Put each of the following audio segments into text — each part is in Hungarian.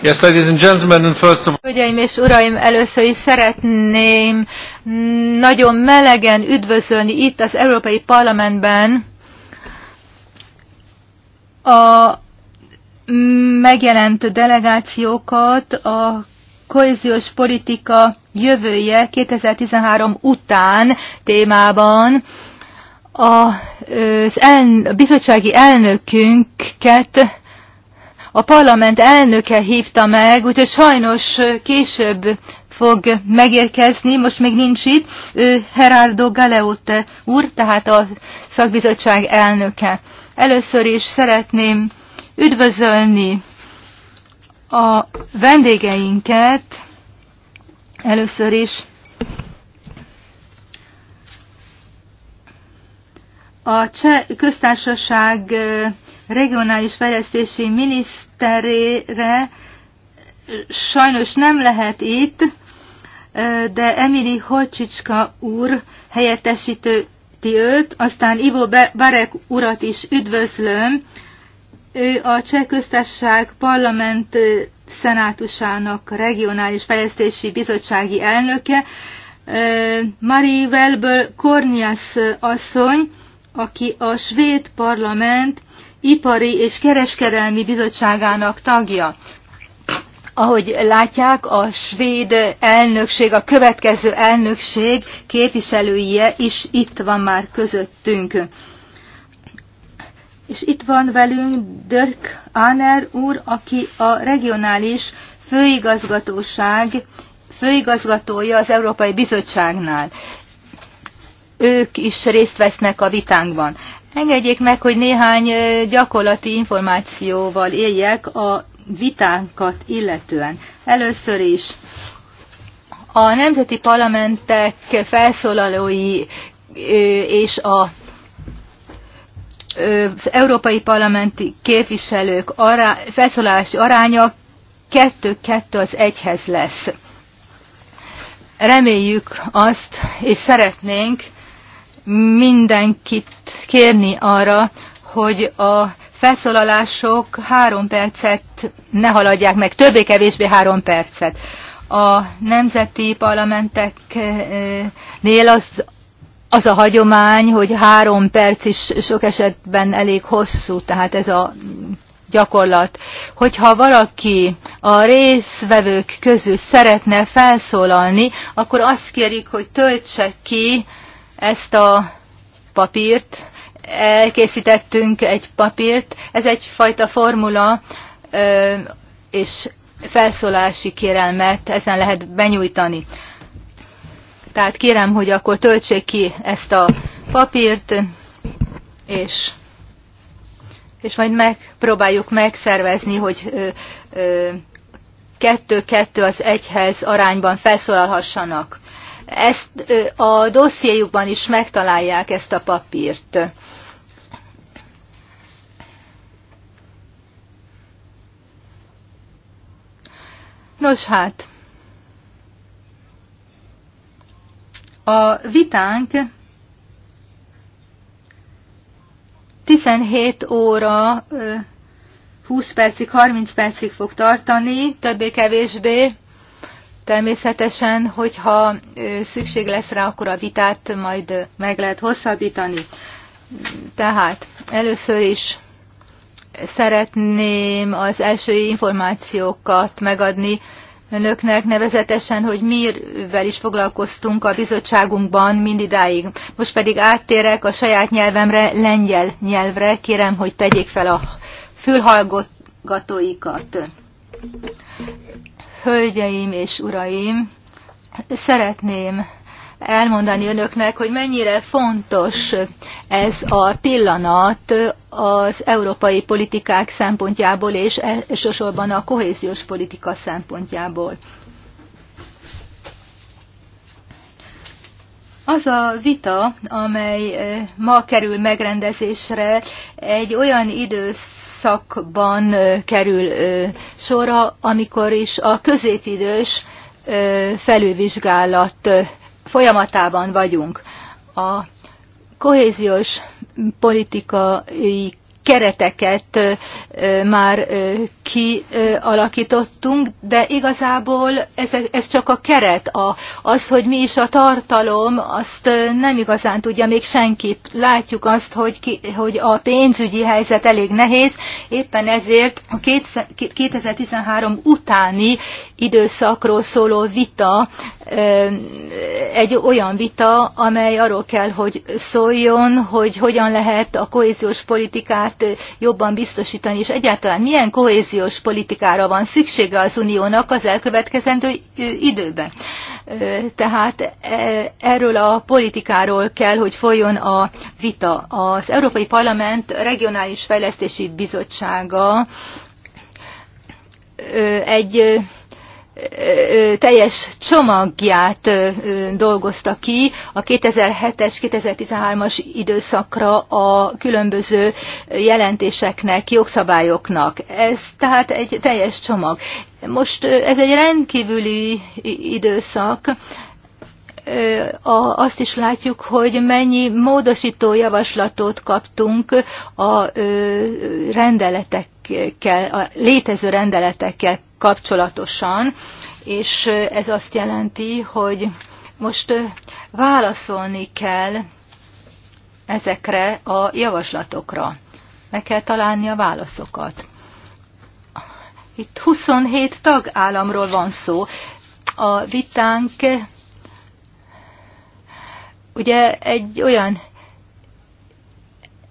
Yes, ladies and gentlemen, and first of... Hölgyeim és uraim, először is szeretném nagyon melegen üdvözölni itt az Európai Parlamentben a megjelent delegációkat a kohéziós politika jövője 2013 után témában a, az el, a bizottsági elnökünket a parlament elnöke hívta meg, úgyhogy sajnos később fog megérkezni, most még nincs itt, ő Gerardo Galeote úr, tehát a szakbizottság elnöke. Először is szeretném üdvözölni a vendégeinket, először is a Cseh köztársaság regionális fejlesztési miniszterére sajnos nem lehet itt, de Emily Holcsicska úr helyettesítő őt, aztán Ivo Barek urat is üdvözlöm. Ő a Cseh Köztársaság Parlament Szenátusának Regionális Fejlesztési Bizottsági elnöke, Marie Velből Kornias asszony, aki a svéd parlament Ipari és Kereskedelmi Bizottságának tagja. Ahogy látják, a svéd elnökség, a következő elnökség képviselője is itt van már közöttünk. És itt van velünk Dirk Aner úr, aki a regionális főigazgatóság főigazgatója az Európai Bizottságnál. Ők is részt vesznek a vitánkban. Engedjék meg, hogy néhány gyakorlati információval éljek a vitánkat illetően. Először is a nemzeti parlamentek felszólalói és a az európai parlamenti képviselők ará, felszólalási aránya kettő-kettő az egyhez lesz. Reméljük azt, és szeretnénk, mindenkit kérni arra, hogy a felszólalások három percet ne haladják meg, többé-kevésbé három percet. A nemzeti parlamenteknél az, az a hagyomány, hogy három perc is sok esetben elég hosszú, tehát ez a gyakorlat. Hogyha valaki a részvevők közül szeretne felszólalni, akkor azt kérik, hogy töltse ki ezt a papírt, elkészítettünk egy papírt, ez egyfajta formula és felszólási kérelmet ezen lehet benyújtani. Tehát kérem, hogy akkor töltsék ki ezt a papírt, és, és majd megpróbáljuk megszervezni, hogy kettő-kettő az egyhez arányban felszólalhassanak. Ezt a dossziéjukban is megtalálják ezt a papírt. Nos hát, a vitánk 17 óra 20 percig, 30 percig fog tartani, többé-kevésbé. Természetesen, hogyha szükség lesz rá, akkor a vitát majd meg lehet hosszabbítani. Tehát először is szeretném az első információkat megadni önöknek, nevezetesen, hogy mivel is foglalkoztunk a bizottságunkban mindidáig. Most pedig áttérek a saját nyelvemre, lengyel nyelvre. Kérem, hogy tegyék fel a fülhallgatóikat. Hölgyeim és uraim, szeretném elmondani önöknek, hogy mennyire fontos ez a pillanat az európai politikák szempontjából és elsősorban a kohéziós politika szempontjából. Az a vita, amely eh, ma kerül megrendezésre, egy olyan időszakban eh, kerül eh, sorra, amikor is a középidős felülvizsgálat folyamatában vagyunk. A kohéziós politikai kereteket már kialakítottunk, de igazából ez, ez csak a keret, a, az, hogy mi is a tartalom, azt nem igazán tudja még senkit. Látjuk azt, hogy, ki, hogy a pénzügyi helyzet elég nehéz, éppen ezért a 2013 utáni időszakról szóló vita egy olyan vita, amely arról kell, hogy szóljon, hogy hogyan lehet a kohéziós politikát jobban biztosítani, és egyáltalán milyen kohéziós kohéziós politikára van szüksége az uniónak az elkövetkezendő időben. Tehát e, erről a politikáról kell, hogy folyjon a vita. Az Európai Parlament Regionális Fejlesztési Bizottsága egy teljes csomagját dolgozta ki a 2007-es, 2013-as időszakra a különböző jelentéseknek, jogszabályoknak. Ez tehát egy teljes csomag. Most ez egy rendkívüli időszak, azt is látjuk, hogy mennyi módosító javaslatot kaptunk a rendeletek rendeletekkel, a létező rendeletekkel kapcsolatosan, és ez azt jelenti, hogy most válaszolni kell ezekre a javaslatokra. Meg kell találni a válaszokat. Itt 27 tagállamról van szó. A vitánk ugye egy olyan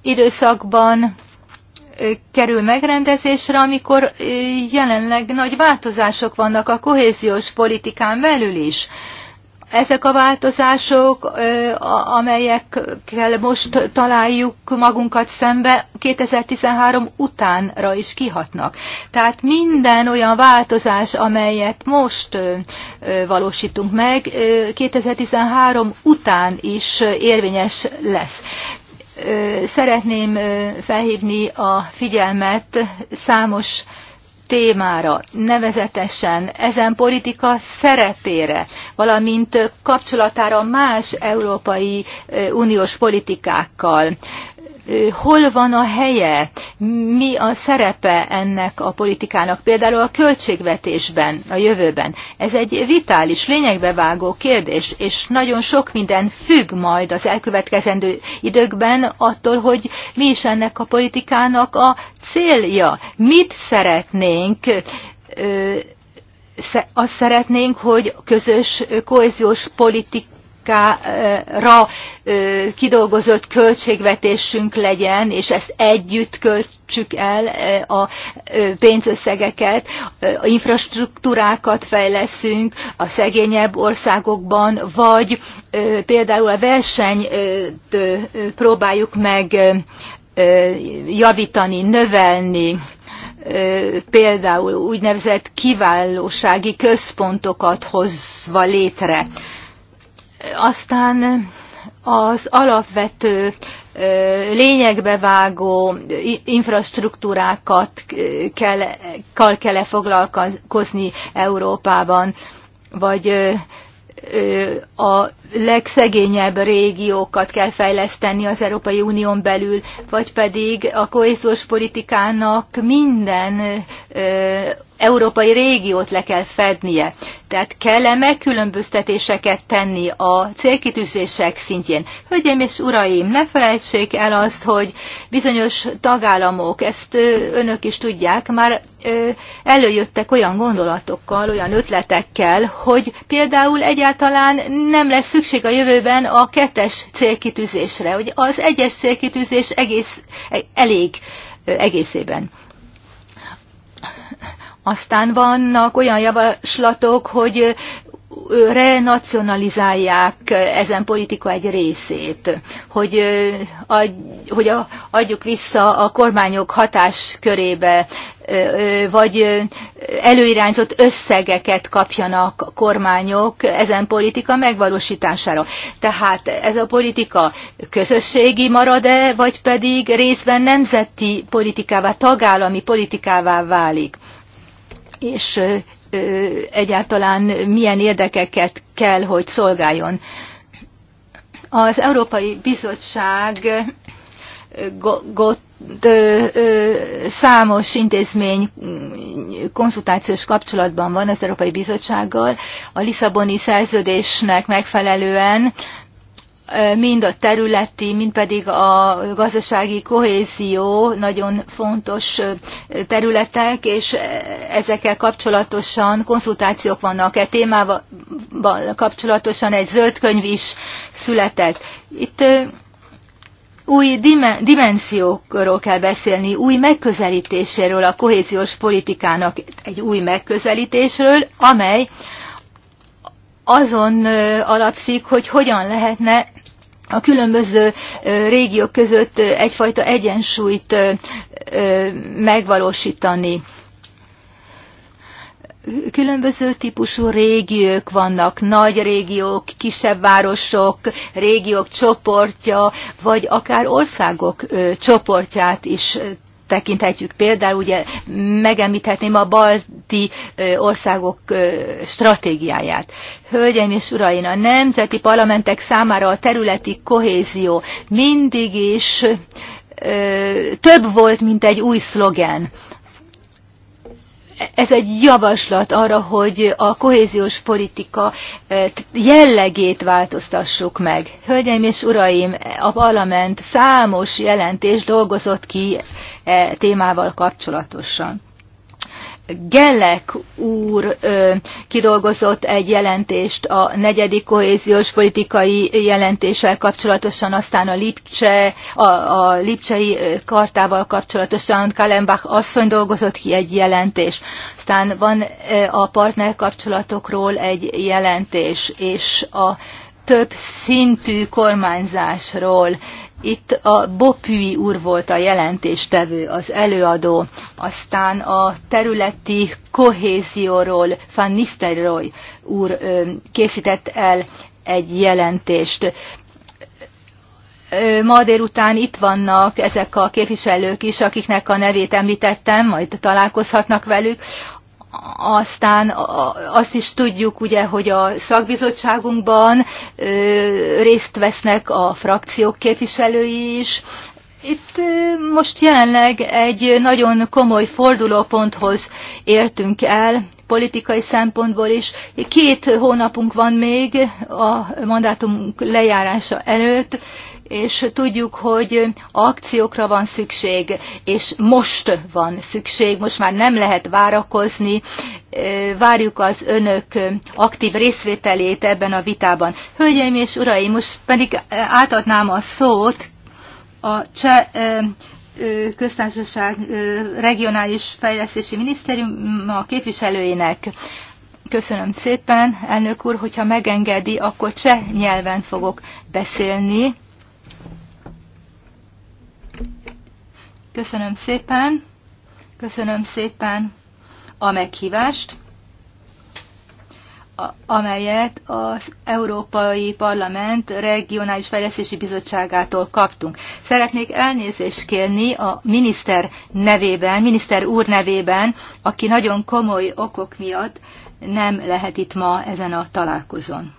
időszakban kerül megrendezésre, amikor jelenleg nagy változások vannak a kohéziós politikán belül is. Ezek a változások, amelyekkel most találjuk magunkat szembe, 2013 utánra is kihatnak. Tehát minden olyan változás, amelyet most valósítunk meg, 2013 után is érvényes lesz szeretném felhívni a figyelmet számos témára, nevezetesen ezen politika szerepére, valamint kapcsolatára más európai uniós politikákkal hol van a helye, mi a szerepe ennek a politikának, például a költségvetésben, a jövőben. Ez egy vitális, lényegbe vágó kérdés, és nagyon sok minden függ majd az elkövetkezendő időkben attól, hogy mi is ennek a politikának a célja. Mit szeretnénk azt szeretnénk, hogy közös kohéziós politika ra kidolgozott költségvetésünk legyen, és ezt együtt költsük el a pénzösszegeket, a infrastruktúrákat fejleszünk a szegényebb országokban, vagy például a versenyt próbáljuk meg javítani, növelni, például úgynevezett kiválósági központokat hozva létre. Aztán az alapvető, lényegbe vágó infrastruktúrákat kell, kell, -e foglalkozni Európában, vagy a legszegényebb régiókat kell fejleszteni az Európai Unión belül, vagy pedig a kohéziós politikának minden európai régiót le kell fednie. Tehát kell-e megkülönböztetéseket tenni a célkitűzések szintjén? Hölgyeim és uraim, ne felejtsék el azt, hogy bizonyos tagállamok, ezt önök is tudják, már előjöttek olyan gondolatokkal, olyan ötletekkel, hogy például egyáltalán nem lesz szükség a jövőben a kettes célkitűzésre, hogy az egyes célkitűzés egész, e, elég egészében. Aztán vannak olyan javaslatok, hogy renacionalizálják ezen politika egy részét, hogy, ad, hogy adjuk vissza a kormányok hatáskörébe, vagy előirányzott összegeket kapjanak a kormányok ezen politika megvalósítására. Tehát ez a politika közösségi marad-e, vagy pedig részben nemzeti politikává, tagállami politikává válik és egyáltalán milyen érdekeket kell, hogy szolgáljon. Az Európai Bizottság számos intézmény konzultációs kapcsolatban van az Európai Bizottsággal. A Lisszaboni szerződésnek megfelelően mind a területi, mind pedig a gazdasági kohézió nagyon fontos területek, és ezekkel kapcsolatosan konzultációk vannak. E témával kapcsolatosan egy zöld könyv is született. Itt új dimenziókról kell beszélni, új megközelítéséről a kohéziós politikának, egy új megközelítésről, amely azon alapszik, hogy hogyan lehetne a különböző régiók között egyfajta egyensúlyt megvalósítani. Különböző típusú régiók vannak, nagy régiók, kisebb városok, régiók csoportja, vagy akár országok csoportját is tekinthetjük például, ugye megemlíthetném a balti országok stratégiáját. Hölgyeim és uraim, a nemzeti parlamentek számára a területi kohézió mindig is több volt, mint egy új szlogen ez egy javaslat arra, hogy a kohéziós politika jellegét változtassuk meg. Hölgyeim és uraim, a parlament számos jelentés dolgozott ki e témával kapcsolatosan. Gellek úr ö, kidolgozott egy jelentést a negyedik kohéziós politikai jelentéssel kapcsolatosan, aztán a, Lipcse, a, a Lipcsei kartával kapcsolatosan Kalembach asszony dolgozott ki egy jelentést. Aztán van ö, a partner kapcsolatokról egy jelentés, és a több szintű kormányzásról. Itt a Bopüi úr volt a jelentéstevő, az előadó, aztán a területi kohézióról Van Nistelrooy úr készített el egy jelentést ma délután itt vannak ezek a képviselők is, akiknek a nevét említettem, majd találkozhatnak velük aztán azt is tudjuk, ugye, hogy a szakbizottságunkban részt vesznek a frakciók képviselői is. Itt most jelenleg egy nagyon komoly fordulóponthoz értünk el, politikai szempontból is. Két hónapunk van még a mandátumunk lejárása előtt, és tudjuk, hogy akciókra van szükség, és most van szükség, most már nem lehet várakozni, várjuk az önök aktív részvételét ebben a vitában. Hölgyeim és uraim, most pedig átadnám a szót a cseh köztársaság regionális fejlesztési minisztérium a képviselőjének. Köszönöm szépen, elnök úr, hogyha megengedi, akkor cseh nyelven fogok beszélni. Köszönöm szépen, köszönöm szépen a meghívást, amelyet az Európai Parlament Regionális Fejlesztési Bizottságától kaptunk. Szeretnék elnézést kérni a miniszter nevében, miniszter úr nevében, aki nagyon komoly okok miatt nem lehet itt ma ezen a találkozón.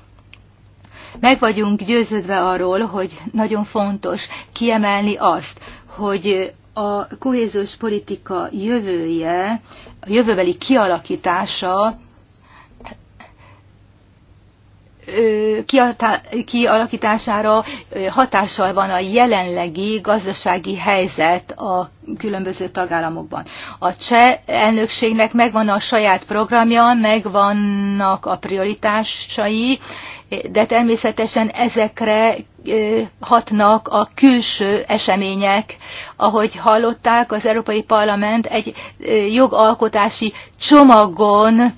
Meg vagyunk győződve arról, hogy nagyon fontos kiemelni azt, hogy a kohéziós politika jövője, a jövőbeli kialakítása kialakítására hatással van a jelenlegi gazdasági helyzet a különböző tagállamokban. A cseh elnökségnek megvan a saját programja, megvannak a prioritásai, de természetesen ezekre hatnak a külső események. Ahogy hallották, az Európai Parlament egy jogalkotási csomagon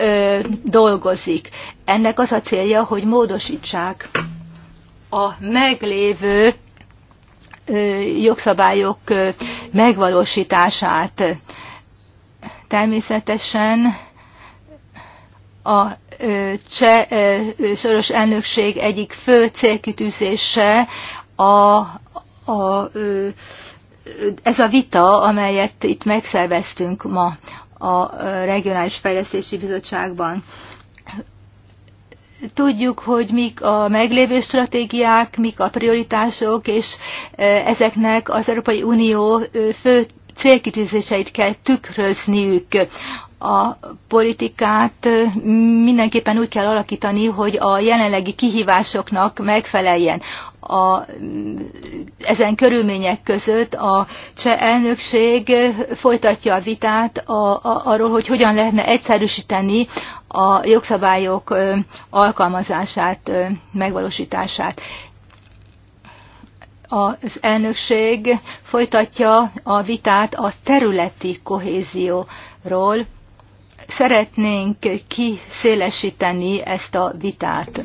ö, dolgozik. Ennek az a célja, hogy módosítsák a meglévő ö, jogszabályok ö, megvalósítását. Természetesen a ö, cseh ö, soros elnökség egyik fő célkitűzése a, a ö, ez a vita, amelyet itt megszerveztünk ma a Regionális Fejlesztési Bizottságban. Tudjuk, hogy mik a meglévő stratégiák, mik a prioritások, és ezeknek az Európai Unió fő célkitűzéseit kell tükrözniük a politikát mindenképpen úgy kell alakítani, hogy a jelenlegi kihívásoknak megfeleljen. A, ezen körülmények között a cseh elnökség folytatja a vitát a, a, arról, hogy hogyan lehetne egyszerűsíteni a jogszabályok alkalmazását, megvalósítását az elnökség folytatja a vitát a területi kohézióról, Szeretnénk kiszélesíteni ezt a vitát.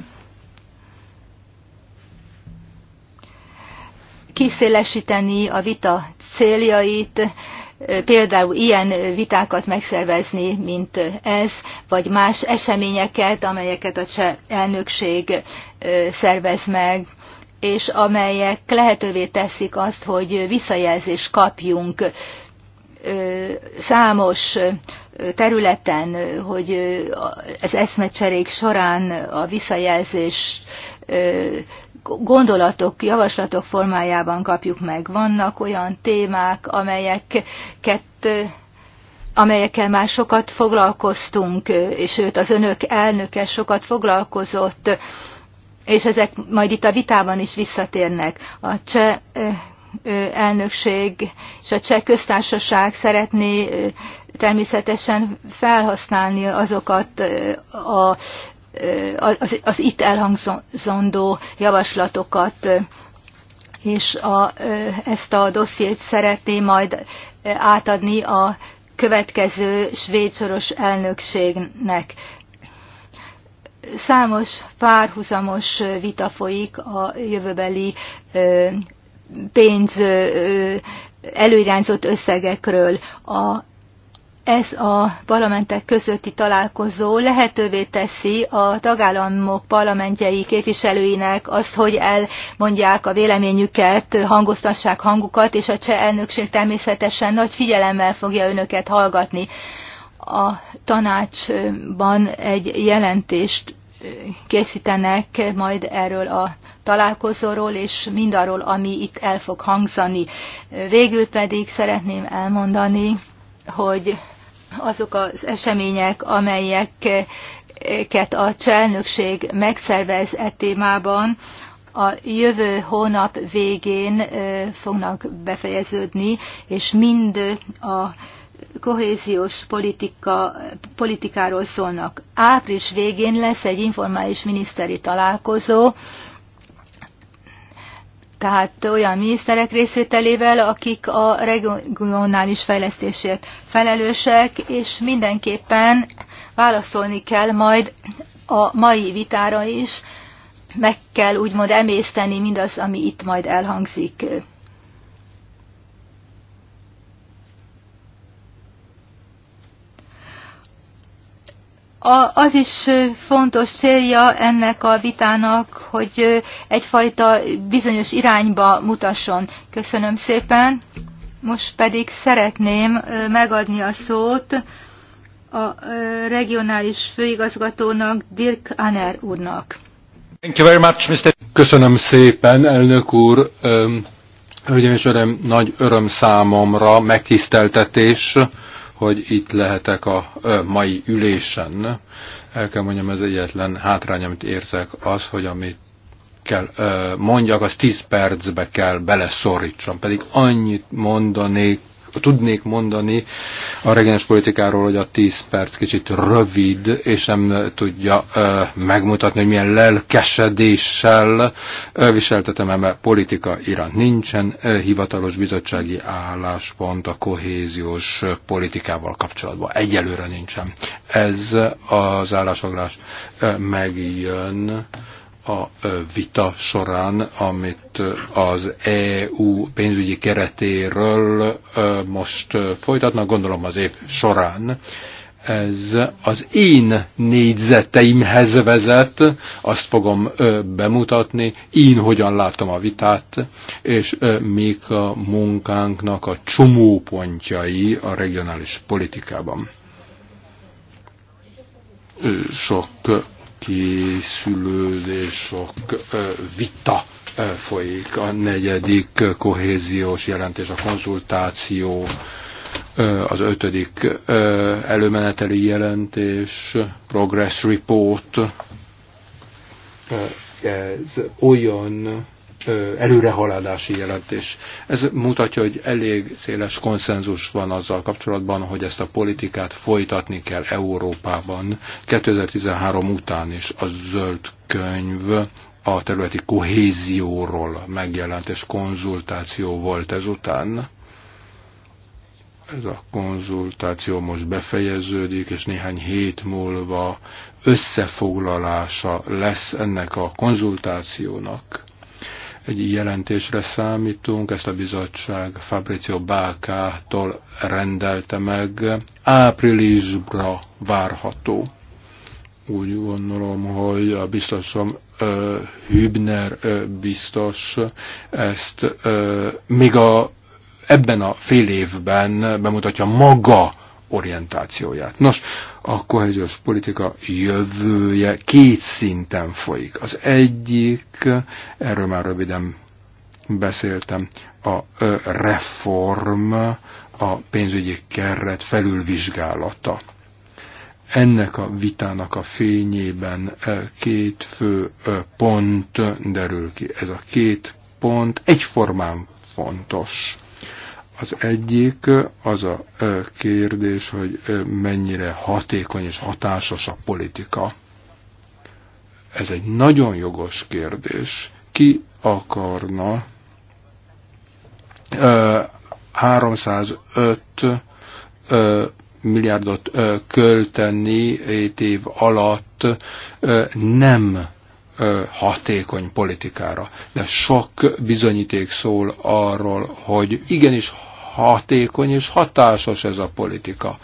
Kiszélesíteni a vita céljait, például ilyen vitákat megszervezni, mint ez, vagy más eseményeket, amelyeket a cseh elnökség szervez meg, és amelyek lehetővé teszik azt, hogy visszajelzést kapjunk számos területen, hogy az eszmecserék során a visszajelzés gondolatok, javaslatok formájában kapjuk meg. Vannak olyan témák, amelyeket amelyekkel már sokat foglalkoztunk, és őt az önök elnöke sokat foglalkozott, és ezek majd itt a vitában is visszatérnek. A cseh elnökség és a cseh köztársaság szeretné természetesen felhasználni azokat a, az, az itt elhangzandó javaslatokat, és a, ezt a dossziét szeretné majd átadni a következő svéd elnökségnek. Számos párhuzamos vita folyik a jövőbeli pénz előirányzott összegekről. A ez a parlamentek közötti találkozó lehetővé teszi a tagállamok parlamentjei képviselőinek azt, hogy elmondják a véleményüket, hangoztassák hangukat, és a cseh elnökség természetesen nagy figyelemmel fogja önöket hallgatni. A tanácsban egy jelentést készítenek majd erről a találkozóról, és mindarról, ami itt el fog hangzani. Végül pedig szeretném elmondani, hogy azok az események, amelyeket a cselnökség megszervez e témában, a jövő hónap végén fognak befejeződni, és mind a kohéziós politika, politikáról szólnak. Április végén lesz egy informális miniszteri találkozó, tehát olyan miniszterek részvételével, akik a regionális fejlesztésért felelősek, és mindenképpen válaszolni kell majd a mai vitára is, meg kell úgymond emészteni mindaz, ami itt majd elhangzik. A, az is fontos célja ennek a vitának, hogy egyfajta bizonyos irányba mutasson. Köszönöm szépen. Most pedig szeretném megadni a szót a regionális főigazgatónak, Dirk Aner úrnak. Thank you very much, Mr. Köszönöm szépen, elnök úr. Hölgyeim és öröm, nagy öröm számomra, megtiszteltetés, hogy itt lehetek a mai ülésen. El kell mondjam, ez egyetlen hátrány, amit érzek, az, hogy amit kell mondjak, az 10 percbe kell beleszorítsam, pedig annyit mondanék tudnék mondani a regens politikáról, hogy a 10 perc kicsit rövid, és nem tudja megmutatni, hogy milyen lelkesedéssel viseltetem ebbe politika iránt. Nincsen hivatalos bizottsági álláspont a kohéziós politikával kapcsolatban. Egyelőre nincsen. Ez az állásoglás megjön a vita során, amit az EU pénzügyi keretéről most folytatnak, gondolom az év során. Ez az én négyzeteimhez vezet, azt fogom bemutatni, én hogyan látom a vitát, és mik a munkánknak a csomópontjai a regionális politikában. Sok felkészülődés, sok vita folyik. A negyedik kohéziós jelentés, a konzultáció, az ötödik előmeneteli jelentés, progress report. Ez olyan előrehaladási jelentés. Ez mutatja, hogy elég széles konszenzus van azzal kapcsolatban, hogy ezt a politikát folytatni kell Európában 2013 után is a zöld könyv a területi kohézióról megjelent, és konzultáció volt ezután. Ez a konzultáció most befejeződik, és néhány hét múlva összefoglalása lesz ennek a konzultációnak egy jelentésre számítunk, ezt a bizottság Fabrizio Bákától rendelte meg. Áprilisra várható. Úgy gondolom, hogy a biztosom ö, Hübner ö, biztos ezt ö, még a, ebben a fél évben bemutatja maga orientációját. Nos, a kohéziós politika jövője két szinten folyik. Az egyik, erről már röviden beszéltem, a reform, a pénzügyi keret felülvizsgálata. Ennek a vitának a fényében két fő pont derül ki. Ez a két pont egyformán fontos. Az egyik az a kérdés, hogy mennyire hatékony és hatásos a politika. Ez egy nagyon jogos kérdés. Ki akarna 305 milliárdot költeni 7 év alatt nem hatékony politikára. De sok bizonyíték szól arról, hogy igenis hatékony és hatásos ez a politika.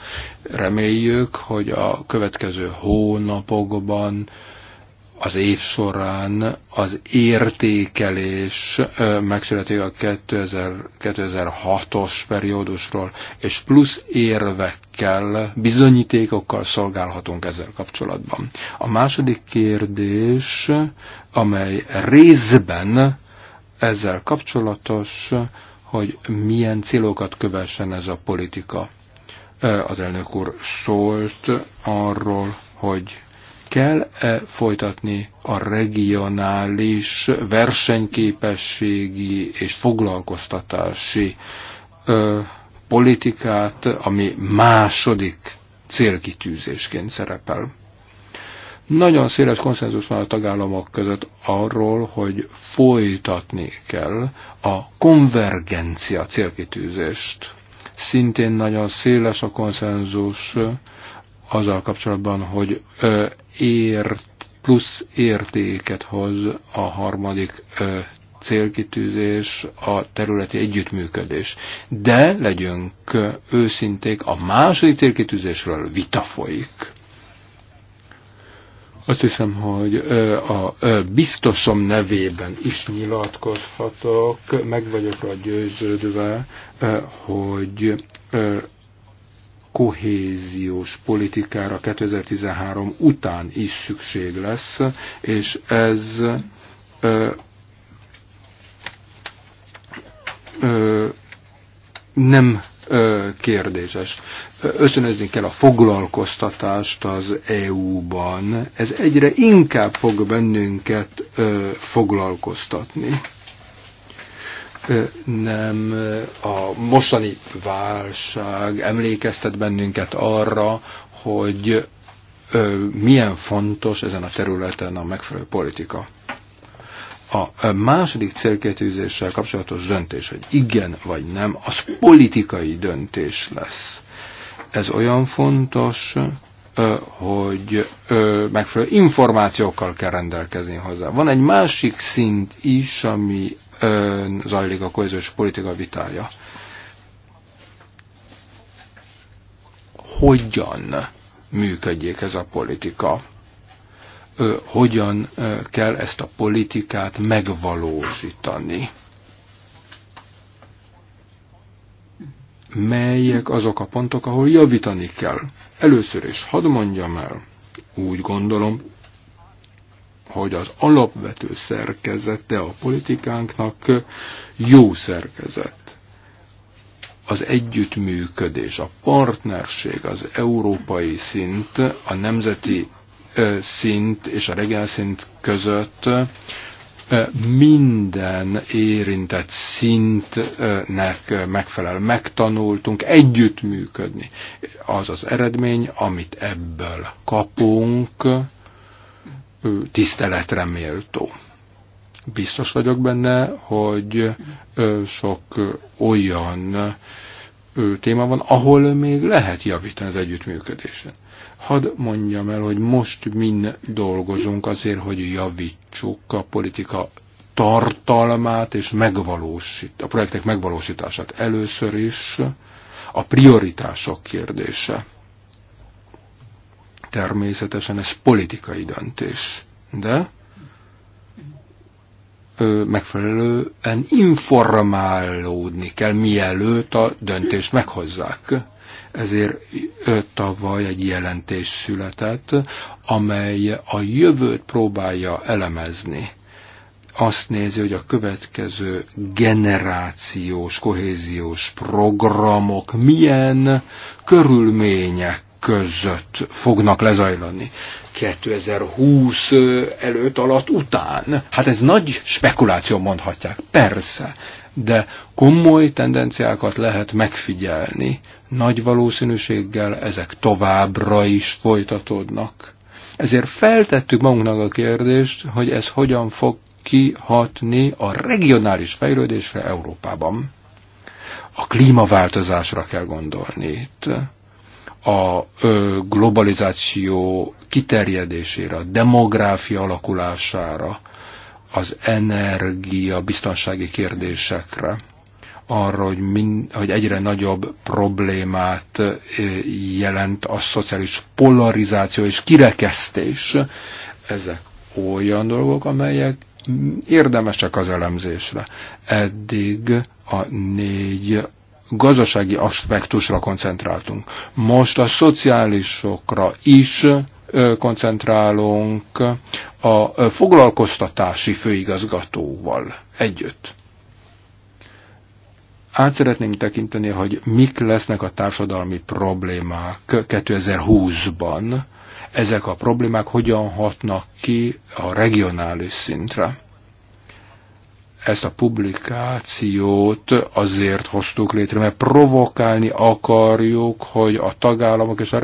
Reméljük, hogy a következő hónapokban az év során az értékelés megszületik a 2006-os periódusról, és plusz érvekkel, bizonyítékokkal szolgálhatunk ezzel kapcsolatban. A második kérdés, amely részben ezzel kapcsolatos, hogy milyen célokat kövessen ez a politika. Az elnök úr szólt arról, hogy kell -e folytatni a regionális versenyképességi és foglalkoztatási ö, politikát, ami második célkitűzésként szerepel. Nagyon széles konszenzus van a tagállamok között arról, hogy folytatni kell a konvergencia célkitűzést. Szintén nagyon széles a konszenzus azzal kapcsolatban, hogy ért, plusz értéket hoz a harmadik ö, célkitűzés, a területi együttműködés. De legyünk őszinték, a második célkitűzésről vita folyik. Azt hiszem, hogy a biztosom nevében is nyilatkozhatok, meg vagyok rá győződve, hogy kohéziós politikára 2013 után is szükség lesz, és ez ö, ö, nem ö, kérdéses. Összönözni kell a foglalkoztatást az EU-ban. Ez egyre inkább fog bennünket ö, foglalkoztatni nem a mostani válság emlékeztet bennünket arra, hogy milyen fontos ezen a területen a megfelelő politika. A második célkétűzéssel kapcsolatos döntés, hogy igen vagy nem, az politikai döntés lesz. Ez olyan fontos, hogy megfelelő információkkal kell rendelkezni hozzá. Van egy másik szint is, ami zajlik a kohéziós politika vitája. Hogyan működjék ez a politika? Hogyan kell ezt a politikát megvalósítani? melyek azok a pontok, ahol javítani kell. Először is hadd mondjam el, úgy gondolom, hogy az alapvető szerkezete a politikánknak jó szerkezet. Az együttműködés, a partnerség, az európai szint, a nemzeti szint és a regelszint szint között minden érintett szintnek megfelel. Megtanultunk együttműködni. Az az eredmény, amit ebből kapunk, tiszteletre méltó. Biztos vagyok benne, hogy sok olyan téma van, ahol még lehet javítani az együttműködésen. Hadd mondjam el, hogy most mind dolgozunk azért, hogy javítsuk a politika tartalmát és megvalósít, a projektek megvalósítását. Először is a prioritások kérdése. Természetesen ez politikai döntés, de megfelelően informálódni kell, mielőtt a döntést meghozzák. Ezért tavaly egy jelentés született, amely a jövőt próbálja elemezni. Azt nézi, hogy a következő generációs, kohéziós programok milyen körülmények között fognak lezajlani. 2020 előtt, alatt, után. Hát ez nagy spekuláció mondhatják, persze, de komoly tendenciákat lehet megfigyelni. Nagy valószínűséggel ezek továbbra is folytatódnak. Ezért feltettük magunknak a kérdést, hogy ez hogyan fog kihatni a regionális fejlődésre Európában. A klímaváltozásra kell gondolni itt a globalizáció kiterjedésére, a demográfia alakulására, az energia biztonsági kérdésekre, arra, hogy, mind, hogy egyre nagyobb problémát jelent a szociális polarizáció és kirekesztés. Ezek olyan dolgok, amelyek érdemesek az elemzésre. Eddig a négy gazdasági aspektusra koncentráltunk. Most a szociálisokra is koncentrálunk a foglalkoztatási főigazgatóval együtt. Át szeretnénk tekinteni, hogy mik lesznek a társadalmi problémák 2020-ban, ezek a problémák hogyan hatnak ki a regionális szintre ezt a publikációt azért hoztuk létre, mert provokálni akarjuk, hogy a tagállamok és a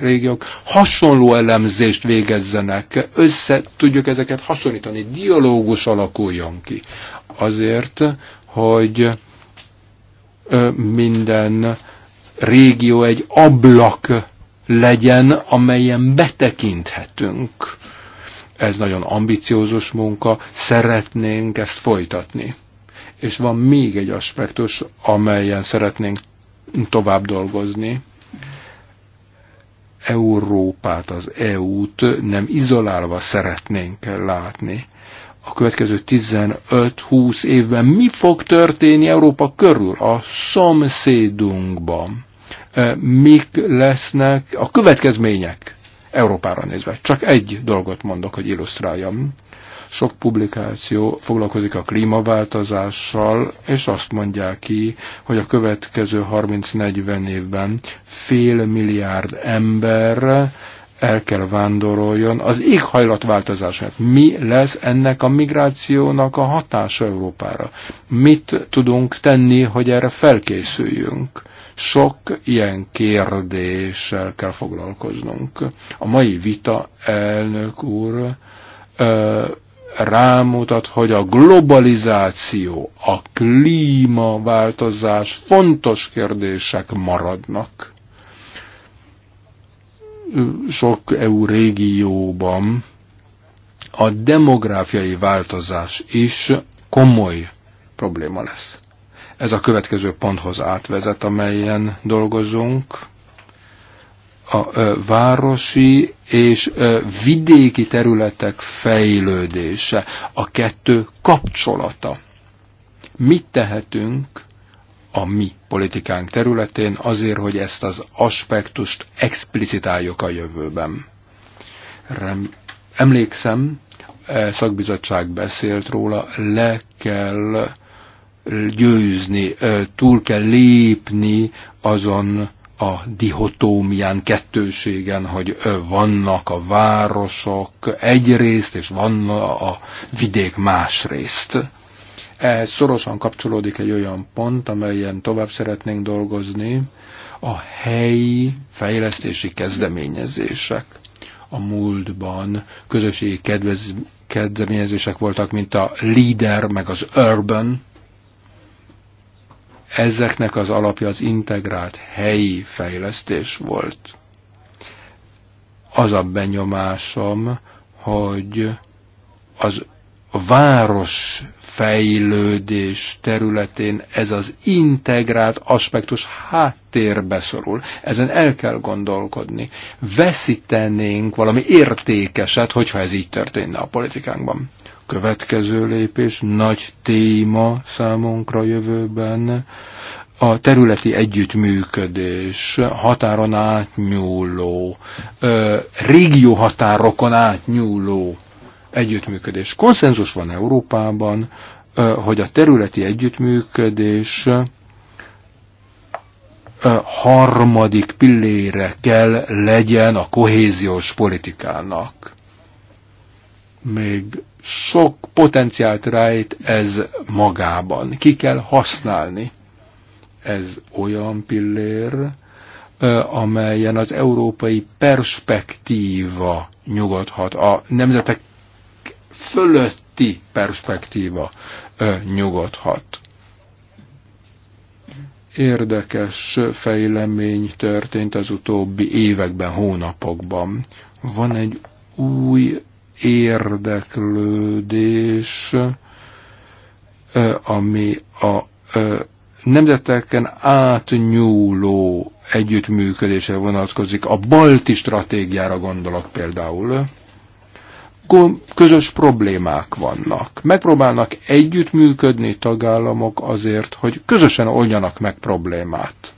régiók hasonló elemzést végezzenek, össze tudjuk ezeket hasonlítani, dialógus alakuljon ki. Azért, hogy minden régió egy ablak legyen, amelyen betekinthetünk ez nagyon ambiciózus munka, szeretnénk ezt folytatni. És van még egy aspektus, amelyen szeretnénk tovább dolgozni. Európát, az EU-t nem izolálva szeretnénk látni. A következő 15-20 évben mi fog történni Európa körül, a szomszédunkban? E, mik lesznek a következmények Európára nézve. Csak egy dolgot mondok, hogy illusztráljam. Sok publikáció foglalkozik a klímaváltozással, és azt mondják ki, hogy a következő 30-40 évben fél milliárd ember el kell vándoroljon az éghajlatváltozását. Mi lesz ennek a migrációnak a hatása Európára? Mit tudunk tenni, hogy erre felkészüljünk? Sok ilyen kérdéssel kell foglalkoznunk. A mai vita, elnök úr, rámutat, hogy a globalizáció, a klímaváltozás fontos kérdések maradnak. Sok EU régióban a demográfiai változás is komoly probléma lesz. Ez a következő ponthoz átvezet, amelyen dolgozunk. A városi és vidéki területek fejlődése, a kettő kapcsolata. Mit tehetünk a mi politikánk területén azért, hogy ezt az aspektust explicitáljuk a jövőben? Rem, emlékszem, e, szakbizottság beszélt róla, le kell győzni, túl kell lépni azon a dihotómián, kettőségen, hogy vannak a városok egyrészt, és van a vidék másrészt. Ehhez szorosan kapcsolódik egy olyan pont, amelyen tovább szeretnénk dolgozni, a helyi fejlesztési kezdeményezések. A múltban közösségi kedvez, kezdeményezések voltak, mint a Leader meg az Urban, Ezeknek az alapja az integrált helyi fejlesztés volt. Az a benyomásom, hogy az város fejlődés területén ez az integrált aspektus háttérbe szorul. Ezen el kell gondolkodni. Veszítenénk valami értékeset, hogyha ez így történne a politikánkban következő lépés, nagy téma számunkra jövőben, a területi együttműködés, határon átnyúló, régió határokon átnyúló együttműködés. Konszenzus van Európában, hogy a területi együttműködés harmadik pillére kell legyen a kohéziós politikának. Még sok potenciált rejt ez magában. Ki kell használni. Ez olyan pillér, amelyen az európai perspektíva nyugodhat, a nemzetek fölötti perspektíva nyugodhat. Érdekes fejlemény történt az utóbbi években, hónapokban. Van egy új érdeklődés, ami a nemzeteken átnyúló együttműködése vonatkozik. A balti stratégiára gondolok például. Közös problémák vannak. Megpróbálnak együttműködni tagállamok azért, hogy közösen oldjanak meg problémát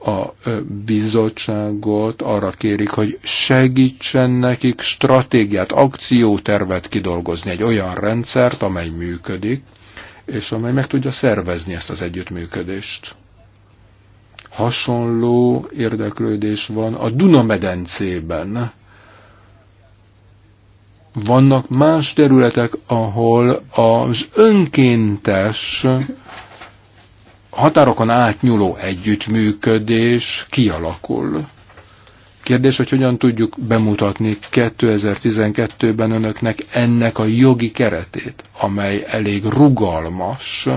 a bizottságot arra kérik, hogy segítsen nekik stratégiát, akciótervet kidolgozni, egy olyan rendszert, amely működik, és amely meg tudja szervezni ezt az együttműködést. Hasonló érdeklődés van a Dunamedencében. Vannak más területek, ahol az önkéntes határokon átnyúló együttműködés kialakul. Kérdés, hogy hogyan tudjuk bemutatni 2012-ben önöknek ennek a jogi keretét, amely elég rugalmas,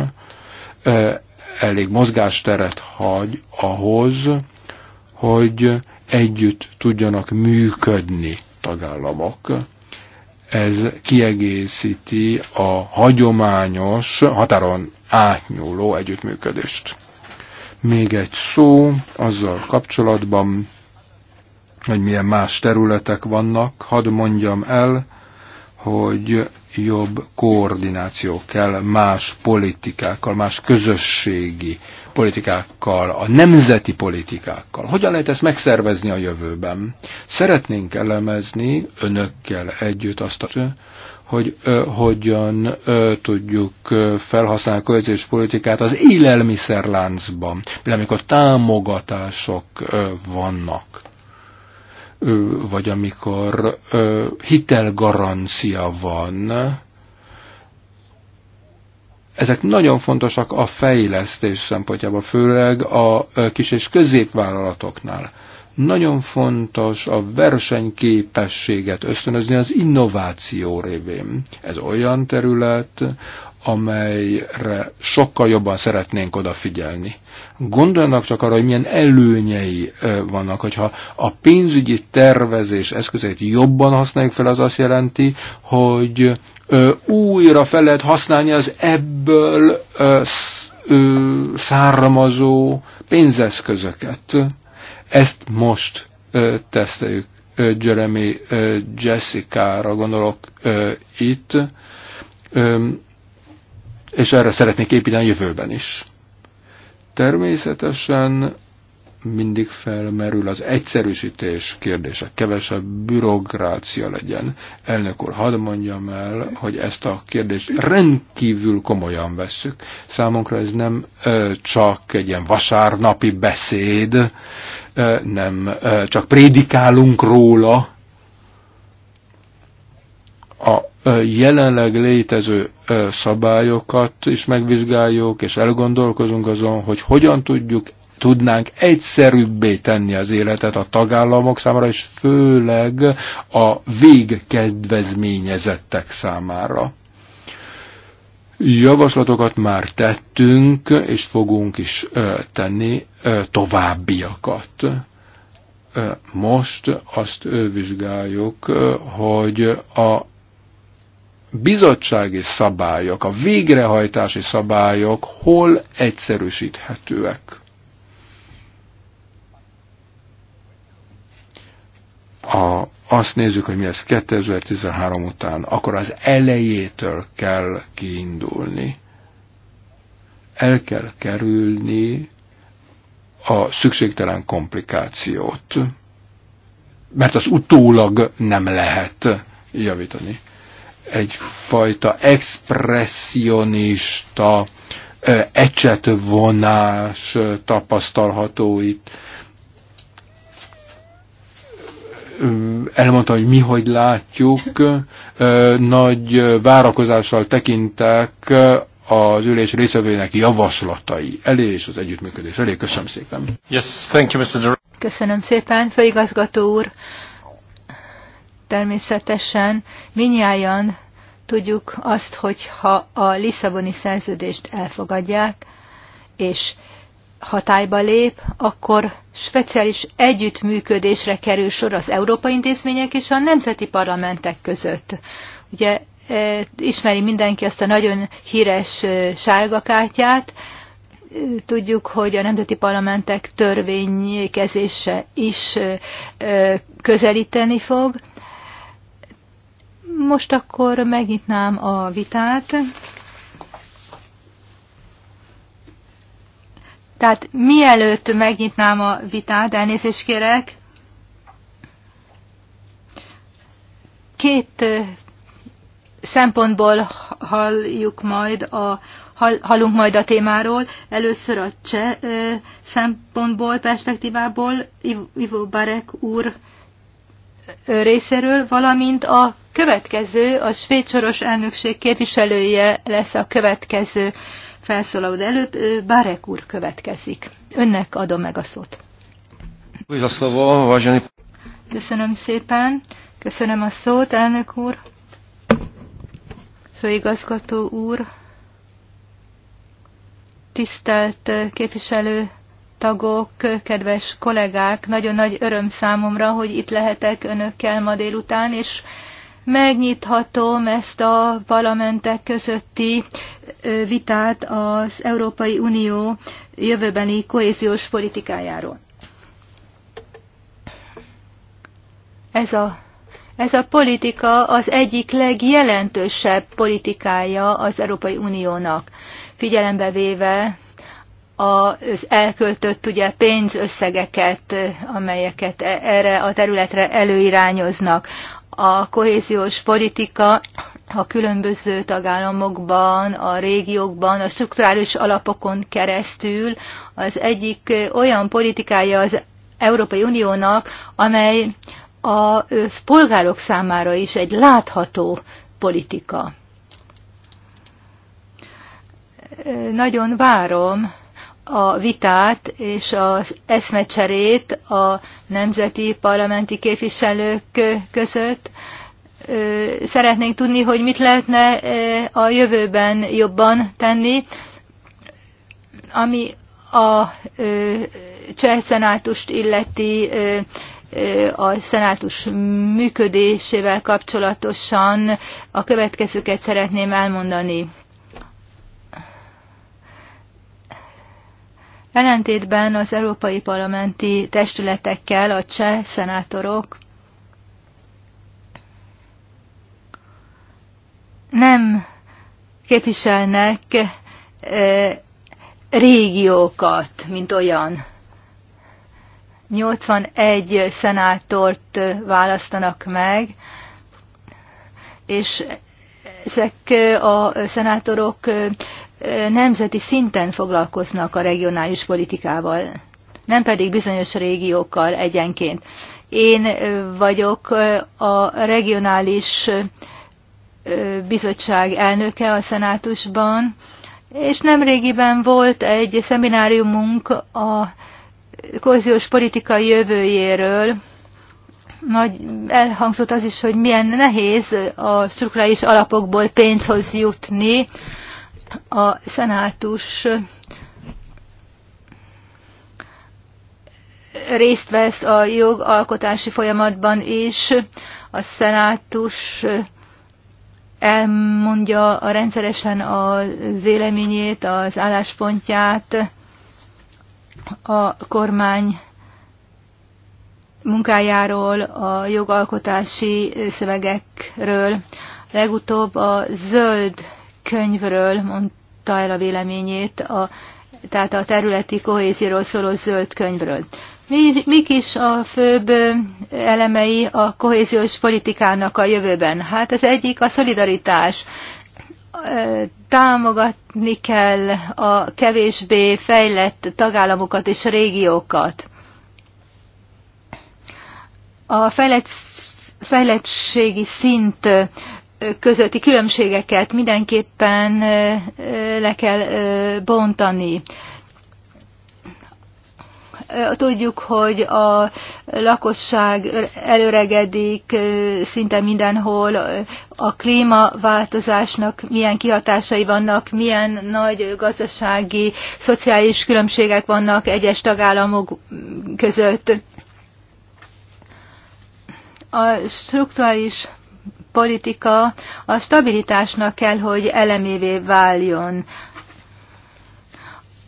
elég mozgásteret hagy ahhoz, hogy együtt tudjanak működni tagállamok ez kiegészíti a hagyományos határon átnyúló együttműködést. Még egy szó azzal kapcsolatban, hogy milyen más területek vannak, hadd mondjam el, hogy jobb koordináció kell más politikákkal, más közösségi politikákkal, a nemzeti politikákkal. Hogyan lehet ezt megszervezni a jövőben? Szeretnénk elemezni önökkel együtt azt, hogy ö, hogyan ö, tudjuk ö, felhasználni a közös politikát az élelmiszerláncban, például amikor támogatások ö, vannak, ö, vagy amikor ö, hitelgarancia van, ezek nagyon fontosak a fejlesztés szempontjából, főleg a kis és középvállalatoknál nagyon fontos a versenyképességet ösztönözni az innováció révén. Ez olyan terület, amelyre sokkal jobban szeretnénk odafigyelni. Gondolnak csak arra, hogy milyen előnyei vannak, hogyha a pénzügyi tervezés eszközeit jobban használjuk fel, az azt jelenti, hogy újra fel lehet használni az ebből származó pénzeszközöket. Ezt most ö, teszteljük. Ö, Jeremy ö, Jessica-ra gondolok ö, itt, ö, és erre szeretnék építeni a jövőben is. Természetesen mindig felmerül az egyszerűsítés kérdése, kevesebb bürokrácia legyen. Elnök úr, hadd mondjam el, hogy ezt a kérdést rendkívül komolyan vesszük. Számunkra ez nem ö, csak egy ilyen vasárnapi beszéd, nem csak prédikálunk róla, a jelenleg létező szabályokat is megvizsgáljuk, és elgondolkozunk azon, hogy hogyan tudjuk, tudnánk egyszerűbbé tenni az életet a tagállamok számára, és főleg a végkedvezményezettek számára. Javaslatokat már tettünk, és fogunk is tenni továbbiakat. Most azt vizsgáljuk, hogy a bizottsági szabályok, a végrehajtási szabályok hol egyszerűsíthetőek. A, azt nézzük, hogy mi ez 2013 után, akkor az elejétől kell kiindulni. El kell kerülni a szükségtelen komplikációt, mert az utólag nem lehet javítani. Egyfajta expressionista ecsetvonás tapasztalható itt. Elmondta, hogy mi hogy látjuk, nagy várakozással tekintek az ülés részvevőinek javaslatai elé és az együttműködés elé. Köszönöm szépen. Yes, thank you, Mr. Köszönöm szépen, főigazgató úr. Természetesen minnyáján tudjuk azt, hogy ha a Lisszaboni szerződést elfogadják, és hatályba lép, akkor speciális együttműködésre kerül sor az európai intézmények és a nemzeti parlamentek között. Ugye ismeri mindenki azt a nagyon híres sárga kártyát. Tudjuk, hogy a nemzeti parlamentek törvénykezése is közelíteni fog. Most akkor megnyitnám a vitát. Tehát mielőtt megnyitnám a vitát, elnézést kérek, két szempontból halljuk majd a, hall, hallunk majd a témáról. Először a cseh szempontból, perspektívából Ivo Barek úr részéről, valamint a következő, a svéd soros elnökség képviselője lesz a következő felszólaló, de előbb Barek úr következik. Önnek adom meg a szót. Köszönöm szépen, köszönöm a szót, elnök úr főigazgató úr, tisztelt képviselő tagok, kedves kollégák, nagyon nagy öröm számomra, hogy itt lehetek önökkel ma délután, és megnyithatom ezt a parlamentek közötti vitát az Európai Unió jövőbeni kohéziós politikájáról. Ez a ez a politika az egyik legjelentősebb politikája az Európai Uniónak, figyelembe véve az elköltött ugye, pénzösszegeket, amelyeket e- erre a területre előirányoznak. A kohéziós politika a különböző tagállamokban, a régiókban, a strukturális alapokon keresztül az egyik olyan politikája az Európai Uniónak, amely a polgárok számára is egy látható politika. Nagyon várom a vitát és az eszmecserét a nemzeti parlamenti képviselők között. Szeretnénk tudni, hogy mit lehetne a jövőben jobban tenni, ami a cseh szenátust illeti a szenátus működésével kapcsolatosan a következőket szeretném elmondani. Ellentétben az európai parlamenti testületekkel a cseh szenátorok nem képviselnek eh, régiókat, mint olyan 81 szenátort választanak meg, és ezek a szenátorok nemzeti szinten foglalkoznak a regionális politikával, nem pedig bizonyos régiókkal egyenként. Én vagyok a regionális bizottság elnöke a szenátusban, és nemrégiben volt egy szemináriumunk a kohéziós politika jövőjéről nagy, elhangzott az is, hogy milyen nehéz a strukturális alapokból pénzhoz jutni. A szenátus részt vesz a jogalkotási folyamatban is. A szenátus elmondja a rendszeresen a véleményét, az álláspontját a kormány munkájáról, a jogalkotási szövegekről, legutóbb a zöld könyvről mondta el a véleményét, a, tehát a területi kohézióról szóló zöld könyvről. Mi, mik is a főbb elemei a kohéziós politikának a jövőben? Hát az egyik a szolidaritás támogatni kell a kevésbé fejlett tagállamokat és régiókat. A fejlett, fejlettségi szint közötti különbségeket mindenképpen le kell bontani. Tudjuk, hogy a lakosság előregedik szinte mindenhol, a klímaváltozásnak milyen kihatásai vannak, milyen nagy gazdasági, szociális különbségek vannak egyes tagállamok között. A struktúrális politika a stabilitásnak kell, hogy elemévé váljon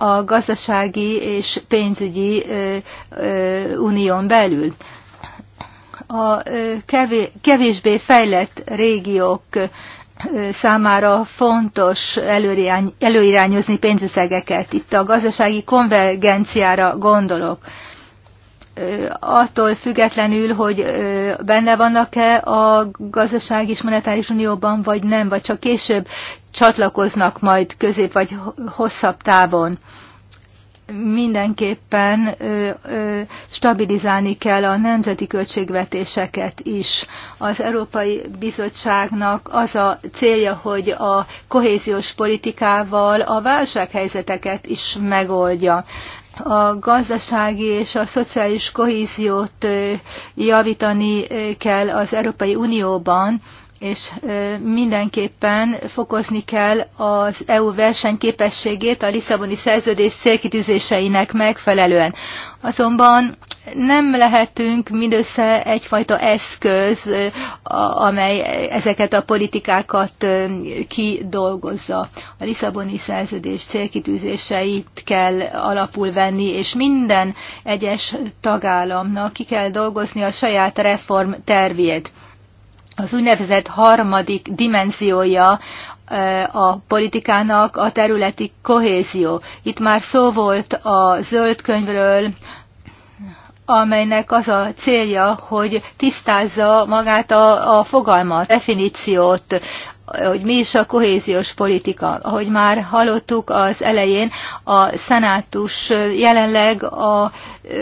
a gazdasági és pénzügyi unión belül. A kevésbé fejlett régiók számára fontos előirány, előirányozni pénzösszegeket. Itt a gazdasági konvergenciára gondolok attól függetlenül, hogy benne vannak-e a gazdaság és monetáris unióban, vagy nem, vagy csak később csatlakoznak majd közép vagy hosszabb távon. Mindenképpen stabilizálni kell a nemzeti költségvetéseket is. Az Európai Bizottságnak az a célja, hogy a kohéziós politikával a válsághelyzeteket is megoldja a gazdasági és a szociális kohéziót javítani kell az Európai Unióban, és mindenképpen fokozni kell az EU versenyképességét a Lisszaboni szerződés célkitűzéseinek megfelelően. Azonban nem lehetünk mindössze egyfajta eszköz, amely ezeket a politikákat kidolgozza. A Lisszaboni szerződés célkitűzéseit kell alapul venni, és minden egyes tagállamnak ki kell dolgozni a saját reform tervét. Az úgynevezett harmadik dimenziója a politikának a területi kohézió. Itt már szó volt a zöld könyvről, amelynek az a célja, hogy tisztázza magát a, a fogalmat, definíciót, hogy mi is a kohéziós politika. Ahogy már hallottuk az elején, a szenátus jelenleg a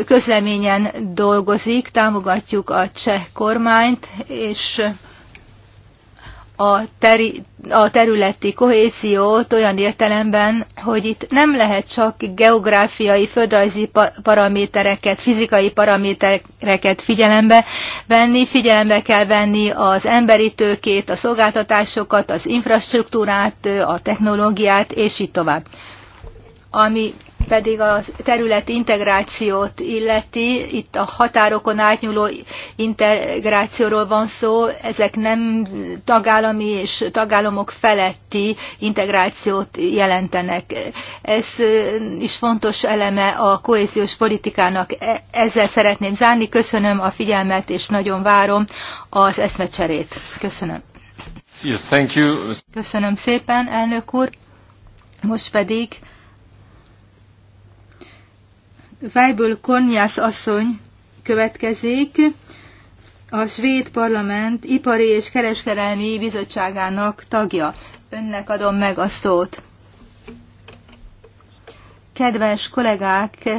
közleményen dolgozik, támogatjuk a cseh kormányt, és a, teri, a területi kohéziót olyan értelemben, hogy itt nem lehet csak geográfiai, földrajzi paramétereket, fizikai paramétereket figyelembe venni, figyelembe kell venni az emberi tőkét, a szolgáltatásokat, az infrastruktúrát, a technológiát, és így tovább. Ami pedig a területi integrációt illeti, itt a határokon átnyúló integrációról van szó, ezek nem tagállami és tagállamok feletti integrációt jelentenek. Ez is fontos eleme a kohéziós politikának. E, ezzel szeretném zárni. Köszönöm a figyelmet, és nagyon várom az eszmecserét. Köszönöm. Köszönöm szépen, elnök úr. Most pedig Weibel Konyász asszony következik, a Svéd Parlament Ipari és Kereskedelmi Bizottságának tagja. Önnek adom meg a szót. Kedves kollégák,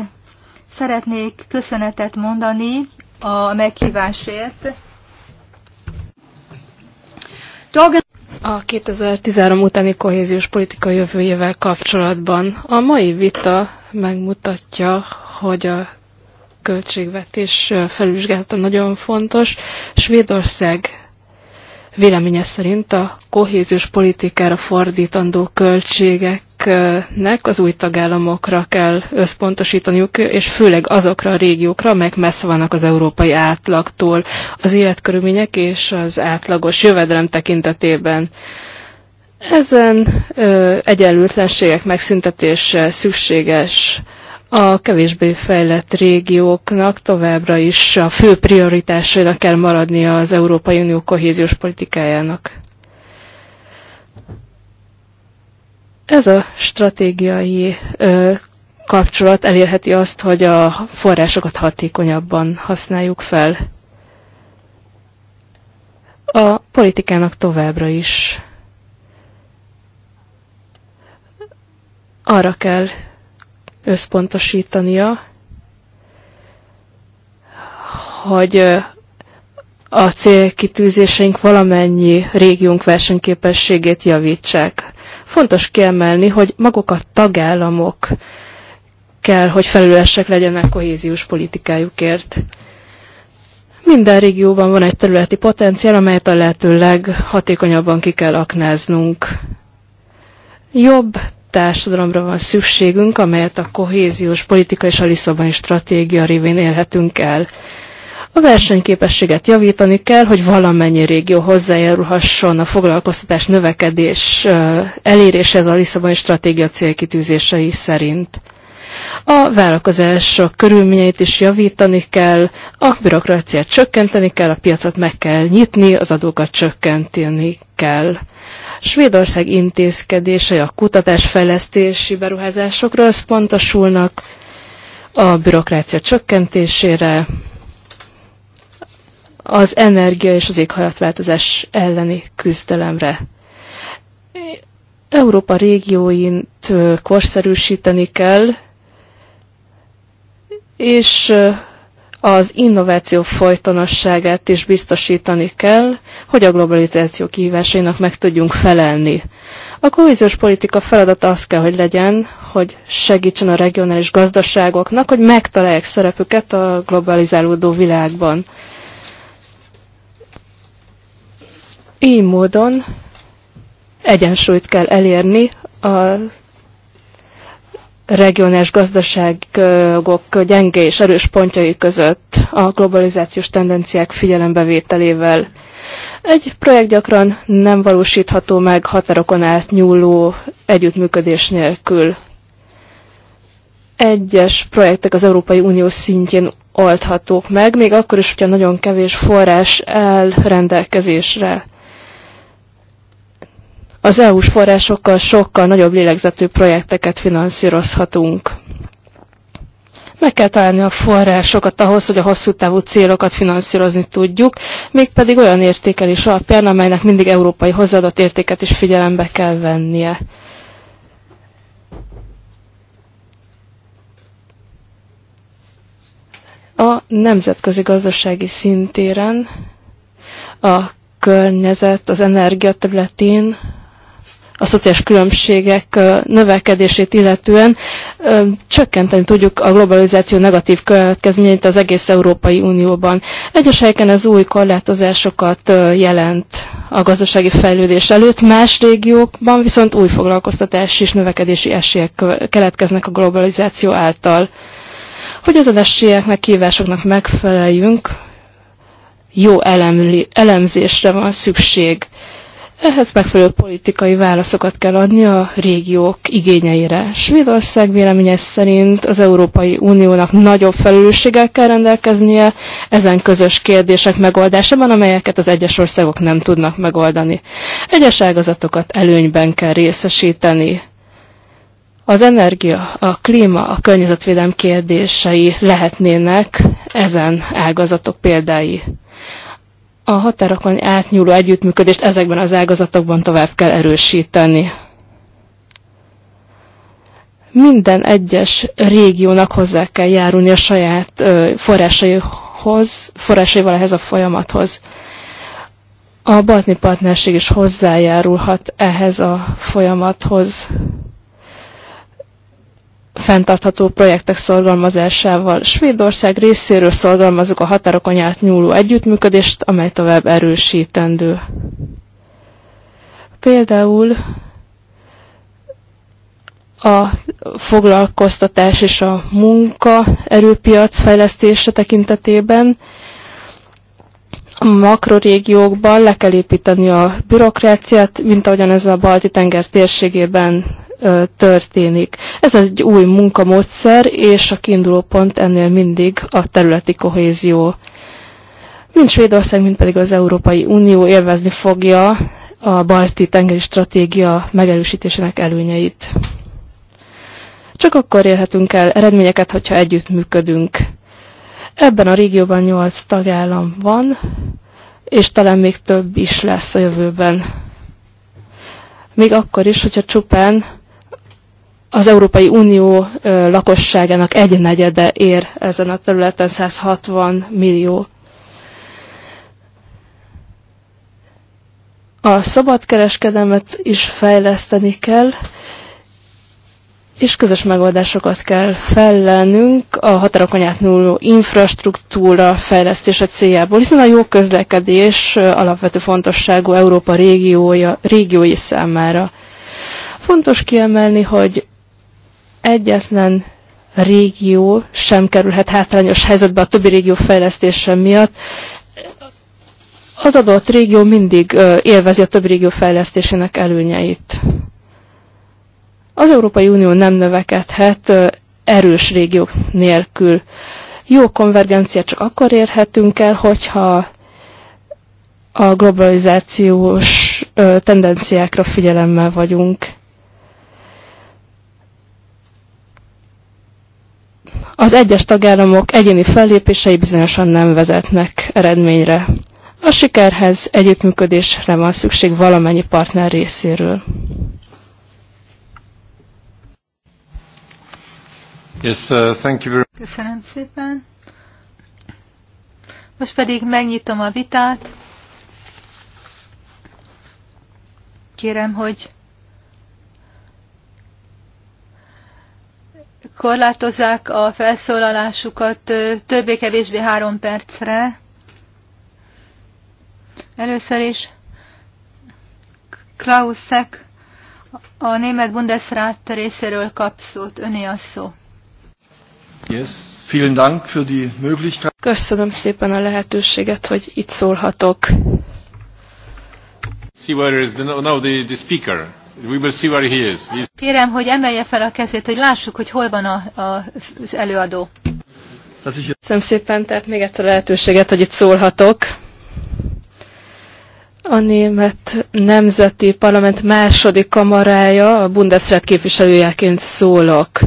szeretnék köszönetet mondani a meghívásért. A 2013 utáni kohéziós politika jövőjével kapcsolatban a mai vita megmutatja, hogy a költségvetés felvizsgálata nagyon fontos. Svédország Véleménye szerint a kohéziós politikára fordítandó költségeknek az új tagállamokra kell összpontosítaniuk, és főleg azokra a régiókra, amelyek messze vannak az európai átlagtól, az életkörülmények és az átlagos jövedelem tekintetében. Ezen ö, egyenlőtlenségek megszüntetése szükséges a kevésbé fejlett régióknak továbbra is a fő prioritására kell maradnia az Európai Unió kohéziós politikájának. Ez a stratégiai ö, kapcsolat elérheti azt, hogy a forrásokat hatékonyabban használjuk fel. A politikának továbbra is arra kell összpontosítania, hogy a célkitűzéseink valamennyi régiónk versenyképességét javítsák. Fontos kiemelni, hogy maguk a tagállamok kell, hogy felülesek legyenek kohéziós politikájukért. Minden régióban van egy területi potenciál, amelyet a lehető leghatékonyabban ki kell aknáznunk. Jobb társadalomra van szükségünk, amelyet a kohéziós politika és a Lisszaboni stratégia révén élhetünk el. A versenyképességet javítani kell, hogy valamennyi régió hozzájárulhasson a foglalkoztatás növekedés eléréséhez a Lisszaboni stratégia célkitűzései szerint. A vállalkozások körülményeit is javítani kell, a bürokráciát csökkenteni kell, a piacot meg kell nyitni, az adókat csökkenteni kell. Svédország intézkedései a kutatásfejlesztési beruházásokra összpontosulnak, a bürokrácia csökkentésére, az energia és az éghajlatváltozás elleni küzdelemre. Európa régióint korszerűsíteni kell, és az innováció folytonosságát is biztosítani kell, hogy a globalizáció kihívásainak meg tudjunk felelni. A kohéziós politika feladata az kell, hogy legyen, hogy segítsen a regionális gazdaságoknak, hogy megtalálják szerepüket a globalizálódó világban. Így módon egyensúlyt kell elérni az regionális gazdaságok gyenge és erős pontjai között a globalizációs tendenciák figyelembevételével. Egy projekt gyakran nem valósítható meg határokon át nyúló együttműködés nélkül. Egyes projektek az Európai Unió szintjén oldhatók meg, még akkor is, hogyha nagyon kevés forrás áll rendelkezésre az EU-s forrásokkal sokkal nagyobb lélegzetű projekteket finanszírozhatunk. Meg kell találni a forrásokat ahhoz, hogy a hosszú távú célokat finanszírozni tudjuk, mégpedig olyan értékelés alapján, amelynek mindig európai hozzáadott értéket is figyelembe kell vennie. A nemzetközi gazdasági szintéren a környezet, az energia területén a szociális különbségek növekedését illetően csökkenteni tudjuk a globalizáció negatív következményeit az egész Európai Unióban. Egyes helyeken ez új korlátozásokat jelent a gazdasági fejlődés előtt, más régiókban viszont új foglalkoztatási és növekedési esélyek keletkeznek a globalizáció által. Hogy az esélyeknek, kívásoknak megfeleljünk, jó elemli, elemzésre van szükség. Ehhez megfelelő politikai válaszokat kell adni a régiók igényeire. Svédország véleménye szerint az Európai Uniónak nagyobb felelősséggel kell rendelkeznie ezen közös kérdések megoldásában, amelyeket az egyes országok nem tudnak megoldani. Egyes ágazatokat előnyben kell részesíteni. Az energia, a klíma, a környezetvédelem kérdései lehetnének ezen ágazatok példái. A határokon átnyúló együttműködést ezekben az ágazatokban tovább kell erősíteni. Minden egyes régiónak hozzá kell járulni a saját forrásaihoz, forrásaival ehhez a folyamathoz. A Baltni Partnerség is hozzájárulhat ehhez a folyamathoz fenntartható projektek szorgalmazásával. Svédország részéről szorgalmazunk a határokon nyúló együttműködést, amely tovább erősítendő. Például a foglalkoztatás és a munka erőpiac fejlesztése tekintetében a makrorégiókban le kell építeni a bürokráciát, mint ahogyan ez a Balti-tenger térségében történik. Ez egy új munkamódszer, és a kiinduló pont ennél mindig a területi kohézió. Mind Svédország, mind pedig az Európai Unió élvezni fogja a balti tengeri stratégia megerősítésének előnyeit. Csak akkor érhetünk el eredményeket, hogyha együttműködünk. Ebben a régióban 8 tagállam van, és talán még több is lesz a jövőben. Még akkor is, hogyha csupán az Európai Unió lakosságának egy negyede ér ezen a területen 160 millió. A szabadkereskedelmet is fejleszteni kell, és közös megoldásokat kell fellennünk a határokon átnyúló infrastruktúra fejlesztése céljából, hiszen a jó közlekedés alapvető fontosságú Európa régiója, régiói számára. Fontos kiemelni, hogy egyetlen régió sem kerülhet hátrányos helyzetbe a többi régió fejlesztése miatt. Az adott régió mindig élvezi a többi régió fejlesztésének előnyeit. Az Európai Unió nem növekedhet erős régiók nélkül. Jó konvergenciát csak akkor érhetünk el, hogyha a globalizációs tendenciákra figyelemmel vagyunk. az egyes tagállamok egyéni fellépései bizonyosan nem vezetnek eredményre. A sikerhez együttműködésre van szükség valamennyi partner részéről. Yes, uh, thank you very... Köszönöm szépen. Most pedig megnyitom a vitát. Kérem, hogy korlátozzák a felszólalásukat többé-kevésbé három percre. Először is Klaus Szek a német Bundesrat részéről kap szót. Öné a szó. Yes. Vielen Dank für die Möglichkeit. Köszönöm szépen a lehetőséget, hogy itt szólhatok. See where is the, now the, the speaker. We will see where he is. He's... Kérem, hogy emelje fel a kezét, hogy lássuk, hogy hol van a, a, az előadó. Köszönöm szépen, tehát még egyszer a lehetőséget, hogy itt szólhatok. A német nemzeti parlament második kamarája, a Bundesrat képviselőjeként szólok.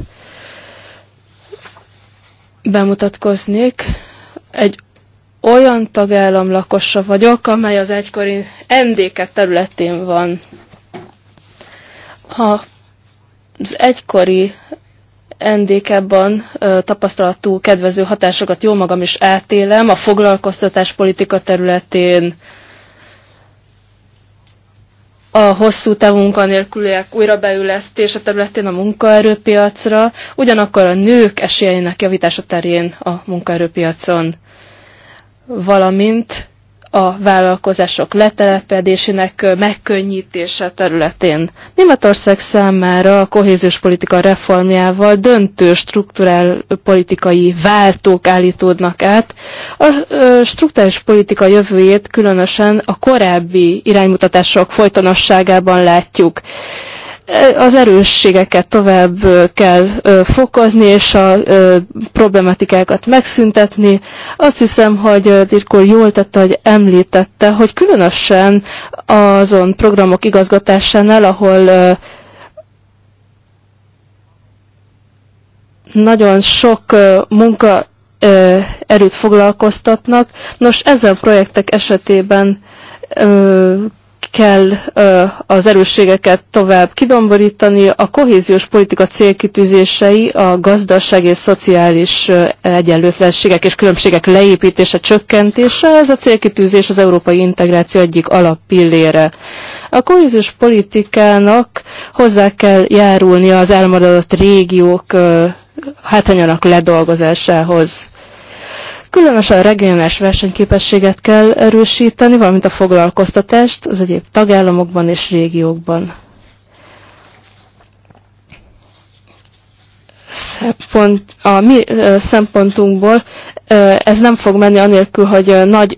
Bemutatkoznék. Egy olyan tagállam lakosa vagyok, amely az egykori NDK területén van. Ha az egykori NDK-ban tapasztalatú kedvező hatásokat jó magam is átélem a politika területén, a hosszú távú munkanélküliek újrabeülesztése területén a munkaerőpiacra, ugyanakkor a nők esélyeinek javítása terén a munkaerőpiacon, valamint a vállalkozások letelepedésének megkönnyítése területén. Németország számára a kohéziós politika reformjával döntő struktúrál politikai váltók állítódnak át. A strukturális politika jövőjét különösen a korábbi iránymutatások folytonosságában látjuk az erősségeket tovább kell fokozni, és a problematikákat megszüntetni. Azt hiszem, hogy Dirkó jól tette, hogy említette, hogy különösen azon programok igazgatásánál, ahol nagyon sok munka erőt foglalkoztatnak. Nos, ezen projektek esetében kell az erősségeket tovább kidomborítani. A kohéziós politika célkitűzései a gazdaság és szociális egyenlőtlenségek és különbségek leépítése, csökkentése. Ez a célkitűzés az európai integráció egyik alappillére. A kohéziós politikának hozzá kell járulni az elmaradott régiók hátrányának ledolgozásához. Különösen a regionális versenyképességet kell erősíteni, valamint a foglalkoztatást az egyéb tagállamokban és régiókban szempont, a mi szempontunkból ez nem fog menni anélkül, hogy nagy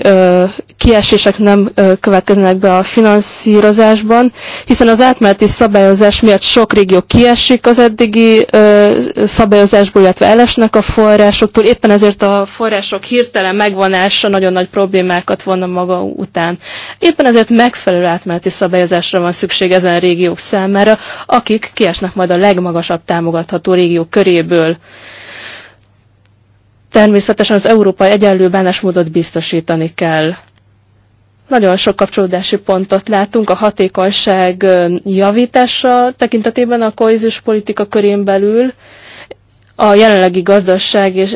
kiesések nem következnek be a finanszírozásban, hiszen az átmeneti szabályozás miatt sok régió kiesik az eddigi szabályozásból, illetve elesnek a forrásoktól, éppen ezért a források hirtelen megvonása nagyon nagy problémákat vonna maga után. Éppen ezért megfelelő átmeneti szabályozásra van szükség ezen régiók számára, akik kiesnek majd a legmagasabb támogatható régió körében részéből. Természetesen az európai egyenlő bánásmódot biztosítani kell. Nagyon sok kapcsolódási pontot látunk a hatékonyság javítása tekintetében a kohéziós politika körén belül, a jelenlegi gazdaság és,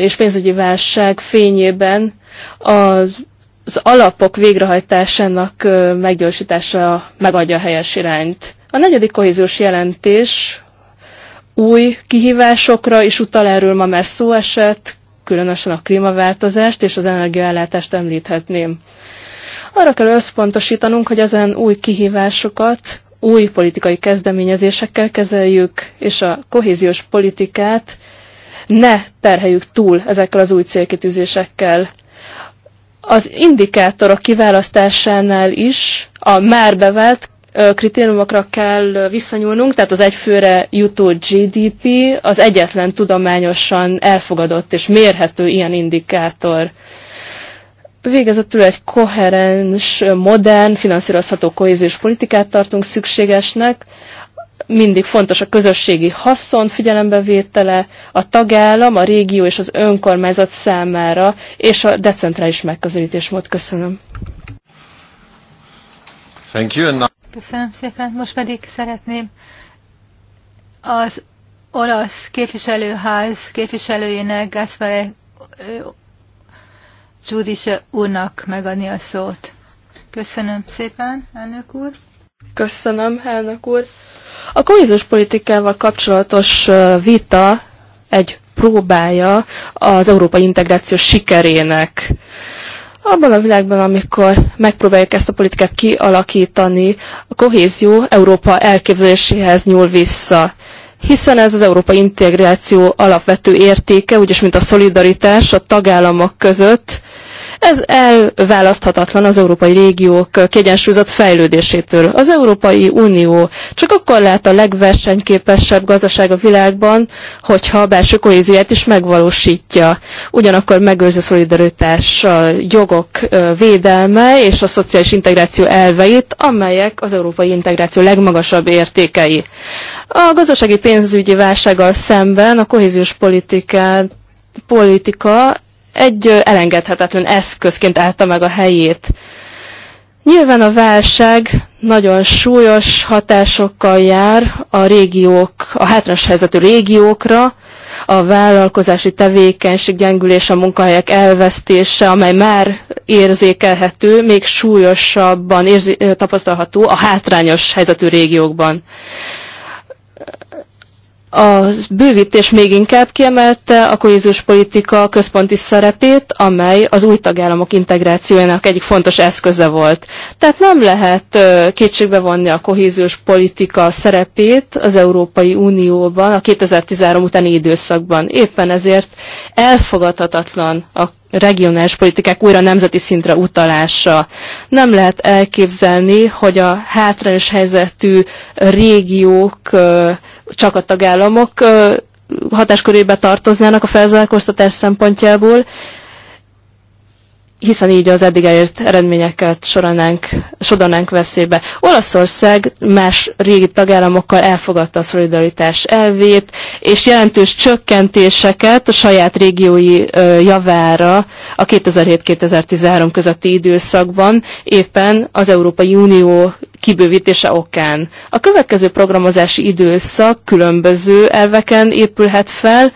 és pénzügyi válság fényében az, az alapok végrehajtásának meggyorsítása megadja a helyes irányt. A negyedik kohéziós jelentés új kihívásokra, és utal erről ma már szó esett, különösen a klímaváltozást és az energiaellátást említhetném. Arra kell összpontosítanunk, hogy ezen új kihívásokat új politikai kezdeményezésekkel kezeljük, és a kohéziós politikát ne terheljük túl ezekkel az új célkitűzésekkel. Az indikátorok kiválasztásánál is a már bevált kritériumokra kell visszanyúlnunk, tehát az egyfőre jutó GDP az egyetlen tudományosan elfogadott és mérhető ilyen indikátor. Végezetül egy koherens, modern, finanszírozható kohéziós politikát tartunk szükségesnek. Mindig fontos a közösségi haszon figyelembevétele, a tagállam, a régió és az önkormányzat számára, és a decentrális megközelítésmód. Köszönöm. Thank you. Köszönöm szépen. Most pedig szeretném az olasz képviselőház képviselőjének Gászfele Judis úrnak megadni a szót. Köszönöm szépen, elnök úr. Köszönöm, elnök úr. A kohéziós politikával kapcsolatos vita egy próbája az európai integráció sikerének. Abban a világban, amikor megpróbáljuk ezt a politikát kialakítani, a kohézió Európa elképzeléséhez nyúl vissza. Hiszen ez az európai integráció alapvető értéke, úgyis mint a szolidaritás a tagállamok között, ez elválaszthatatlan az európai régiók kiegyensúlyozott fejlődésétől. Az Európai Unió csak akkor lehet a legversenyképesebb gazdaság a világban, hogyha a belső kohézióját is megvalósítja. Ugyanakkor megőrzi a szolidaritás, a jogok védelme és a szociális integráció elveit, amelyek az európai integráció legmagasabb értékei. A gazdasági pénzügyi válsággal szemben a kohéziós politikát politika egy elengedhetetlen eszközként állta meg a helyét. Nyilván a válság nagyon súlyos hatásokkal jár a régiók, a hátrányos helyzetű régiókra, a vállalkozási tevékenység gyengülése, a munkahelyek elvesztése, amely már érzékelhető, még súlyosabban érzi, tapasztalható a hátrányos helyzetű régiókban. A bővítés még inkább kiemelte a kohéziós politika központi szerepét, amely az új tagállamok integrációjának egyik fontos eszköze volt. Tehát nem lehet kétségbe vonni a kohéziós politika szerepét az Európai Unióban a 2013 utáni időszakban. Éppen ezért elfogadhatatlan a regionális politikák újra nemzeti szintre utalása. Nem lehet elképzelni, hogy a hátrányos helyzetű régiók csak a tagállamok hatáskörébe tartoznának a felzárkóztatás szempontjából, hiszen így az eddig elért eredményeket soranánk, sodanánk veszélybe. Olaszország más régi tagállamokkal elfogadta a szolidaritás elvét, és jelentős csökkentéseket a saját régiói javára a 2007-2013 közötti időszakban éppen az Európai Unió kibővítése okán. A következő programozási időszak különböző elveken épülhet fel,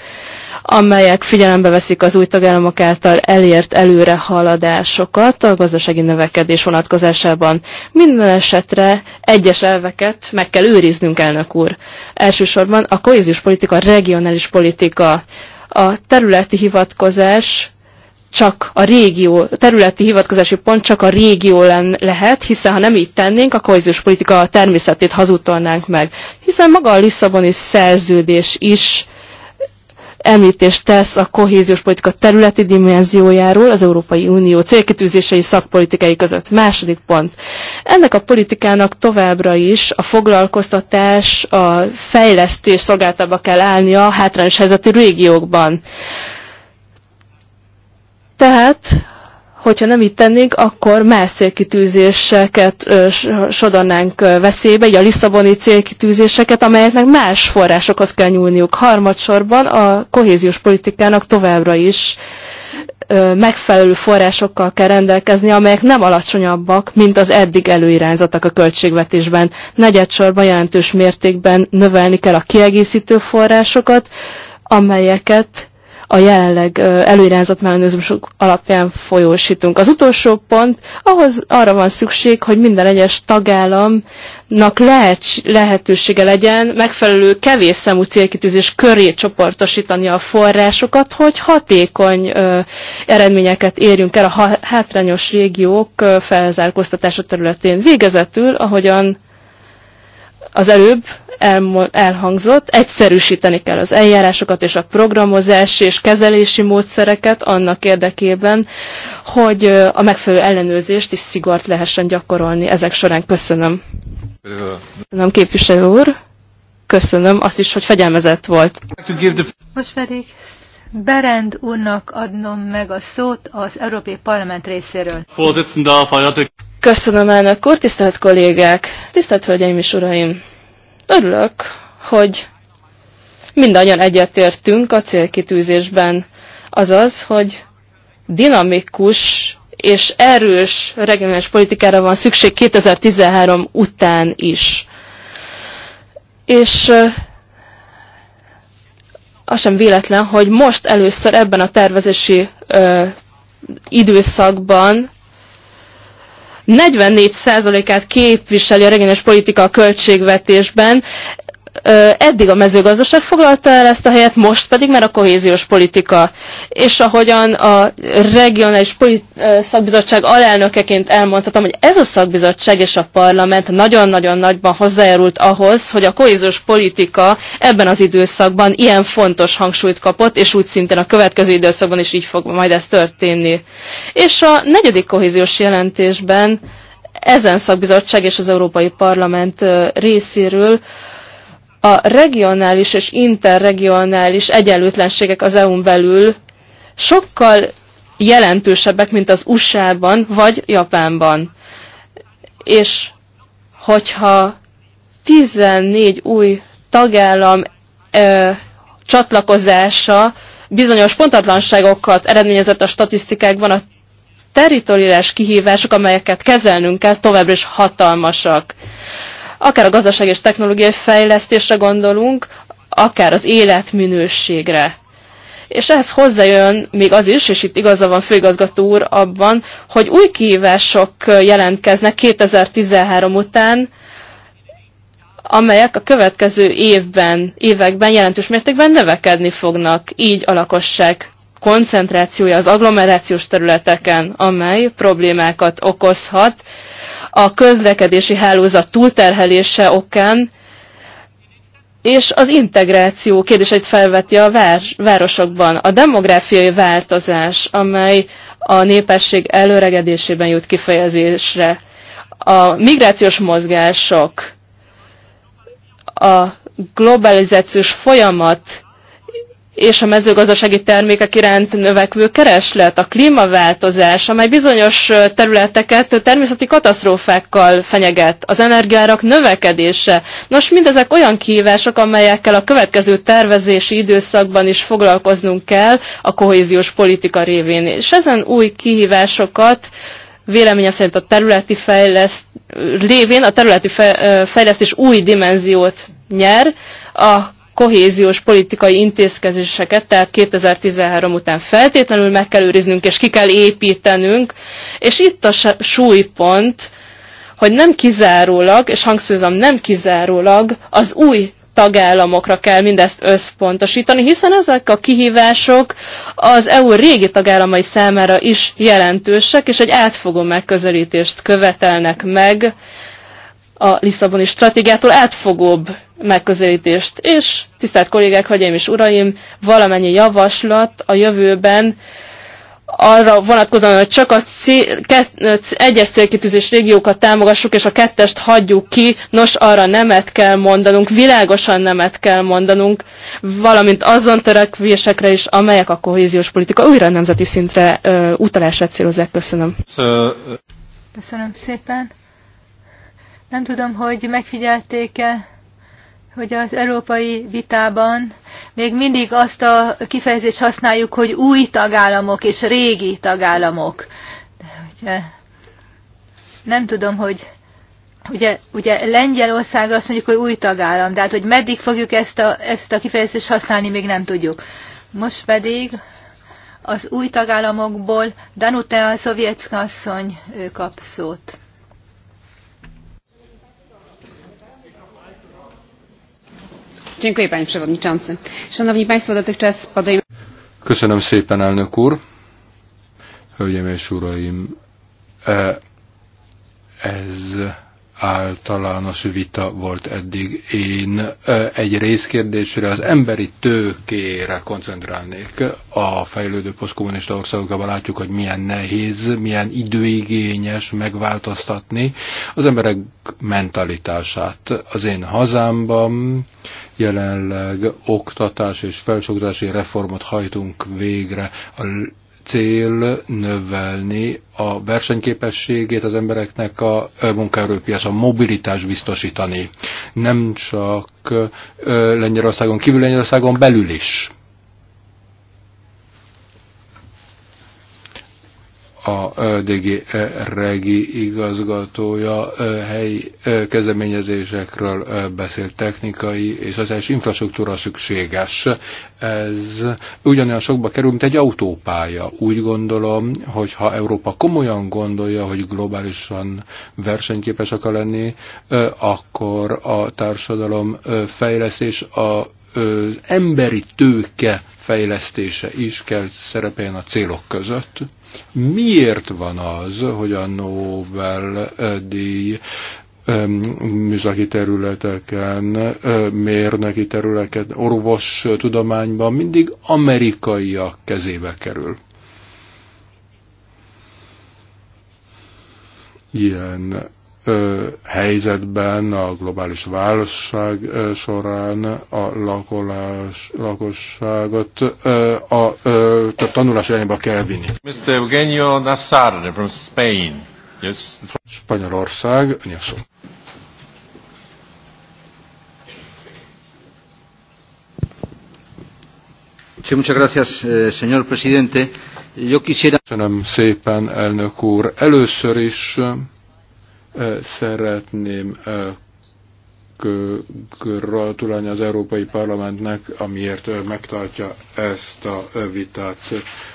amelyek figyelembe veszik az új tagállamok által elért előrehaladásokat a gazdasági növekedés vonatkozásában. Minden esetre egyes elveket meg kell őriznünk, elnök úr. Elsősorban a kohéziós politika, a regionális politika, a területi hivatkozás csak a régió, területi hivatkozási pont csak a régió len lehet, hiszen ha nem így tennénk, a kohéziós politika természetét hazudtolnánk meg. Hiszen maga a Lisszaboni szerződés is említést tesz a kohéziós politika területi dimenziójáról az Európai Unió célkitűzései szakpolitikái között. Második pont. Ennek a politikának továbbra is a foglalkoztatás, a fejlesztés szolgáltába kell állnia a hátrányos helyzetű régiókban. Tehát Hogyha nem itt tennénk, akkor más célkitűzéseket sodornánk veszélybe, így a Lisszaboni célkitűzéseket, amelyeknek más forrásokhoz kell nyúlniuk. Harmadsorban a kohéziós politikának továbbra is megfelelő forrásokkal kell rendelkezni, amelyek nem alacsonyabbak, mint az eddig előirányzatok a költségvetésben. Negyedsorban jelentős mértékben növelni kell a kiegészítő forrásokat, amelyeket a jelenleg előirányzott mechanizmusok alapján folyósítunk. Az utolsó pont, ahhoz arra van szükség, hogy minden egyes tagállamnak lehet, lehetősége legyen megfelelő kevés számú célkitűzés köré csoportosítani a forrásokat, hogy hatékony ö, eredményeket érjünk el a hátrányos régiók felzárkóztatása területén. Végezetül, ahogyan az előbb elhangzott, egyszerűsíteni kell az eljárásokat és a programozási és kezelési módszereket annak érdekében, hogy a megfelelő ellenőrzést is szigort lehessen gyakorolni. Ezek során köszönöm. Köszönöm képviselő úr, köszönöm azt is, hogy fegyelmezett volt. Most pedig Berend úrnak adnom meg a szót az Európai Parlament részéről. Köszönöm elnök úr, tisztelt kollégák, tisztelt hölgyeim és uraim. Örülök, hogy mindannyian egyetértünk a célkitűzésben, azaz, hogy dinamikus és erős regionális politikára van szükség 2013 után is. És az sem véletlen, hogy most először ebben a tervezési ö, időszakban 44%-át képviseli a regényes politika a költségvetésben eddig a mezőgazdaság foglalta el ezt a helyet, most pedig már a kohéziós politika. És ahogyan a regionális szakbizottság alelnökeként elmondhatom, hogy ez a szakbizottság és a parlament nagyon-nagyon nagyban hozzájárult ahhoz, hogy a kohéziós politika ebben az időszakban ilyen fontos hangsúlyt kapott, és úgy szintén a következő időszakban is így fog majd ez történni. És a negyedik kohéziós jelentésben ezen szakbizottság és az Európai Parlament részéről a regionális és interregionális egyenlőtlenségek az EU-n belül sokkal jelentősebbek, mint az USA-ban vagy Japánban. És hogyha 14 új tagállam ö, csatlakozása bizonyos pontatlanságokat eredményezett a statisztikákban, a teritoriális kihívások, amelyeket kezelnünk kell, továbbra is hatalmasak akár a gazdaság és technológiai fejlesztésre gondolunk, akár az életminőségre. És ehhez hozzájön még az is, és itt igaza van főigazgató úr abban, hogy új kihívások jelentkeznek 2013 után, amelyek a következő évben, években jelentős mértékben növekedni fognak, így a lakosság koncentrációja az agglomerációs területeken, amely problémákat okozhat, a közlekedési hálózat túlterhelése okán, és az integráció kérdéseit felveti a városokban. A demográfiai változás, amely a népesség előregedésében jut kifejezésre, a migrációs mozgások, a globalizációs folyamat és a mezőgazdasági termékek iránt növekvő kereslet, a klímaváltozás, amely bizonyos területeket természeti katasztrófákkal fenyeget, az energiárak növekedése. Nos, mindezek olyan kihívások, amelyekkel a következő tervezési időszakban is foglalkoznunk kell a kohéziós politika révén. És ezen új kihívásokat véleményem szerint a területi fejleszt, lévén a területi fejlesztés új dimenziót nyer, a kohéziós politikai intézkedéseket, tehát 2013 után feltétlenül meg kell őriznünk, és ki kell építenünk. És itt a súlypont, hogy nem kizárólag, és hangsúlyozom, nem kizárólag az új tagállamokra kell mindezt összpontosítani, hiszen ezek a kihívások az EU régi tagállamai számára is jelentősek, és egy átfogó megközelítést követelnek meg, a Lisszaboni stratégiától átfogóbb megközelítést. És tisztelt kollégák, hagyjaim és uraim, valamennyi javaslat a jövőben arra vonatkozóan, hogy csak a egyes célkitűzés régiókat támogassuk, és a kettest hagyjuk ki, nos, arra nemet kell mondanunk, világosan nemet kell mondanunk, valamint azon törekvésekre is, amelyek a kohéziós politika újra nemzeti szintre ö, utalását célozzák. Köszönöm. Köszönöm szépen. Nem tudom, hogy megfigyelték-e, hogy az európai vitában még mindig azt a kifejezést használjuk, hogy új tagállamok és régi tagállamok. De ugye, nem tudom, hogy ugye, ugye Lengyelországra azt mondjuk, hogy új tagállam, de hát, hogy meddig fogjuk ezt a, ezt a kifejezést használni, még nem tudjuk. Most pedig az új tagállamokból Danutea Szovjetszka asszony kap szót. Dziękuję, panie przewodniczący. Szanowni państwo, dotychczas podejm... Köszönöm szépen, elnök úr. Hölgyeim és uraim, e, ez általános vita volt eddig. Én egy részkérdésre, az emberi tőkére koncentrálnék. A fejlődő posztkommunista országokban látjuk, hogy milyen nehéz, milyen időigényes megváltoztatni az emberek mentalitását. Az én hazámban jelenleg oktatás és felsőoktatási reformot hajtunk végre. A cél növelni a versenyképességét az embereknek a munkaerőpiac, a mobilitás biztosítani. Nem csak Lengyelországon kívül, Lengyelországon belül is. a DG Regi igazgatója helyi kezdeményezésekről beszél, technikai és az első infrastruktúra szükséges. Ez ugyanolyan sokba kerül, mint egy autópálya. Úgy gondolom, hogy ha Európa komolyan gondolja, hogy globálisan versenyképes akar lenni, akkor a társadalom fejlesztés a az emberi tőke fejlesztése is kell szerepeljen a célok között. Miért van az, hogy a Nobel-díj eh, műszaki területeken, eh, mérnöki területeken, orvos tudományban mindig amerikaiak kezébe kerül. Ilyen helyzetben a globális válság során a lakolás, lakosságot a, a, a tanulás irányba kell vinni. Mr. Eugenio Nassar from Spain. Yes. Spanyolország, nyilvánosan. Sí, muchas gracias, eh, señor presidente. Yo quisiera... Köszönöm szépen, elnök úr. Először is Szeretném gratulálni az Európai Parlamentnek, amiért megtartja ezt a vitát.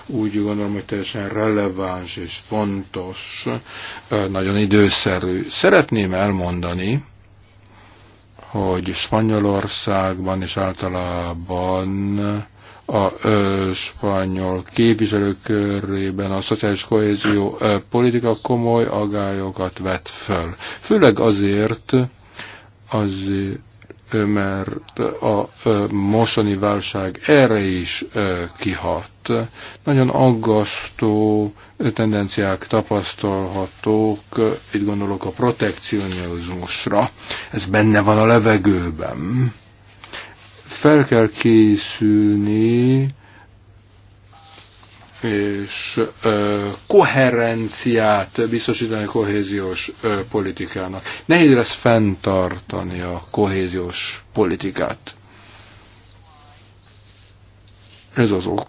Úgy gondolom, hogy teljesen releváns és fontos, nagyon időszerű. Szeretném elmondani, hogy Spanyolországban és általában a spanyol képviselők körében a szociális kohézió politika komoly agályokat vet föl. Főleg azért, azért mert a mostani válság erre is kihat. Nagyon aggasztó tendenciák tapasztalhatók, itt gondolok a protekcionizmusra, ez benne van a levegőben. Fel kell készülni, és ö, koherenciát biztosítani a kohéziós ö, politikának. Nehéz lesz fenntartani a kohéziós politikát. Ez az ok,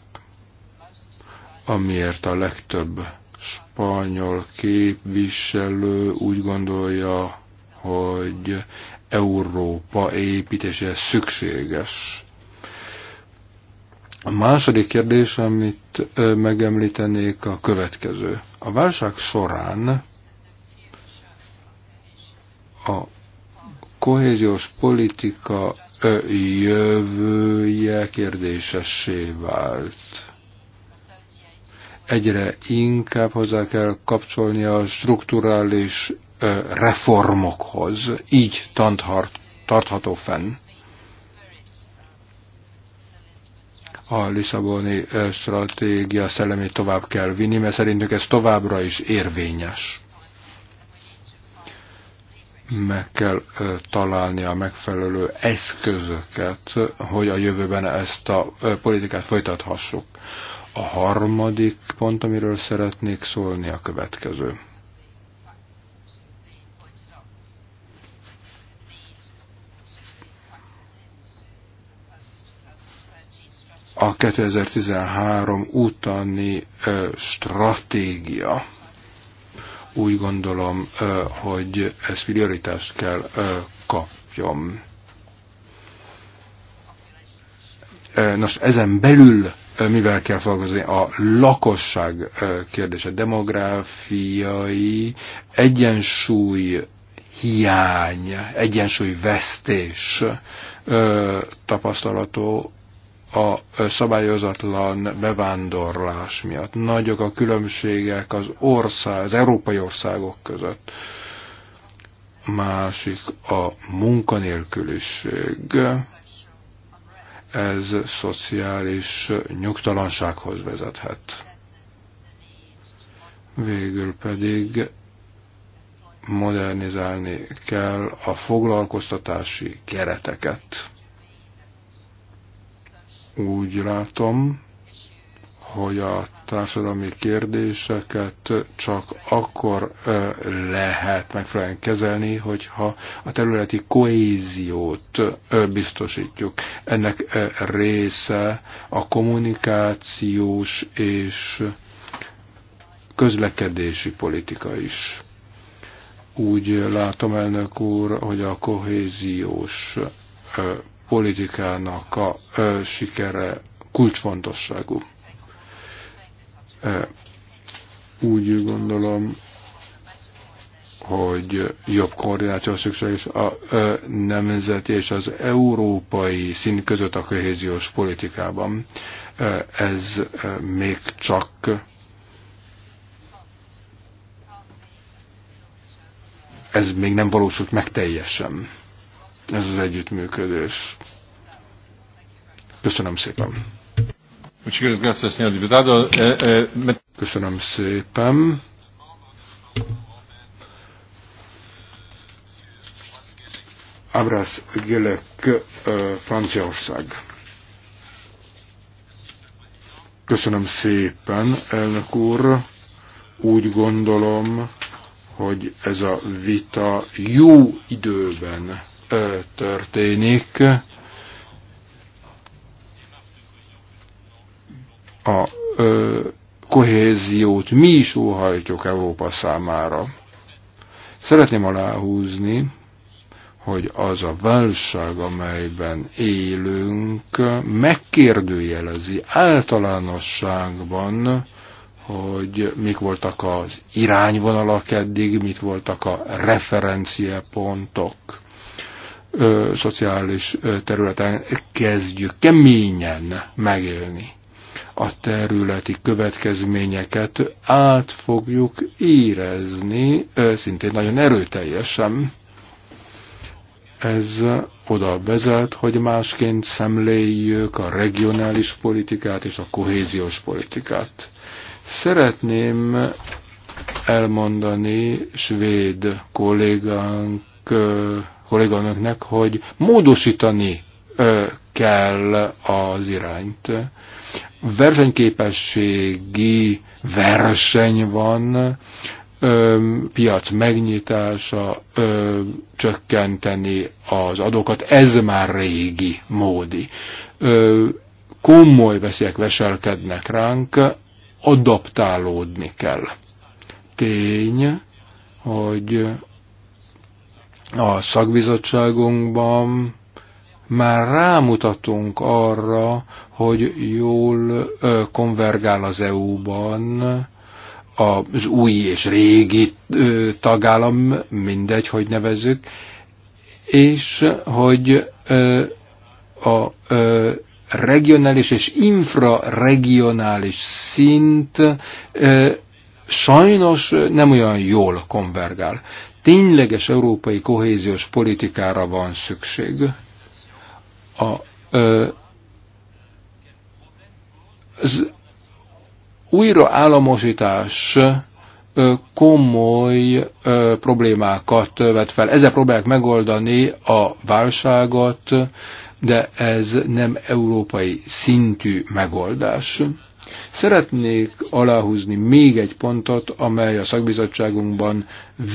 amiért a legtöbb spanyol képviselő úgy gondolja, hogy Európa építése szükséges. A második kérdés, amit megemlítenék, a következő. A válság során a kohéziós politika jövője kérdésessé vált. Egyre inkább hozzá kell kapcsolni a strukturális reformokhoz, így tanthart, tartható fenn a Lisszaboni stratégia szellemét tovább kell vinni, mert szerintük ez továbbra is érvényes. Meg kell találni a megfelelő eszközöket, hogy a jövőben ezt a politikát folytathassuk. A harmadik pont, amiről szeretnék szólni, a következő. a 2013 utáni stratégia. Úgy gondolom, hogy ez prioritást kell kapjon. Nos, ezen belül mivel kell foglalkozni? A lakosság kérdése, demográfiai egyensúly hiány, egyensúly vesztés tapasztalató a szabályozatlan bevándorlás miatt. Nagyok a különbségek az ország, az európai országok között. Másik a munkanélküliség. Ez szociális nyugtalansághoz vezethet. Végül pedig modernizálni kell a foglalkoztatási kereteket úgy látom, hogy a társadalmi kérdéseket csak akkor lehet megfelelően kezelni, hogyha a területi kohéziót biztosítjuk. Ennek része a kommunikációs és közlekedési politika is. Úgy látom, elnök úr, hogy a kohéziós politikának a sikere kulcsfontosságú. Úgy gondolom, hogy jobb koordináció is a nemzeti és az európai szint között a kohéziós politikában. Ez még csak ez még nem valósult meg teljesen ez az együttműködés. Köszönöm szépen. Köszönöm szépen. Abrász Gélek, Franciaország. Köszönöm szépen, elnök úr. Úgy gondolom, hogy ez a vita jó időben történik. A ö, kohéziót mi is óhajtjuk Európa számára. Szeretném aláhúzni, hogy az a válság, amelyben élünk, megkérdőjelezi általánosságban, hogy mik voltak az irányvonalak eddig, mit voltak a referenciapontok ö, szociális területen kezdjük keményen megélni. A területi következményeket át fogjuk érezni, ö, szintén nagyon erőteljesen. Ez oda vezet, hogy másként szemléljük a regionális politikát és a kohéziós politikát. Szeretném elmondani svéd kollégánk kolléganőknek, hogy módosítani kell az irányt. Versenyképességi verseny van, ö, piac megnyitása, ö, csökkenteni az adókat, ez már régi módi. Ö, komoly veszélyek veselkednek ránk, adaptálódni kell. Tény, hogy a szakbizottságunkban már rámutatunk arra, hogy jól konvergál az EU-ban az új és régi tagállam, mindegy, hogy nevezzük, és hogy a regionális és infraregionális szint sajnos nem olyan jól konvergál tényleges európai kohéziós politikára van szükség. A, ö, az újraállamosítás komoly ö, problémákat vet fel. Ezzel próbálják megoldani a válságot, de ez nem európai szintű megoldás. Szeretnék aláhúzni még egy pontot, amely a szakbizottságunkban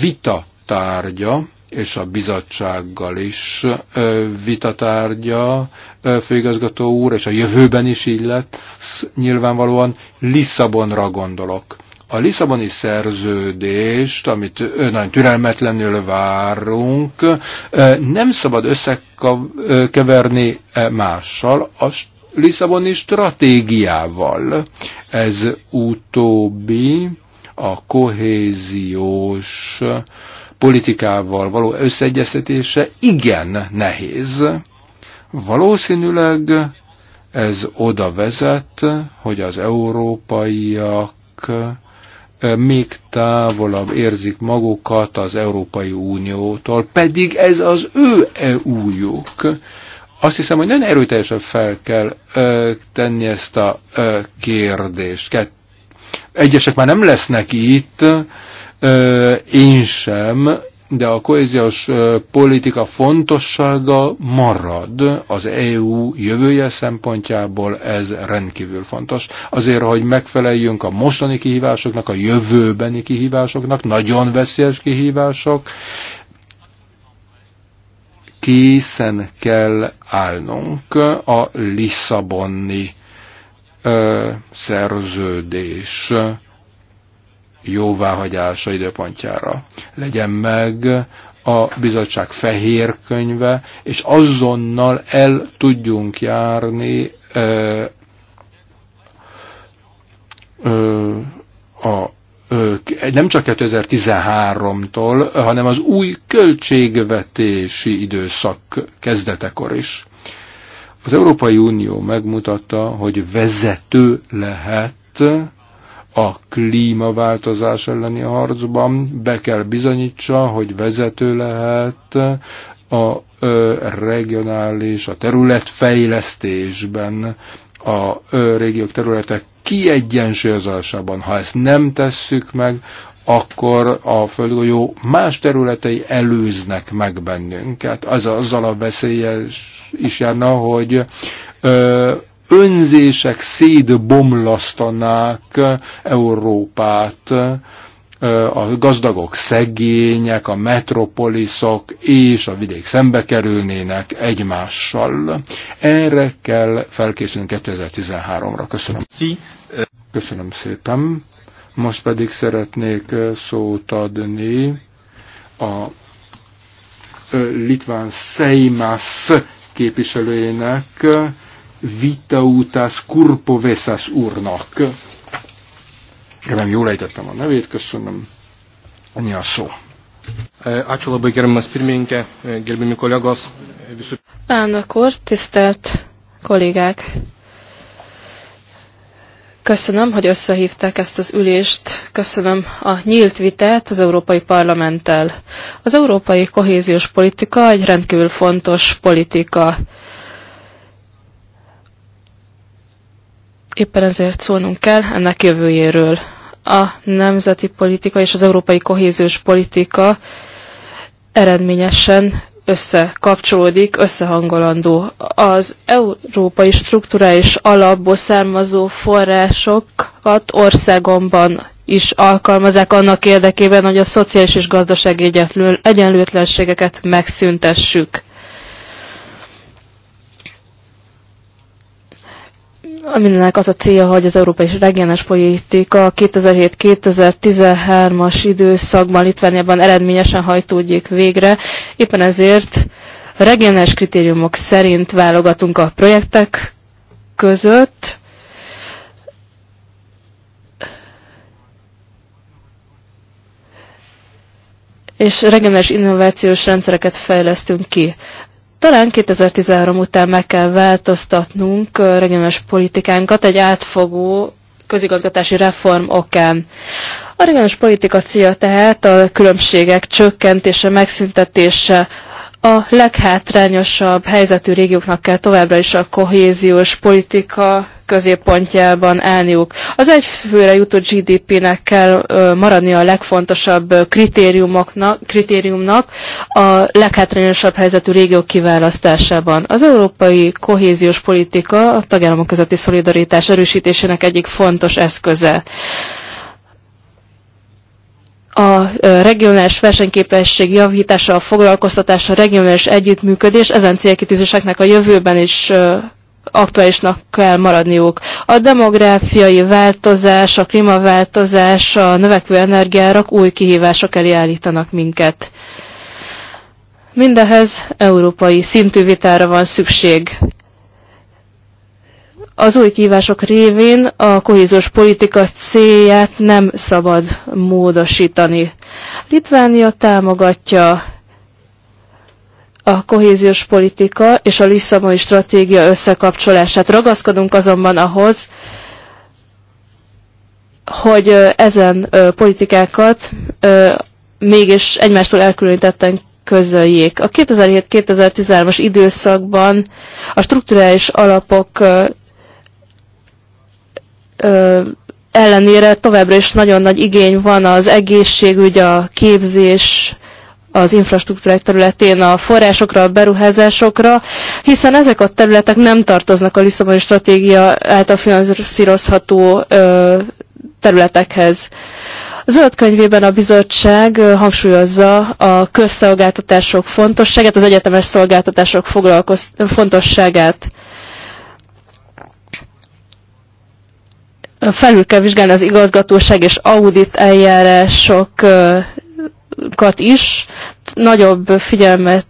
vita tárgya, és a bizottsággal is vitatárgya, főigazgató úr, és a jövőben is így lett, nyilvánvalóan Lisszabonra gondolok. A Lisszaboni szerződést, amit nagyon türelmetlenül várunk, nem szabad összekeverni mással, a Lisszaboni stratégiával. Ez utóbbi a kohéziós politikával való összeegyeztetése igen nehéz. Valószínűleg ez oda vezet, hogy az európaiak még távolabb érzik magukat az Európai Uniótól, pedig ez az ő EU-juk. Azt hiszem, hogy nagyon erőteljesen fel kell ö, tenni ezt a ö, kérdést. Egyesek már nem lesznek itt, én sem, de a kohéziós politika fontossága marad az EU jövője szempontjából, ez rendkívül fontos. Azért, hogy megfeleljünk a mostani kihívásoknak, a jövőbeni kihívásoknak, nagyon veszélyes kihívások, készen kell állnunk a Lisszaboni ö, szerződés jóváhagyása időpontjára. Legyen meg a bizottság fehér könyve, és azonnal el tudjunk járni ö, ö, a nem csak 2013-tól, hanem az új költségvetési időszak kezdetekor is. Az Európai Unió megmutatta, hogy vezető lehet a klímaváltozás elleni harcban, be kell bizonyítsa, hogy vezető lehet a regionális, a területfejlesztésben, a régiók területek kiegyensúlyozásában. Ha ezt nem tesszük meg, akkor a földgolyó más területei előznek meg bennünket. Az azzal a veszélyes is járna, hogy ö, önzések szétbomlasztanák Európát, a gazdagok szegények, a metropoliszok és a vidék szembe kerülnének egymással. Erre kell felkészülni 2013-ra. Köszönöm. Köszönöm szépen. Most pedig szeretnék szót adni a litván Szeimász képviselőjének, vita utas kurpovesas úrnak. Remélem jól ejtettem a nevét, köszönöm. Annyi a szó. Eh, ačiū labai gerbiamas pirménke, eh, gerbiami kollégasz. Eh, visų... Elnök úr, tisztelt kollégák! Köszönöm, hogy összehívták ezt az ülést. Köszönöm a nyílt vitát az Európai Parlamenttel. Az európai kohéziós politika egy rendkívül fontos politika. Éppen ezért szólnunk kell ennek jövőjéről. A nemzeti politika és az európai kohéziós politika eredményesen összekapcsolódik, összehangolandó. Az európai strukturális alapból származó forrásokat országomban is alkalmazzák annak érdekében, hogy a szociális és gazdasági egyenlőtlenségeket megszüntessük. aminek az a célja, hogy az európai regionális politika 2007-2013-as időszakban Litvániában eredményesen hajtódjék végre. Éppen ezért regionális kritériumok szerint válogatunk a projektek között, és regionális innovációs rendszereket fejlesztünk ki. Talán 2013 után meg kell változtatnunk regionális politikánkat egy átfogó közigazgatási reform okán. A regionális politika célja tehát a különbségek csökkentése, megszüntetése, a leghátrányosabb helyzetű régióknak kell továbbra is a kohéziós politika középpontjában állniuk. Az egyfőre jutó GDP-nek kell maradni a legfontosabb kritériumoknak, kritériumnak a leghátrányosabb helyzetű régiók kiválasztásában. Az európai kohéziós politika a tagállamok közötti szolidaritás erősítésének egyik fontos eszköze a regionális versenyképesség javítása, a foglalkoztatás, a regionális együttműködés, ezen célkitűzéseknek a jövőben is aktuálisnak kell maradniuk. A demográfiai változás, a klímaváltozás, a növekvő energiárak új kihívások elé állítanak minket. Mindehez európai szintű vitára van szükség. Az új kívások révén a kohézós politika célját nem szabad módosítani. Litvánia támogatja a kohéziós politika és a Lisszaboni stratégia összekapcsolását. Ragaszkodunk azonban ahhoz, hogy ezen politikákat mégis egymástól elkülönítetten közöljék. A 2007-2013-as időszakban a strukturális alapok ellenére továbbra is nagyon nagy igény van az egészségügy, a képzés, az infrastruktúrák területén a forrásokra, a beruházásokra, hiszen ezek a területek nem tartoznak a Lisszaboni stratégia által finanszírozható ö, területekhez. A zöld könyvében a bizottság hangsúlyozza a közszolgáltatások fontosságát, az egyetemes szolgáltatások fontosságát. Felül kell vizsgálni az igazgatóság és audit eljárásokat is. Nagyobb figyelmet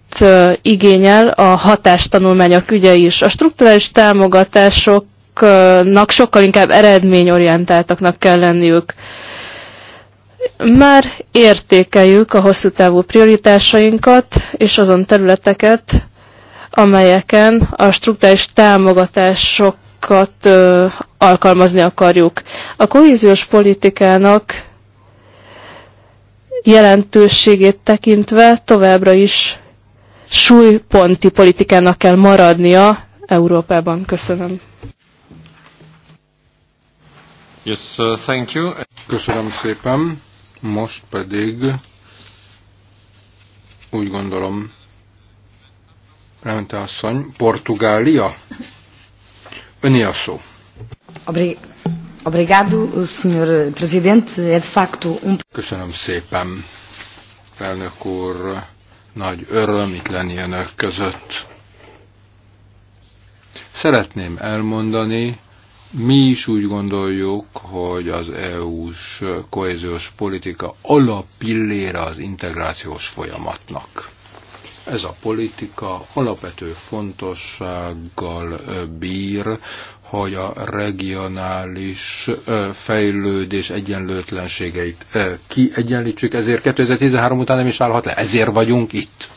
igényel a hatástanulmányok ügye is. A strukturális támogatásoknak sokkal inkább eredményorientáltaknak kell lenniük már értékeljük a hosszú távú prioritásainkat és azon területeket, amelyeken a struktúrális támogatások politikákat alkalmazni akarjuk. A kohéziós politikának jelentőségét tekintve továbbra is súlyponti politikának kell maradnia Európában. Köszönöm. Yes, uh, thank you. Köszönöm szépen. Most pedig úgy gondolom, Lemente asszony, Portugália Öné a szó. Obrigado, senhor presidente. É de facto um... Köszönöm szépen, elnök úr. Nagy öröm itt lenni önök között. Szeretném elmondani, mi is úgy gondoljuk, hogy az EU-s kohéziós politika alapillére az integrációs folyamatnak. Ez a politika alapvető fontossággal bír, hogy a regionális fejlődés egyenlőtlenségeit kiegyenlítsük, ezért 2013 után nem is állhat le, ezért vagyunk itt.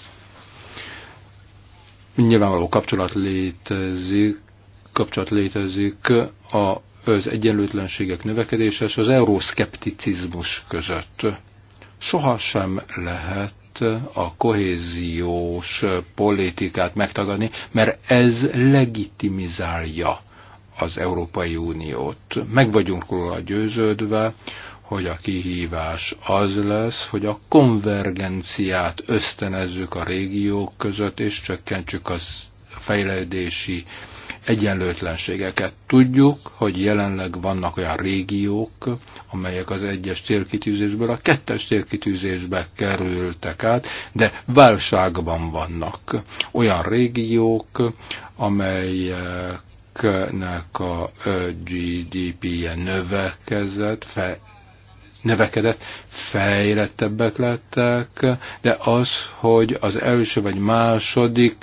Nyilvánvaló kapcsolat létezik, kapcsolat létezik a, az egyenlőtlenségek növekedése és az euroszkepticizmus között. Soha sem lehet a kohéziós politikát megtagadni, mert ez legitimizálja az Európai Uniót. Meg vagyunk róla győződve, hogy a kihívás az lesz, hogy a konvergenciát ösztönezzük a régiók között, és csökkentsük az fejlődési egyenlőtlenségeket. Tudjuk, hogy jelenleg vannak olyan régiók, amelyek az egyes célkitűzésből a kettes célkitűzésbe kerültek át, de válságban vannak. Olyan régiók, amelyeknek a GDP-je növekezett, fe, növekedett, fejlettebbek lettek, de az, hogy az első vagy második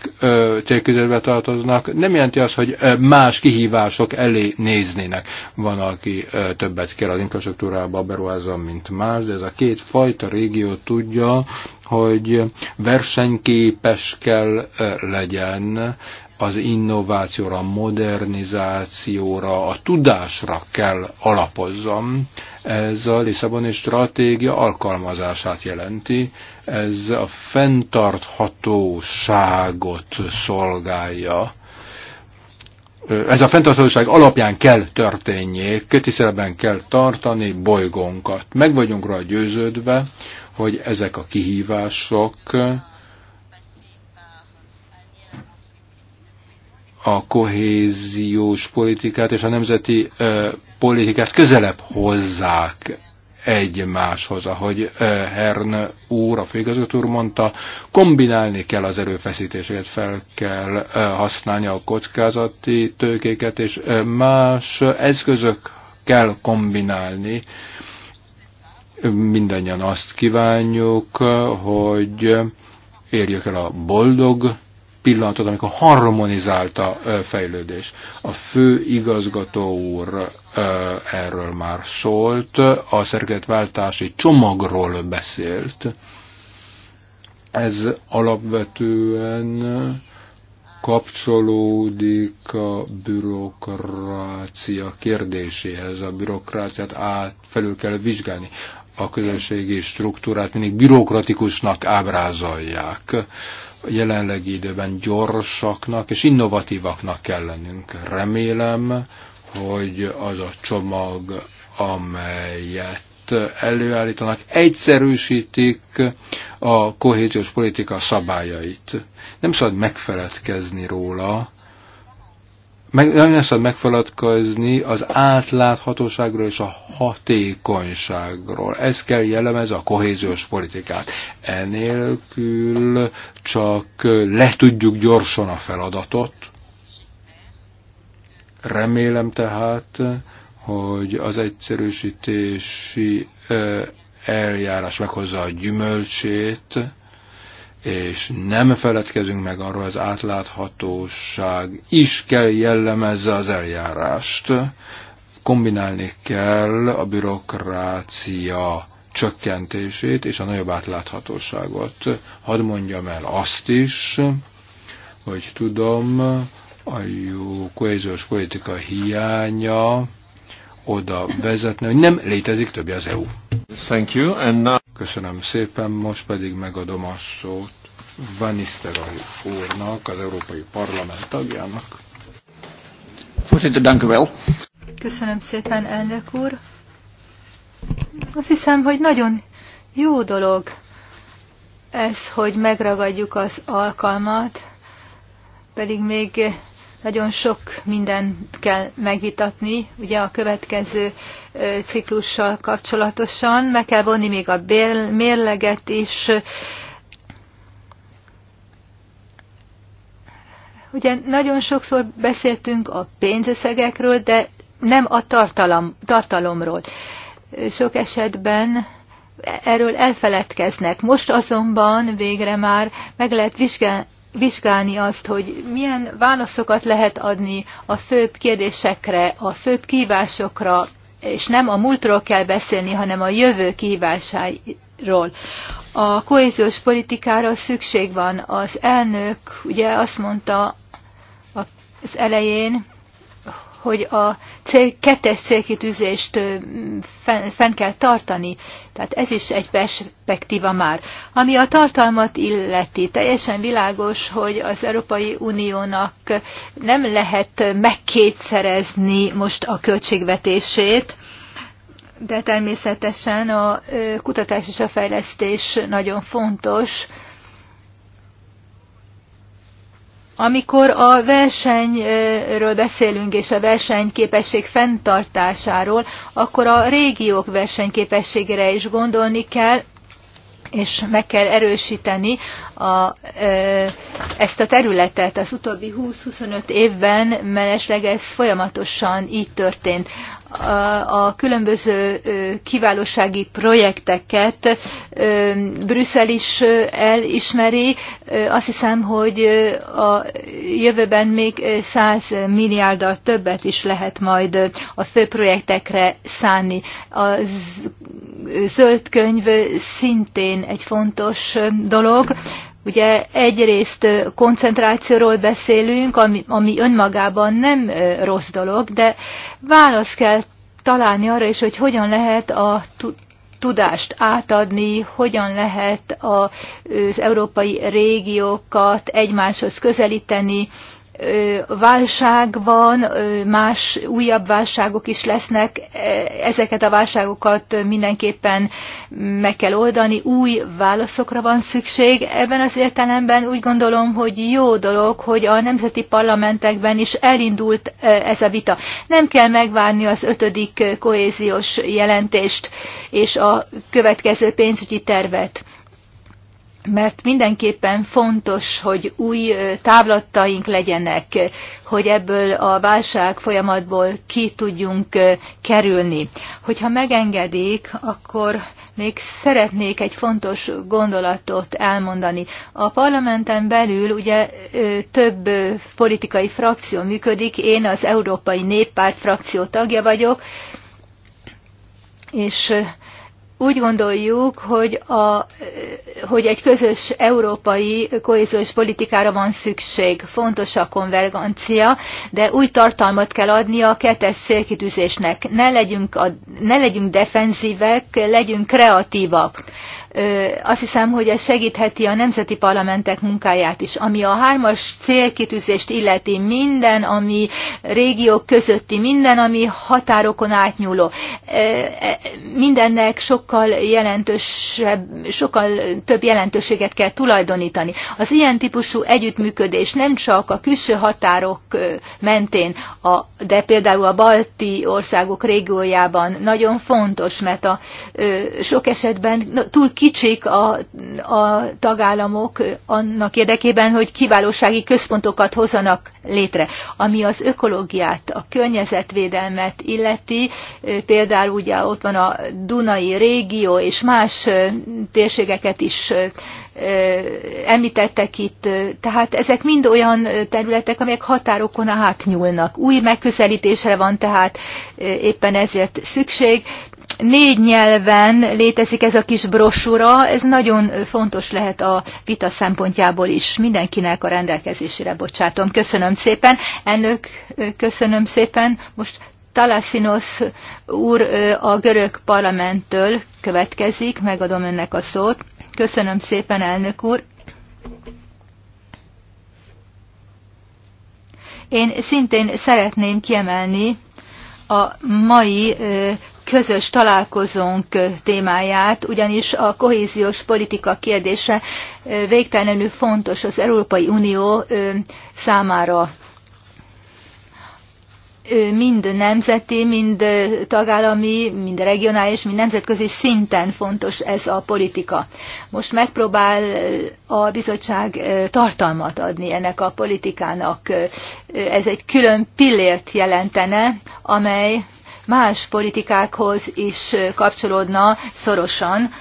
célközérbe tartoznak, nem jelenti azt, hogy ö, más kihívások elé néznének. Van, aki ö, többet kell az infrastruktúrába beruházom, mint más, de ez a két fajta régió tudja, hogy versenyképes kell ö, legyen, az innovációra, a modernizációra, a tudásra kell alapozzam. Ez a Lisszaboni stratégia alkalmazását jelenti, ez a fenntarthatóságot szolgálja. Ez a fenntarthatóság alapján kell történjék, tiszteletben kell tartani bolygónkat. Meg vagyunk rá győződve, hogy ezek a kihívások a kohéziós politikát és a nemzeti politikát közelebb hozzák egymáshoz, ahogy Hern úr, a főigazgató úr mondta, kombinálni kell az erőfeszítéseket, fel kell használni a kockázati tőkéket, és más eszközök kell kombinálni. Mindannyian azt kívánjuk, hogy érjük el a boldog pillanatot, amikor harmonizált a fejlődés. A fő igazgató úr erről már szólt, a szerkezetváltási csomagról beszélt. Ez alapvetően kapcsolódik a bürokrácia kérdéséhez. A bürokráciát át felül kell vizsgálni. A közösségi struktúrát mindig bürokratikusnak ábrázolják jelenlegi időben gyorsaknak és innovatívaknak kell lennünk. Remélem, hogy az a csomag, amelyet előállítanak, egyszerűsítik a kohéziós politika szabályait. Nem szabad megfeledkezni róla, meg, nagyon szabad megfeladkozni az átláthatóságról és a hatékonyságról. Ez kell jellemez a kohéziós politikát. Enélkül csak letudjuk gyorsan a feladatot. Remélem tehát, hogy az egyszerűsítési eh, eljárás meghozza a gyümölcsét, és nem feledkezünk meg arról, az átláthatóság is kell jellemezze az eljárást. Kombinálni kell a bürokrácia csökkentését és a nagyobb átláthatóságot. Hadd mondjam el azt is, hogy tudom, a jó kohéziós politika hiánya oda vezetne, hogy nem létezik többi az EU. Thank you, and now... Köszönöm szépen, most pedig megadom a szót Van Nistelrooy úrnak, az Európai Parlament tagjának. Köszönöm szépen, elnök úr. Azt hiszem, hogy nagyon jó dolog ez, hogy megragadjuk az alkalmat, pedig még nagyon sok mindent kell megvitatni, ugye a következő ciklussal kapcsolatosan. Meg kell vonni még a mérleget is. Ugye nagyon sokszor beszéltünk a pénzösszegekről, de nem a tartalom, tartalomról. Sok esetben erről elfeledkeznek. Most azonban végre már meg lehet vizsgálni, vizsgálni azt, hogy milyen válaszokat lehet adni a főbb kérdésekre, a főbb kívásokra, és nem a múltról kell beszélni, hanem a jövő kívásáról. A kohéziós politikára szükség van. Az elnök ugye azt mondta az elején, hogy a cél, kettes célkitűzést fenn kell tartani. Tehát ez is egy perspektíva már. Ami a tartalmat illeti, teljesen világos, hogy az Európai Uniónak nem lehet megkétszerezni most a költségvetését, de természetesen a kutatás és a fejlesztés nagyon fontos, Amikor a versenyről beszélünk és a versenyképesség fenntartásáról, akkor a régiók versenyképességére is gondolni kell, és meg kell erősíteni a, ezt a területet. Az utóbbi 20-25 évben mellesleg ez folyamatosan így történt a különböző kiválósági projekteket Brüsszel is elismeri. Azt hiszem, hogy a jövőben még 100 milliárddal többet is lehet majd a fő projektekre szánni. A zöld könyv szintén egy fontos dolog. Ugye egyrészt koncentrációról beszélünk, ami, ami önmagában nem rossz dolog, de választ kell találni arra is, hogy hogyan lehet a tudást átadni, hogyan lehet az európai régiókat egymáshoz közelíteni, válság van, más újabb válságok is lesznek, e, ezeket a válságokat mindenképpen meg kell oldani, új válaszokra van szükség. Ebben az értelemben úgy gondolom, hogy jó dolog, hogy a nemzeti parlamentekben is elindult e, ez a vita. Nem kell megvárni az ötödik kohéziós jelentést és a következő pénzügyi tervet mert mindenképpen fontos, hogy új távlattaink legyenek, hogy ebből a válság folyamatból ki tudjunk kerülni. Hogyha megengedik, akkor még szeretnék egy fontos gondolatot elmondani. A parlamenten belül ugye több politikai frakció működik, én az Európai Néppárt frakció tagja vagyok, és úgy gondoljuk, hogy, a, hogy egy közös európai kohéziós politikára van szükség. Fontos a konvergencia, de új tartalmat kell adni a kettes célkitűzésnek. Ne legyünk, a, ne legyünk defenzívek, legyünk kreatívak azt hiszem, hogy ez segítheti a nemzeti parlamentek munkáját is. Ami a hármas célkitűzést illeti minden, ami régiók közötti, minden, ami határokon átnyúló, e, mindennek sokkal jelentősebb, sokkal több jelentőséget kell tulajdonítani. Az ilyen típusú együttműködés nem csak a külső határok mentén, a, de például a balti országok régiójában nagyon fontos, mert a, sok esetben túl ki kicsik a, a tagállamok annak érdekében, hogy kiválósági központokat hozzanak létre. Ami az ökológiát, a környezetvédelmet illeti, például ugye ott van a Dunai régió és más térségeket is említettek itt, tehát ezek mind olyan területek, amelyek határokon átnyúlnak. Új megközelítésre van tehát éppen ezért szükség négy nyelven létezik ez a kis brosúra, ez nagyon fontos lehet a vita szempontjából is. Mindenkinek a rendelkezésére bocsátom. Köszönöm szépen. Ennök, köszönöm szépen. Most Talasinos úr a görög parlamenttől következik, megadom önnek a szót. Köszönöm szépen, elnök úr. Én szintén szeretném kiemelni a mai közös találkozónk témáját, ugyanis a kohéziós politika kérdése végtelenül fontos az Európai Unió számára. Mind nemzeti, mind tagállami, mind regionális, mind nemzetközi szinten fontos ez a politika. Most megpróbál a bizottság tartalmat adni ennek a politikának. Ez egy külön pillért jelentene, amely más politikákhoz is kapcsolódna szorosan.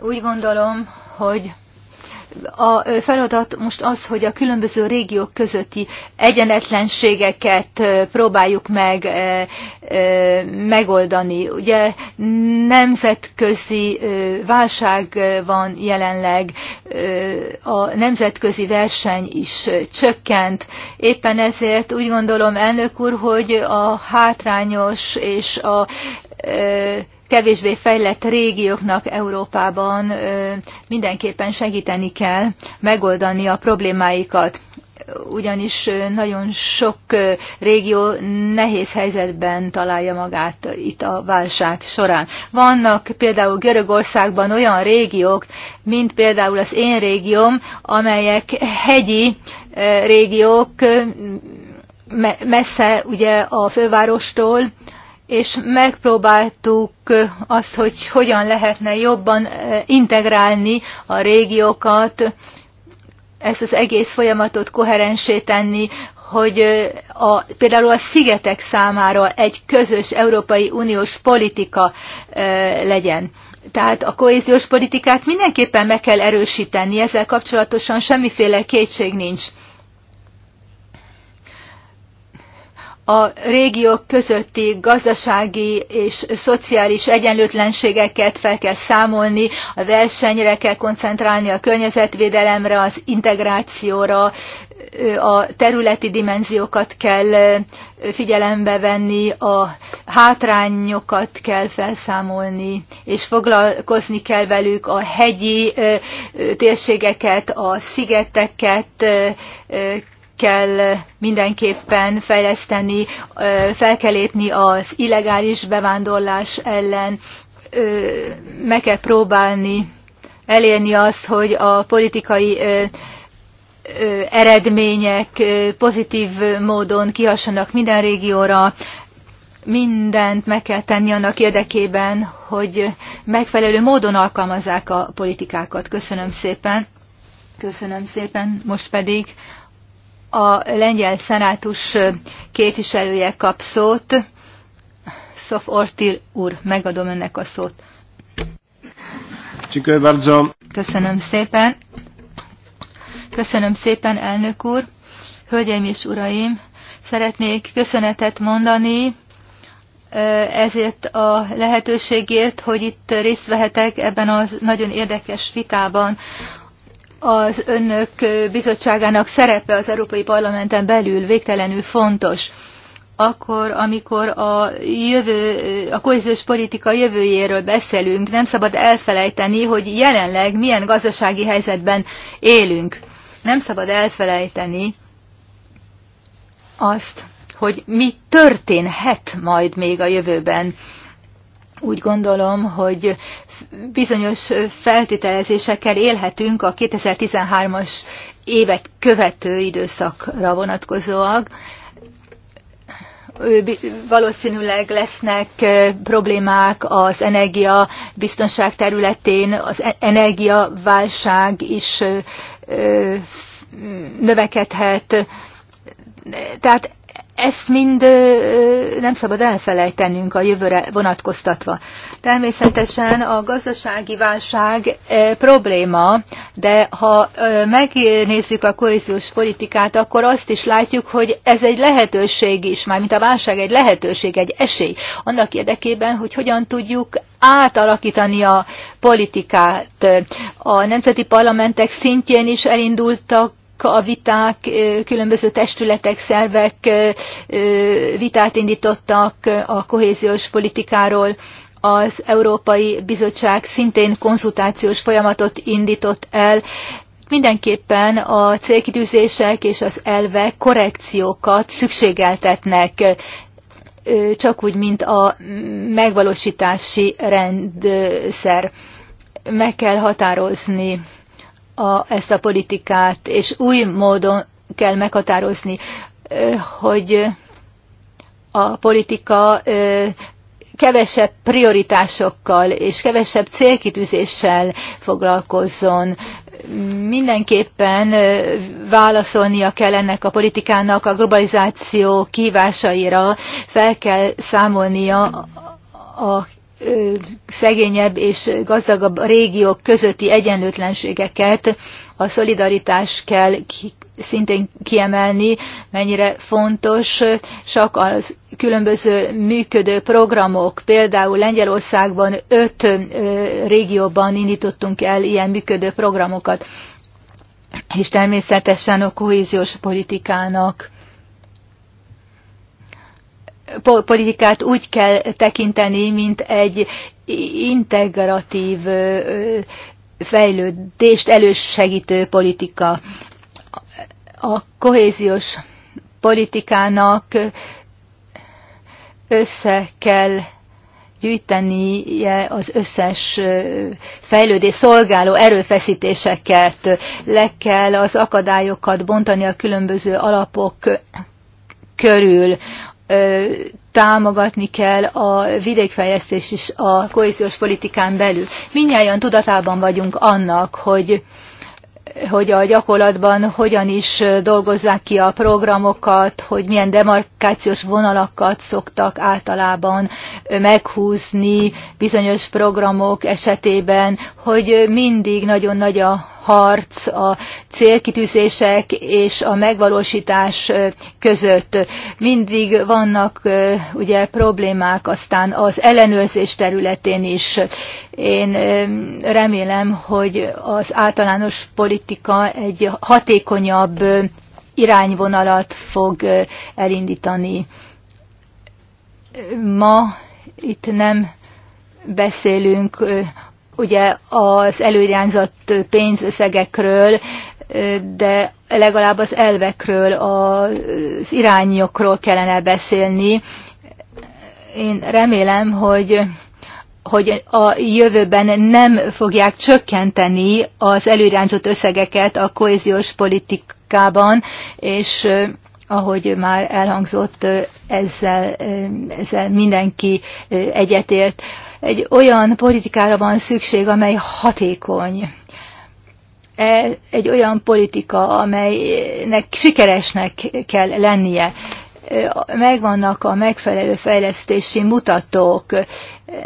Úgy gondolom, hogy a feladat most az, hogy a különböző régiók közötti egyenetlenségeket próbáljuk meg megoldani. Ugye nemzetközi válság van jelenleg, a nemzetközi verseny is csökkent. Éppen ezért úgy gondolom, elnök úr, hogy a hátrányos és a kevésbé fejlett régióknak Európában mindenképpen segíteni kell megoldani a problémáikat ugyanis nagyon sok régió nehéz helyzetben találja magát itt a válság során. Vannak például Görögországban olyan régiók, mint például az én régióm, amelyek hegyi régiók, messze ugye a fővárostól, és megpróbáltuk azt, hogy hogyan lehetne jobban integrálni a régiókat, ezt az egész folyamatot koherensé tenni, hogy a, például a szigetek számára egy közös Európai Uniós politika e, legyen. Tehát a kohéziós politikát mindenképpen meg kell erősíteni, ezzel kapcsolatosan semmiféle kétség nincs. a régiók közötti gazdasági és szociális egyenlőtlenségeket fel kell számolni, a versenyre kell koncentrálni, a környezetvédelemre, az integrációra, a területi dimenziókat kell figyelembe venni, a hátrányokat kell felszámolni, és foglalkozni kell velük a hegyi térségeket, a szigeteket kell mindenképpen fejleszteni, fel kell lépni az illegális bevándorlás ellen, meg kell próbálni elérni azt, hogy a politikai eredmények pozitív módon kihassanak minden régióra, mindent meg kell tenni annak érdekében, hogy megfelelő módon alkalmazzák a politikákat. Köszönöm szépen. Köszönöm szépen. Most pedig a lengyel szenátus képviselője kap szót. Szof Ortil úr, megadom önnek a szót. Köszönöm szépen. Köszönöm szépen, elnök úr. Hölgyeim és uraim, szeretnék köszönetet mondani ezért a lehetőségért, hogy itt részt vehetek ebben a nagyon érdekes vitában, az önök bizottságának szerepe az Európai Parlamenten belül végtelenül fontos. Akkor, amikor a, jövő, a kohéziós politika jövőjéről beszélünk, nem szabad elfelejteni, hogy jelenleg milyen gazdasági helyzetben élünk. Nem szabad elfelejteni azt, hogy mi történhet majd még a jövőben úgy gondolom, hogy bizonyos feltételezésekkel élhetünk a 2013-as évek követő időszakra vonatkozóak. Valószínűleg lesznek problémák az energia biztonság területén, az e- energiaválság is növekedhet. Tehát ezt mind nem szabad elfelejtenünk a jövőre vonatkoztatva. Természetesen a gazdasági válság probléma, de ha megnézzük a kohéziós politikát, akkor azt is látjuk, hogy ez egy lehetőség is, mármint a válság egy lehetőség, egy esély, annak érdekében, hogy hogyan tudjuk átalakítani a politikát. A nemzeti parlamentek szintjén is elindultak a viták, különböző testületek, szervek vitát indítottak a kohéziós politikáról. Az Európai Bizottság szintén konzultációs folyamatot indított el, mindenképpen a célkidűzések és az elvek korrekciókat szükségeltetnek, csak úgy, mint a megvalósítási rendszer. Meg kell határozni a, ezt a politikát, és új módon kell meghatározni, hogy a politika kevesebb prioritásokkal és kevesebb célkitűzéssel foglalkozzon. Mindenképpen válaszolnia kell ennek a politikának a globalizáció kívásaira, fel kell számolnia a szegényebb és gazdagabb régiók közötti egyenlőtlenségeket a szolidaritás kell szintén kiemelni, mennyire fontos, csak az különböző működő programok, például Lengyelországban öt régióban indítottunk el ilyen működő programokat, és természetesen a kohéziós politikának politikát úgy kell tekinteni, mint egy integratív fejlődést elősegítő politika. A kohéziós politikának össze kell gyűjtenie az összes fejlődés szolgáló erőfeszítéseket, le kell az akadályokat bontani a különböző alapok körül támogatni kell a vidékfejlesztés is a kohéziós politikán belül. Mindnyáján tudatában vagyunk annak, hogy hogy a gyakorlatban hogyan is dolgozzák ki a programokat, hogy milyen demarkációs vonalakat szoktak általában meghúzni bizonyos programok esetében, hogy mindig nagyon nagy a harc a célkitűzések és a megvalósítás között. Mindig vannak ugye problémák aztán az ellenőrzés területén is. Én remélem, hogy az általános politika egy hatékonyabb irányvonalat fog elindítani. Ma itt nem beszélünk ugye az előirányzott pénzösszegekről, de legalább az elvekről, az irányokról kellene beszélni. Én remélem, hogy hogy a jövőben nem fogják csökkenteni az előirányzott összegeket a kohéziós politikában, és ahogy már elhangzott, ezzel, ezzel mindenki egyetért. Egy olyan politikára van szükség, amely hatékony. E, egy olyan politika, amelynek sikeresnek kell lennie e, megvannak a megfelelő fejlesztési mutatók,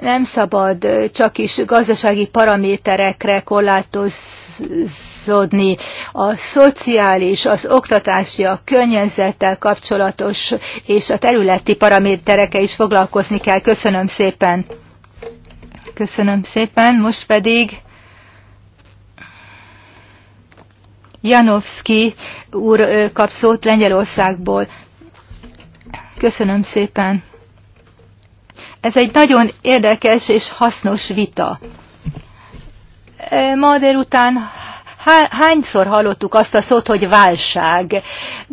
nem szabad csak is gazdasági paraméterekre korlátozódni. A szociális, az oktatási, a környezettel kapcsolatos és a területi paraméterekkel is foglalkozni kell. Köszönöm szépen! Köszönöm szépen. Most pedig Janowski úr kap szót Lengyelországból. Köszönöm szépen. Ez egy nagyon érdekes és hasznos vita. Ma délután hányszor hallottuk azt a szót, hogy válság.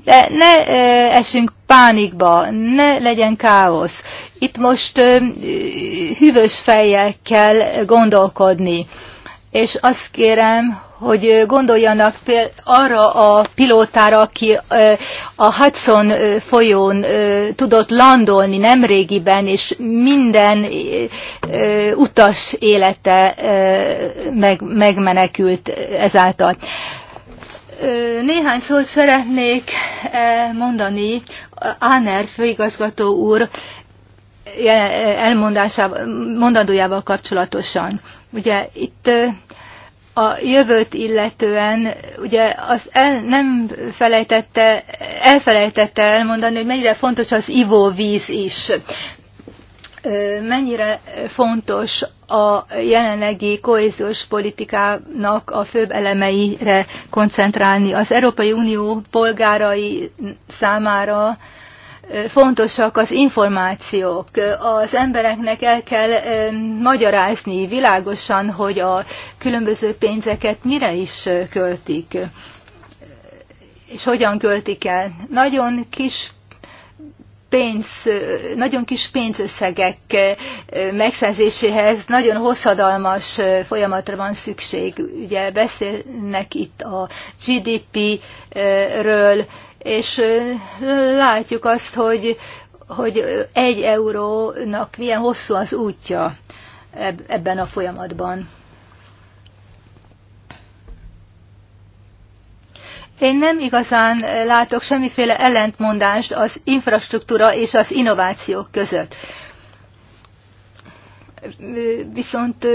De ne esünk pánikba, ne legyen káosz. Itt most hűvös fejjel kell gondolkodni. És azt kérem, hogy gondoljanak arra a pilótára, aki a Hudson folyón tudott landolni nemrégiben, és minden utas élete meg, megmenekült ezáltal. Néhány szót szeretnék mondani Áner főigazgató úr elmondásával, mondandójával kapcsolatosan. Ugye itt a jövőt illetően ugye az el, nem felejtette, elfelejtette elmondani, hogy mennyire fontos az ivóvíz is. Mennyire fontos a jelenlegi kohéziós politikának a főbb elemeire koncentrálni. Az Európai Unió polgárai számára fontosak az információk. Az embereknek el kell magyarázni világosan, hogy a különböző pénzeket mire is költik, és hogyan költik el. Nagyon kis pénz, nagyon kis pénzösszegek megszerzéséhez nagyon hosszadalmas folyamatra van szükség. Ugye beszélnek itt a GDP-ről, és látjuk azt, hogy, hogy egy eurónak milyen hosszú az útja ebben a folyamatban. Én nem igazán látok semmiféle ellentmondást az infrastruktúra és az innovációk között. Viszont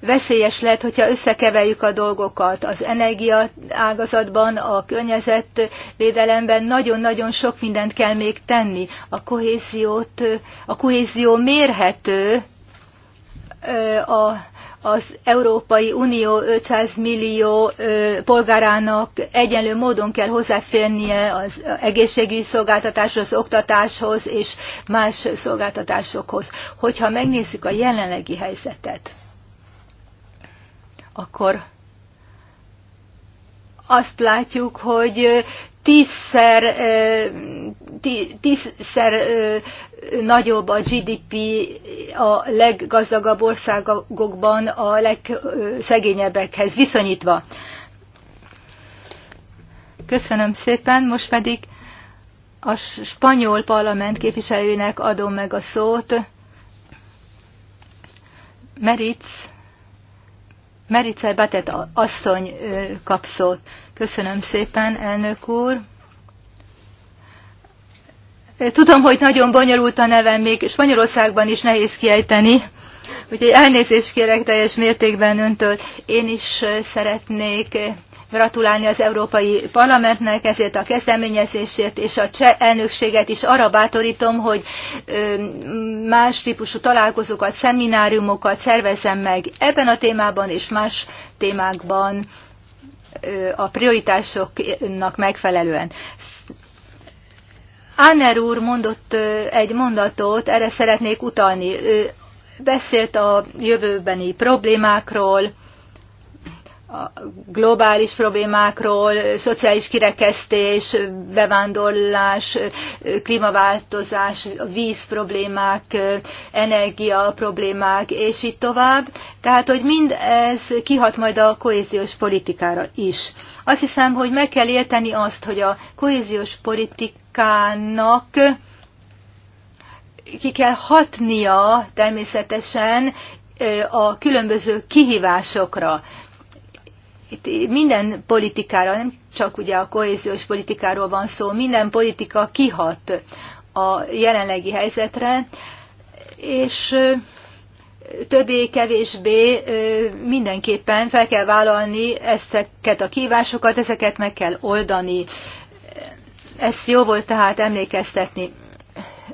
veszélyes lehet, hogyha összekeverjük a dolgokat. Az energia ágazatban, a környezetvédelemben nagyon-nagyon sok mindent kell még tenni. A, kohéziót, a kohézió mérhető a, az Európai Unió 500 millió polgárának egyenlő módon kell hozzáférnie az egészségügyi szolgáltatáshoz, az oktatáshoz és más szolgáltatásokhoz. Hogyha megnézzük a jelenlegi helyzetet, akkor azt látjuk, hogy tízszer, tízszer nagyobb a GDP a leggazdagabb országokban a legszegényebbekhez viszonyítva. Köszönöm szépen, most pedig a spanyol parlament képviselőjének adom meg a szót. Meritz Merice Batet asszony kap szót. Köszönöm szépen, elnök úr. Tudom, hogy nagyon bonyolult a nevem, még és Magyarországban is nehéz kiejteni, úgyhogy elnézést kérek teljes mértékben öntől. Én is szeretnék gratulálni az Európai Parlamentnek ezért a kezdeményezésért, és a cseh elnökséget is arra bátorítom, hogy más típusú találkozókat, szemináriumokat szervezem meg ebben a témában és más témákban a prioritásoknak megfelelően. Áner úr mondott egy mondatot, erre szeretnék utalni. Ő beszélt a jövőbeni problémákról, a globális problémákról, szociális kirekesztés, bevándorlás, klímaváltozás, víz problémák, energia problémák, és így tovább. Tehát, hogy mind ez kihat majd a kohéziós politikára is. Azt hiszem, hogy meg kell érteni azt, hogy a kohéziós politikának ki kell hatnia természetesen a különböző kihívásokra itt minden politikára, nem csak ugye a kohéziós politikáról van szó, minden politika kihat a jelenlegi helyzetre, és többé-kevésbé mindenképpen fel kell vállalni ezeket a kívásokat, ezeket meg kell oldani. Ezt jó volt tehát emlékeztetni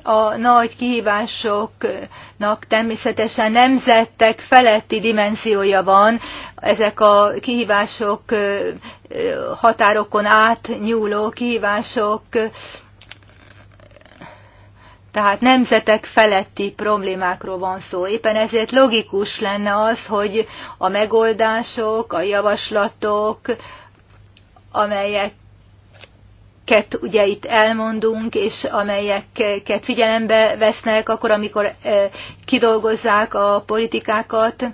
a nagy kihívásoknak természetesen nemzetek feletti dimenziója van. Ezek a kihívások határokon átnyúló kihívások, tehát nemzetek feletti problémákról van szó. Éppen ezért logikus lenne az, hogy a megoldások, a javaslatok, amelyek amelyeket ugye itt elmondunk, és amelyeket figyelembe vesznek akkor, amikor eh, kidolgozzák a politikákat.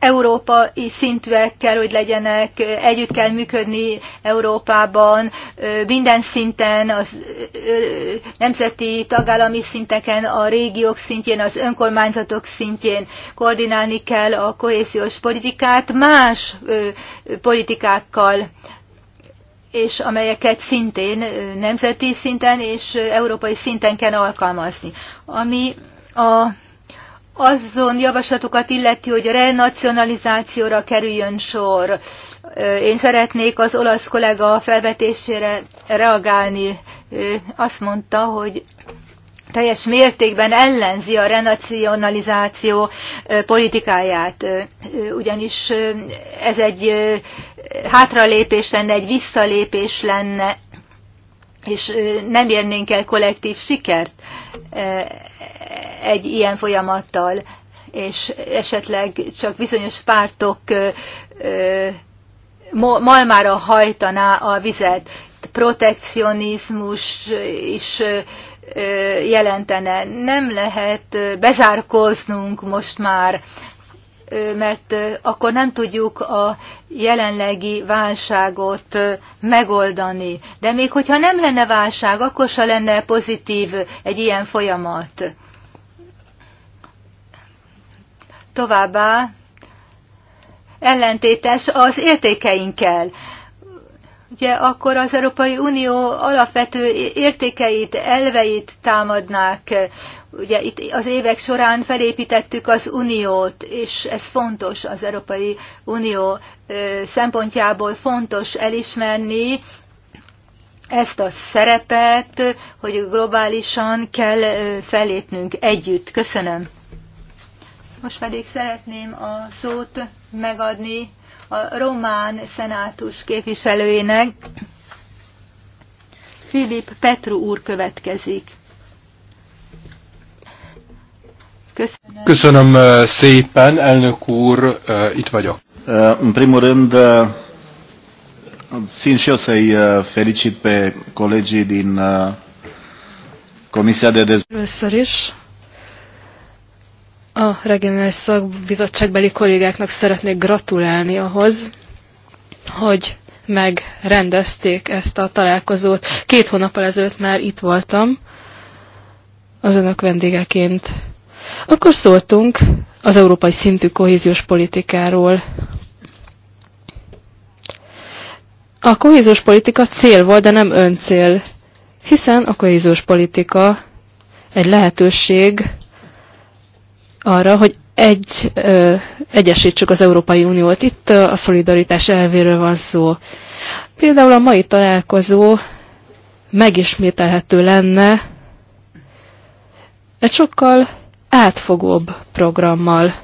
európai szintűek kell, hogy legyenek, együtt kell működni Európában, minden szinten, az nemzeti tagállami szinteken, a régiók szintjén, az önkormányzatok szintjén koordinálni kell a kohéziós politikát más politikákkal és amelyeket szintén nemzeti szinten és európai szinten kell alkalmazni. Ami a azon javaslatokat illeti, hogy a renacionalizációra kerüljön sor. Én szeretnék az olasz kollega felvetésére reagálni. Ő azt mondta, hogy teljes mértékben ellenzi a renacionalizáció politikáját, ugyanis ez egy hátralépés lenne, egy visszalépés lenne, és nem érnénk el kollektív sikert egy ilyen folyamattal, és esetleg csak bizonyos pártok malmára hajtaná a vizet. Protekcionizmus is jelentene. Nem lehet bezárkóznunk most már, mert akkor nem tudjuk a jelenlegi válságot megoldani. De még hogyha nem lenne válság, akkor se lenne pozitív egy ilyen folyamat. Továbbá ellentétes az értékeinkkel. Ugye akkor az Európai Unió alapvető értékeit, elveit támadnák. Ugye itt az évek során felépítettük az Uniót, és ez fontos az Európai Unió szempontjából fontos elismerni, ezt a szerepet, hogy globálisan kell felépnünk együtt. Köszönöm. Most pedig szeretném a szót megadni a román szenátus képviselőjének. Filip Petru úr következik. Köszönöm. Köszönöm szépen, elnök úr, itt vagyok. În primul rând, țin și eu să-i felicit pe colegii din Comisia de Dezvoltare. A regionális szakbizottságbeli kollégáknak szeretnék gratulálni ahhoz, hogy megrendezték ezt a találkozót. Két hónap ezelőtt már itt voltam az önök vendégeként. Akkor szóltunk az európai szintű kohéziós politikáról. A kohéziós politika cél volt, de nem öncél, hiszen a kohéziós politika egy lehetőség arra, hogy egy, ö, egyesítsük az Európai Uniót. Itt a szolidaritás elvéről van szó. Például a mai találkozó megismételhető lenne egy sokkal átfogóbb programmal,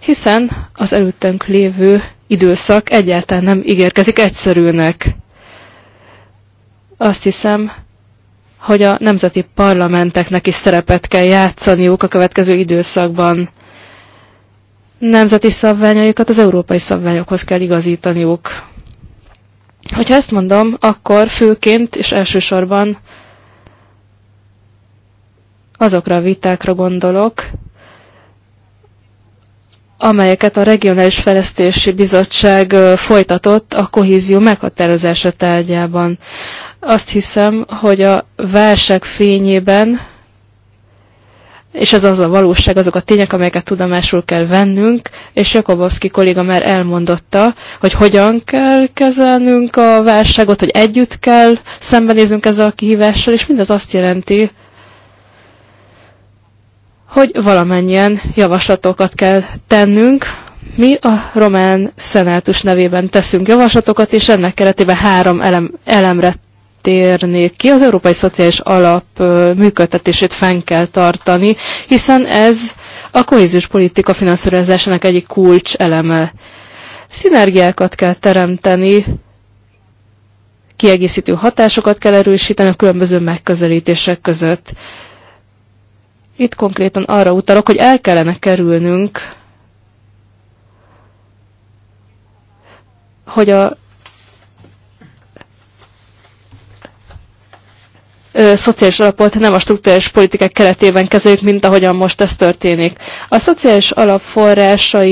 hiszen az előttünk lévő időszak egyáltalán nem ígérkezik egyszerűnek. Azt hiszem, hogy a nemzeti parlamenteknek is szerepet kell játszaniuk a következő időszakban. Nemzeti szabványaikat az európai szabványokhoz kell igazítaniuk. Hogyha ezt mondom, akkor főként és elsősorban azokra a vitákra gondolok, amelyeket a Regionális Fejlesztési Bizottság folytatott a kohézió meghatározása tárgyában. Azt hiszem, hogy a versek fényében, és ez az a valóság, azok a tények, amelyeket tudomásul kell vennünk, és Jakobowski kolléga már elmondotta, hogy hogyan kell kezelnünk a válságot, hogy együtt kell szembenéznünk ezzel a kihívással, és mindez azt jelenti, hogy valamennyien javaslatokat kell tennünk. Mi a román szenátus nevében teszünk javaslatokat, és ennek keretében három elem, elemre térnék ki. Az Európai Szociális Alap működtetését fenn kell tartani, hiszen ez a kohéziós politika finanszírozásának egyik kulcs eleme. Szinergiákat kell teremteni, kiegészítő hatásokat kell erősíteni a különböző megközelítések között. Itt konkrétan arra utalok, hogy el kellene kerülnünk, hogy a szociális alapot nem a struktúrális politikák keretében kezeljük, mint ahogyan most ez történik. A szociális alap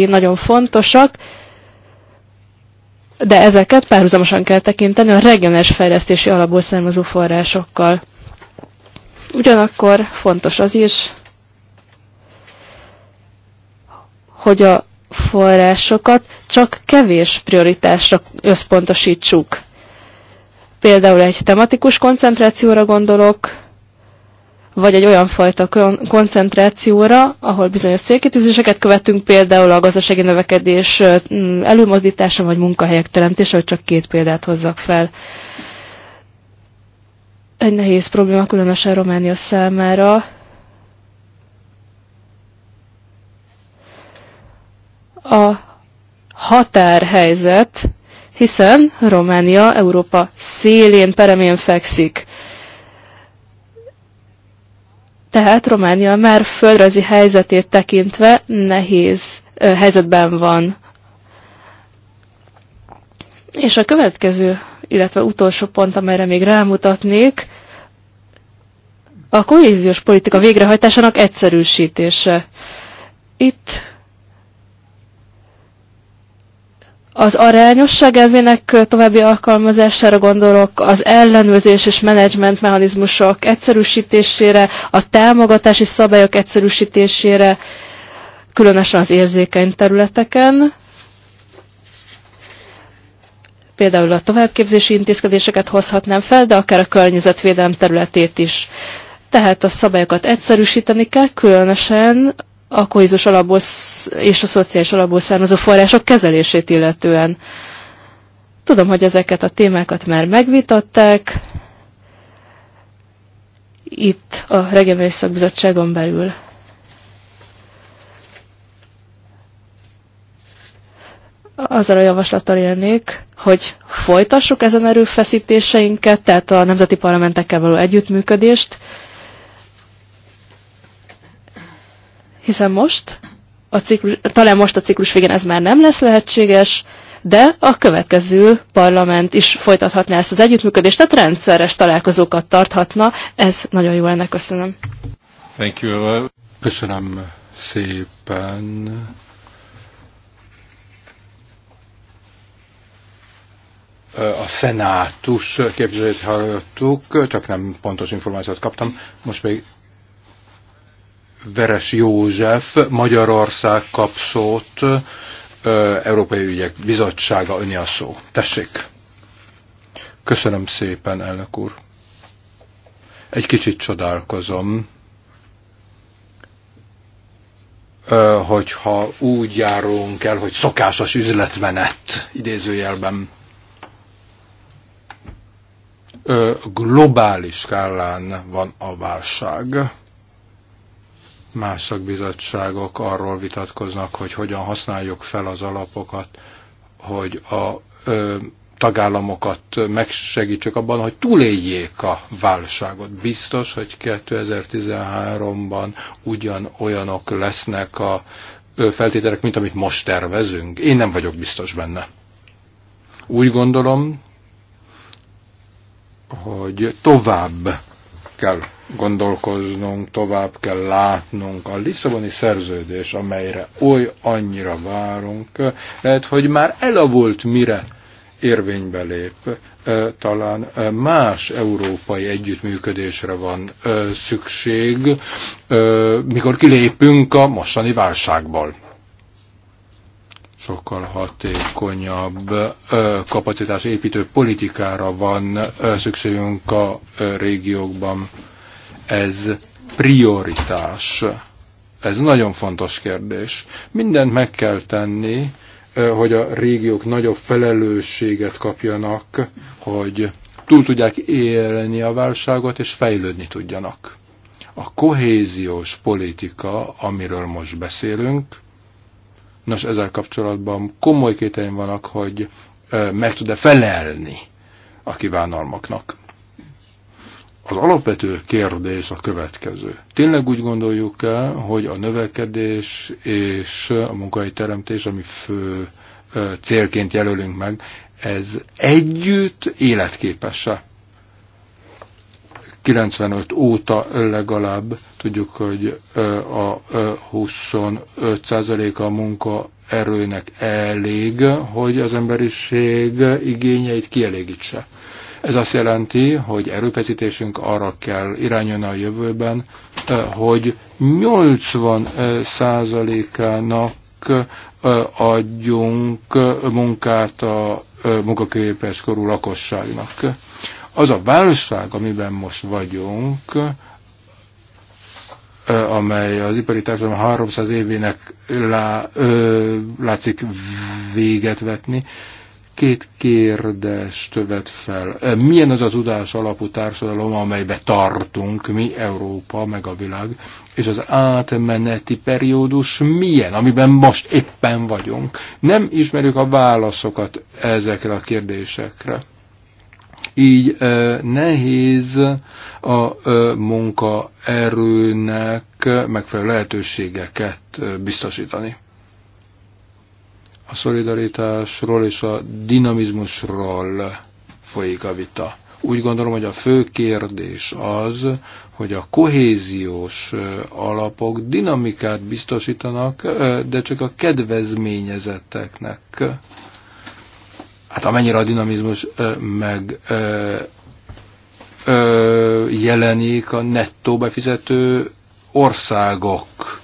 nagyon fontosak, de ezeket párhuzamosan kell tekinteni a regionális fejlesztési alapból származó forrásokkal. Ugyanakkor fontos az is, hogy a forrásokat csak kevés prioritásra összpontosítsuk. Például egy tematikus koncentrációra gondolok, vagy egy olyan fajta koncentrációra, ahol bizonyos célkitűzéseket követünk, például a gazdasági növekedés mm, előmozdítása, vagy munkahelyek teremtése, hogy csak két példát hozzak fel. Egy nehéz probléma, különösen Románia számára. A határhelyzet hiszen Románia Európa szélén, peremén fekszik. Tehát Románia már földrajzi helyzetét tekintve nehéz helyzetben van. És a következő, illetve utolsó pont, amelyre még rámutatnék, a kohéziós politika végrehajtásának egyszerűsítése. Itt Az arányosság elvének további alkalmazására gondolok, az ellenőrzés és menedzsment mechanizmusok egyszerűsítésére, a támogatási szabályok egyszerűsítésére, különösen az érzékeny területeken, például a továbbképzési intézkedéseket hozhatnám fel, de akár a környezetvédelem területét is. Tehát a szabályokat egyszerűsíteni kell, különösen a kohézus alapból és a szociális alapból származó források kezelését illetően. Tudom, hogy ezeket a témákat már megvitatták itt a Regionális Szakbizottságon belül. azzal a javaslattal élnék, hogy folytassuk ezen erőfeszítéseinket, tehát a nemzeti parlamentekkel való együttműködést, hiszen most, a ciklus, talán most a ciklus végén ez már nem lesz lehetséges, de a következő parlament is folytathatná ezt az együttműködést, tehát rendszeres találkozókat tarthatna. Ez nagyon jó lenne, köszönöm. Thank you. Köszönöm szépen. a szenátus képviselőt hallottuk, csak nem pontos információt kaptam, most még Veres József Magyarország kapszót Európai Ügyek Bizottsága öni a szó. Tessék! Köszönöm szépen, elnök úr! Egy kicsit csodálkozom, hogyha úgy járunk el, hogy szokásos üzletmenet, idézőjelben globális skálán van a válság más szakbizottságok arról vitatkoznak, hogy hogyan használjuk fel az alapokat, hogy a ö, tagállamokat megsegítsük abban, hogy túléljék a válságot. Biztos, hogy 2013-ban ugyanolyanok lesznek a feltételek, mint amit most tervezünk. Én nem vagyok biztos benne. Úgy gondolom, hogy tovább kell gondolkoznunk, tovább kell látnunk. A Lisszaboni szerződés, amelyre oly annyira várunk, lehet, hogy már elavult mire érvénybe lép. Talán más európai együttműködésre van szükség, mikor kilépünk a mostani válságból sokkal hatékonyabb kapacitás építő politikára van szükségünk a régiókban. Ez prioritás. Ez nagyon fontos kérdés. Mindent meg kell tenni, hogy a régiók nagyobb felelősséget kapjanak, hogy túl tudják élni a válságot, és fejlődni tudjanak. A kohéziós politika, amiről most beszélünk, Nos, ezzel kapcsolatban komoly kételjén vannak, hogy meg tud-e felelni a kívánalmaknak. Az alapvető kérdés a következő. Tényleg úgy gondoljuk el, hogy a növekedés és a munkai teremtés, ami fő célként jelölünk meg, ez együtt életképes-e? 95 óta legalább tudjuk, hogy a 25% a munka erőnek elég, hogy az emberiség igényeit kielégítse. Ez azt jelenti, hogy erőfeszítésünk arra kell irányulni a jövőben, hogy 80%-ának adjunk munkát a munkaképes korú lakosságnak. Az a válság, amiben most vagyunk, amely az ipari társadalom 300 évének lá, ö, látszik véget vetni, két kérdést tövet fel. Milyen az a tudás alapú társadalom, amelybe tartunk, mi Európa, meg a világ, és az átmeneti periódus milyen, amiben most éppen vagyunk? Nem ismerjük a válaszokat ezekre a kérdésekre így nehéz a munkaerőnek megfelelő lehetőségeket biztosítani. A szolidaritásról és a dinamizmusról folyik a vita. Úgy gondolom, hogy a fő kérdés az, hogy a kohéziós alapok dinamikát biztosítanak, de csak a kedvezményezetteknek hát amennyire a dinamizmus meg jelenik a nettó befizető országok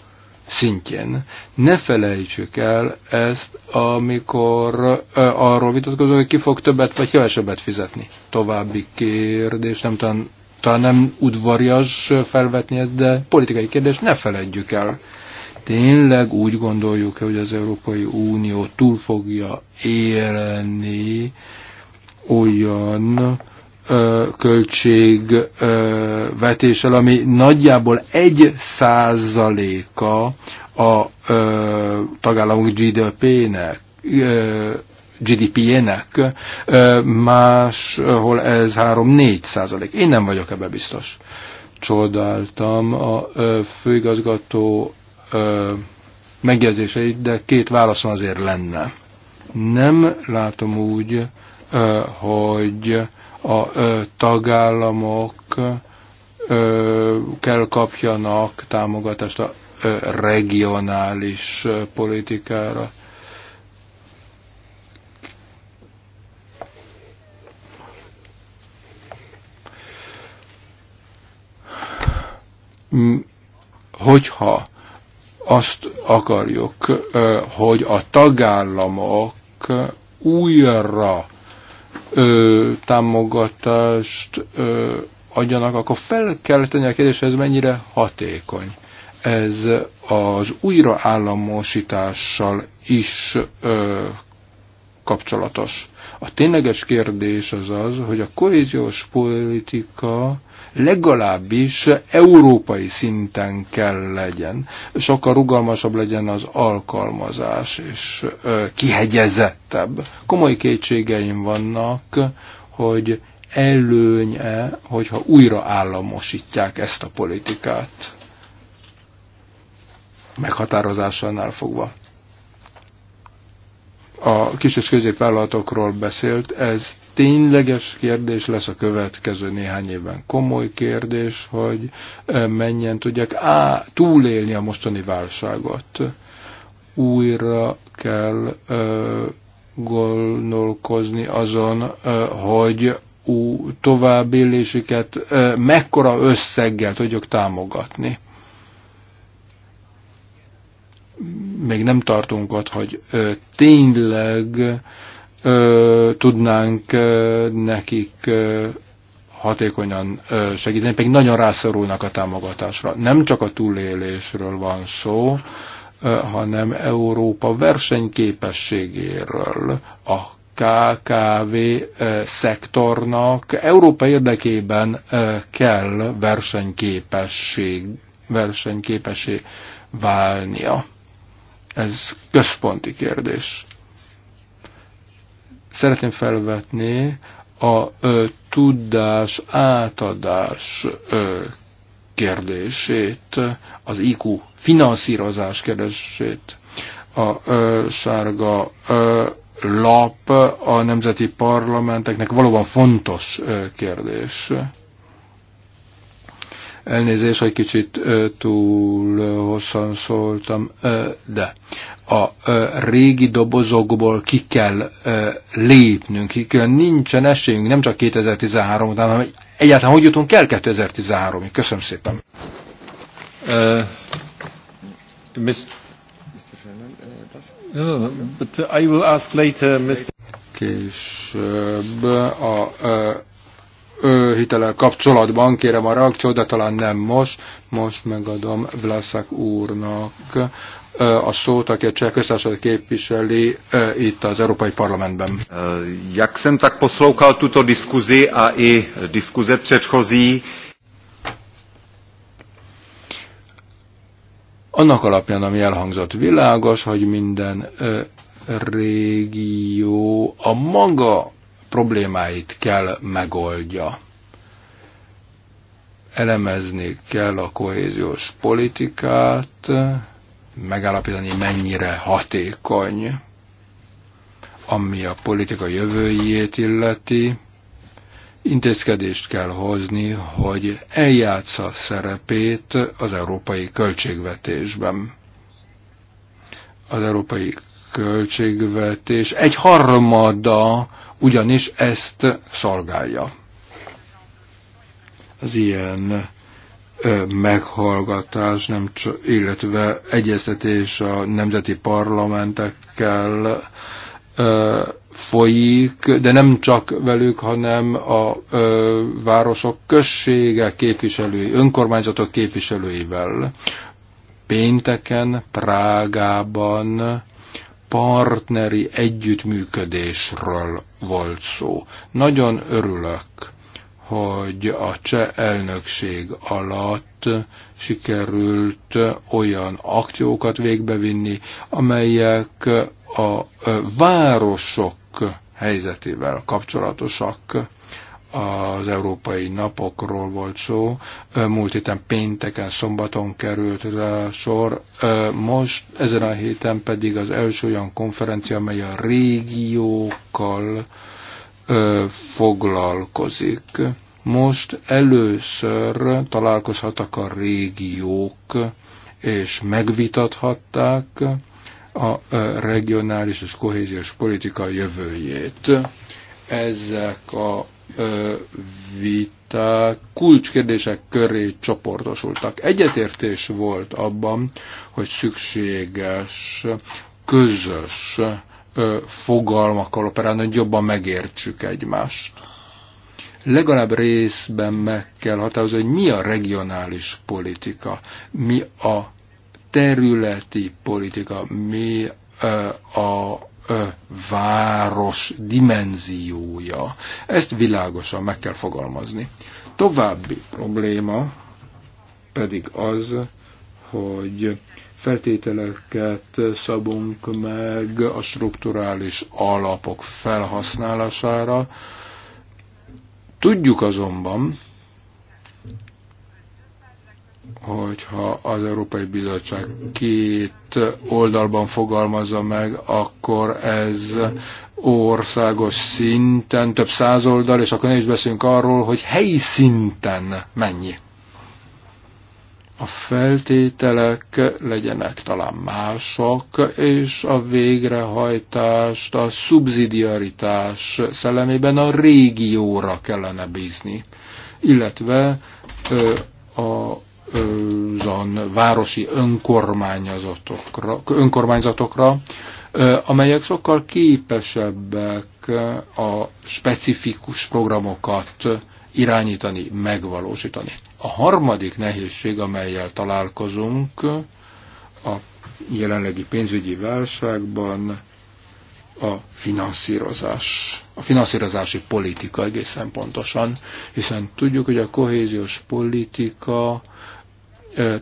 szintjén. Ne felejtsük el ezt, amikor ö, arról vitatkozunk, hogy ki fog többet vagy kevesebbet fizetni. További kérdés, nem talán, talán nem udvarias felvetni ezt, de politikai kérdés, ne feledjük el tényleg úgy gondoljuk-e, hogy az Európai Unió túl fogja élni olyan költségvetéssel, ami nagyjából egy százaléka a ö, tagállamok GDP-nek, GDP-jének, máshol ez 3-4 százalék. Én nem vagyok ebbe biztos. Csodáltam a főigazgató ö, megjegyzéseit, de két válaszom azért lenne. Nem látom úgy, ö, hogy a ö, tagállamok ö, kell kapjanak támogatást a ö, regionális ö, politikára. Hogyha azt akarjuk, hogy a tagállamok újra ö, támogatást ö, adjanak, akkor fel kell tenni a kérdésre, ez mennyire hatékony. Ez az újraállamosítással is ö, kapcsolatos. A tényleges kérdés az az, hogy a kohéziós politika legalábbis európai szinten kell legyen. Sokkal rugalmasabb legyen az alkalmazás, és kihegyezettebb. Komoly kétségeim vannak, hogy előnye, hogyha újra államosítják ezt a politikát meghatározásánál fogva. A kis és középvállalatokról beszélt, ez tényleges kérdés lesz a következő néhány évben. Komoly kérdés, hogy menjen tudják á, túlélni a mostani válságot. Újra kell ö, gondolkozni azon, ö, hogy ú, továbbélésüket ö, mekkora összeggel tudjuk támogatni még nem tartunk ott, hogy ö, tényleg ö, tudnánk ö, nekik ö, hatékonyan ö, segíteni, pedig nagyon rászorulnak a támogatásra. Nem csak a túlélésről van szó, ö, hanem Európa versenyképességéről, a KKV szektornak Európa érdekében kell versenyképesség, versenyképessé válnia. Ez központi kérdés. Szeretném felvetni a ö, tudás átadás ö, kérdését, az IQ finanszírozás kérdését. A ö, sárga ö, lap a nemzeti parlamenteknek valóban fontos ö, kérdés. Elnézést, hogy kicsit túl hosszan szóltam, de a régi dobozokból ki kell lépnünk, ki kell, nincsen esélyünk, nem csak 2013 után, hanem egyáltalán hogy jutunk el 2013-ig. Köszönöm szépen. Később a uh, hitelel kapcsolatban, kérem a reakciót, de talán nem most. Most megadom Vlaszak úrnak a szót, aki a cseh köztársaság képviseli itt az Európai Parlamentben. Jak sem tak poslouchal tuto diskuzi a i diskuze předchozí, annak alapján, ami elhangzott, világos, hogy minden ö, régió a maga problémáit kell megoldja. Elemezni kell a kohéziós politikát, megállapítani, mennyire hatékony, ami a politika jövőjét illeti, intézkedést kell hozni, hogy eljátsza szerepét az európai költségvetésben. Az európai költségvetés egy harmada ugyanis ezt szolgálja. Az ilyen meghallgatás, nem, illetve egyeztetés a nemzeti parlamentekkel folyik, de nem csak velük, hanem a ö, városok községe képviselői, önkormányzatok képviselőivel. Pénteken, Prágában partneri együttműködésről volt szó. Nagyon örülök hogy a cseh elnökség alatt sikerült olyan akciókat végbevinni, amelyek a városok helyzetével kapcsolatosak az európai napokról volt szó. Múlt héten pénteken, szombaton került rá sor. Most ezen a héten pedig az első olyan konferencia, amely a régiókkal foglalkozik. Most először találkozhattak a régiók, és megvitathatták a regionális és kohéziós politika jövőjét. Ezek a viták kulcskérdések köré csoportosultak. Egyetértés volt abban, hogy szükséges közös fogalmakkal operálni, hogy jobban megértsük egymást. Legalább részben meg kell határozni, hogy mi a regionális politika, mi a területi politika, mi a város dimenziója. Ezt világosan meg kell fogalmazni. További probléma pedig az, hogy feltételeket szabunk meg a strukturális alapok felhasználására. Tudjuk azonban, hogyha az Európai Bizottság két oldalban fogalmazza meg, akkor ez országos szinten több száz oldal, és akkor ne is beszélünk arról, hogy helyi szinten mennyi a feltételek legyenek talán mások és a végrehajtást a szubszidiaritás szellemében a régióra kellene bízni, illetve a azon városi önkormányzatokra, önkormányzatokra, amelyek sokkal képesebbek a specifikus programokat irányítani, megvalósítani. A harmadik nehézség, amelyel találkozunk a jelenlegi pénzügyi válságban, a finanszírozás, a finanszírozási politika egészen pontosan, hiszen tudjuk, hogy a kohéziós politika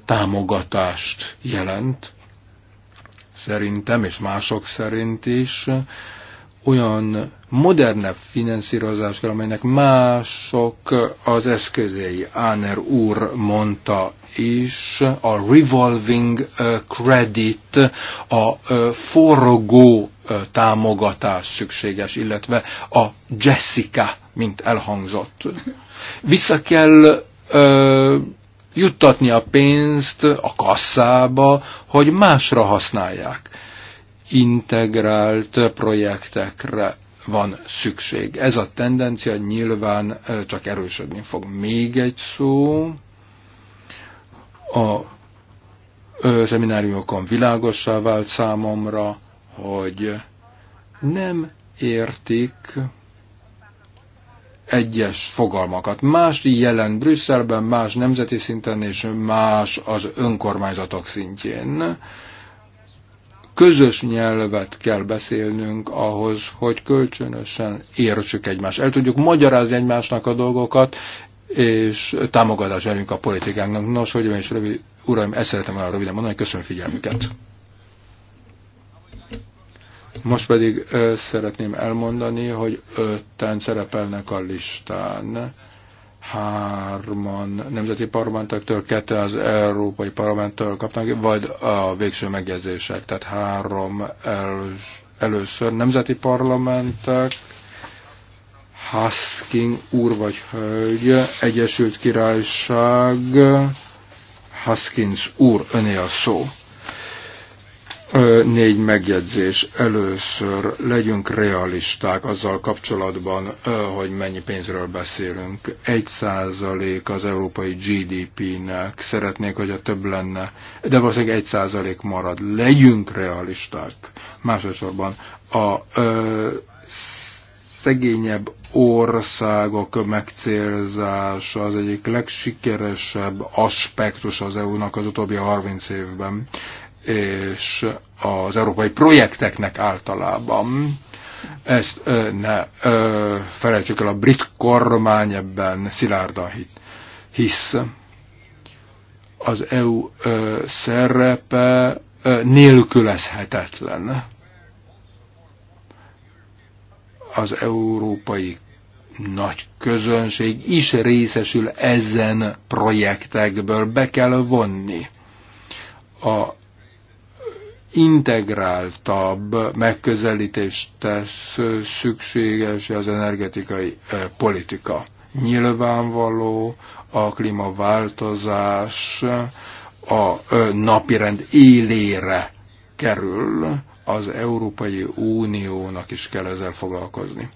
támogatást jelent, szerintem és mások szerint is, olyan modernebb finanszírozás kell, amelynek mások az eszközei. Áner úr mondta is, a revolving credit, a forrogó támogatás szükséges, illetve a Jessica, mint elhangzott. Vissza kell ö, juttatni a pénzt a kasszába, hogy másra használják integrált projektekre, van szükség. Ez a tendencia nyilván csak erősödni fog. Még egy szó, a szemináriumokon világossá vált számomra, hogy nem értik egyes fogalmakat. Más jelent Brüsszelben, más nemzeti szinten és más az önkormányzatok szintjén közös nyelvet kell beszélnünk ahhoz, hogy kölcsönösen értsük egymást. El tudjuk magyarázni egymásnak a dolgokat, és támogatás elünk a politikánknak. Nos, hogy is rövid, uraim, ezt szeretem olyan röviden mondani, köszönöm figyelmüket. Most pedig ö, szeretném elmondani, hogy ötten szerepelnek a listán hárman nemzeti parlamentektől, kettő az Európai Parlamenttől kapnak, vagy a végső megjegyzések, tehát három el, először nemzeti parlamentek, Husking úr vagy hölgy, Egyesült Királyság, Haskins úr, öné a szó. Négy megjegyzés. Először legyünk realisták azzal kapcsolatban, hogy mennyi pénzről beszélünk. Egy százalék az európai GDP-nek. Szeretnék, hogy a több lenne, de valószínűleg egy százalék marad. Legyünk realisták. Másodszorban a ö, szegényebb országok megcélzása az egyik legsikeresebb aspektus az EU-nak az utóbbi 30 évben és az európai projekteknek általában. Ezt ne felejtsük el, a brit kormány ebben szilárdan hisz. Az EU szerepe nélkülözhetetlen az európai nagy közönség is részesül ezen projektekből, be kell vonni. A integráltabb megközelítést tesz szükséges az energetikai eh, politika. Nyilvánvaló a klímaváltozás a eh, napirend élére kerül, az Európai Uniónak is kell ezzel foglalkozni.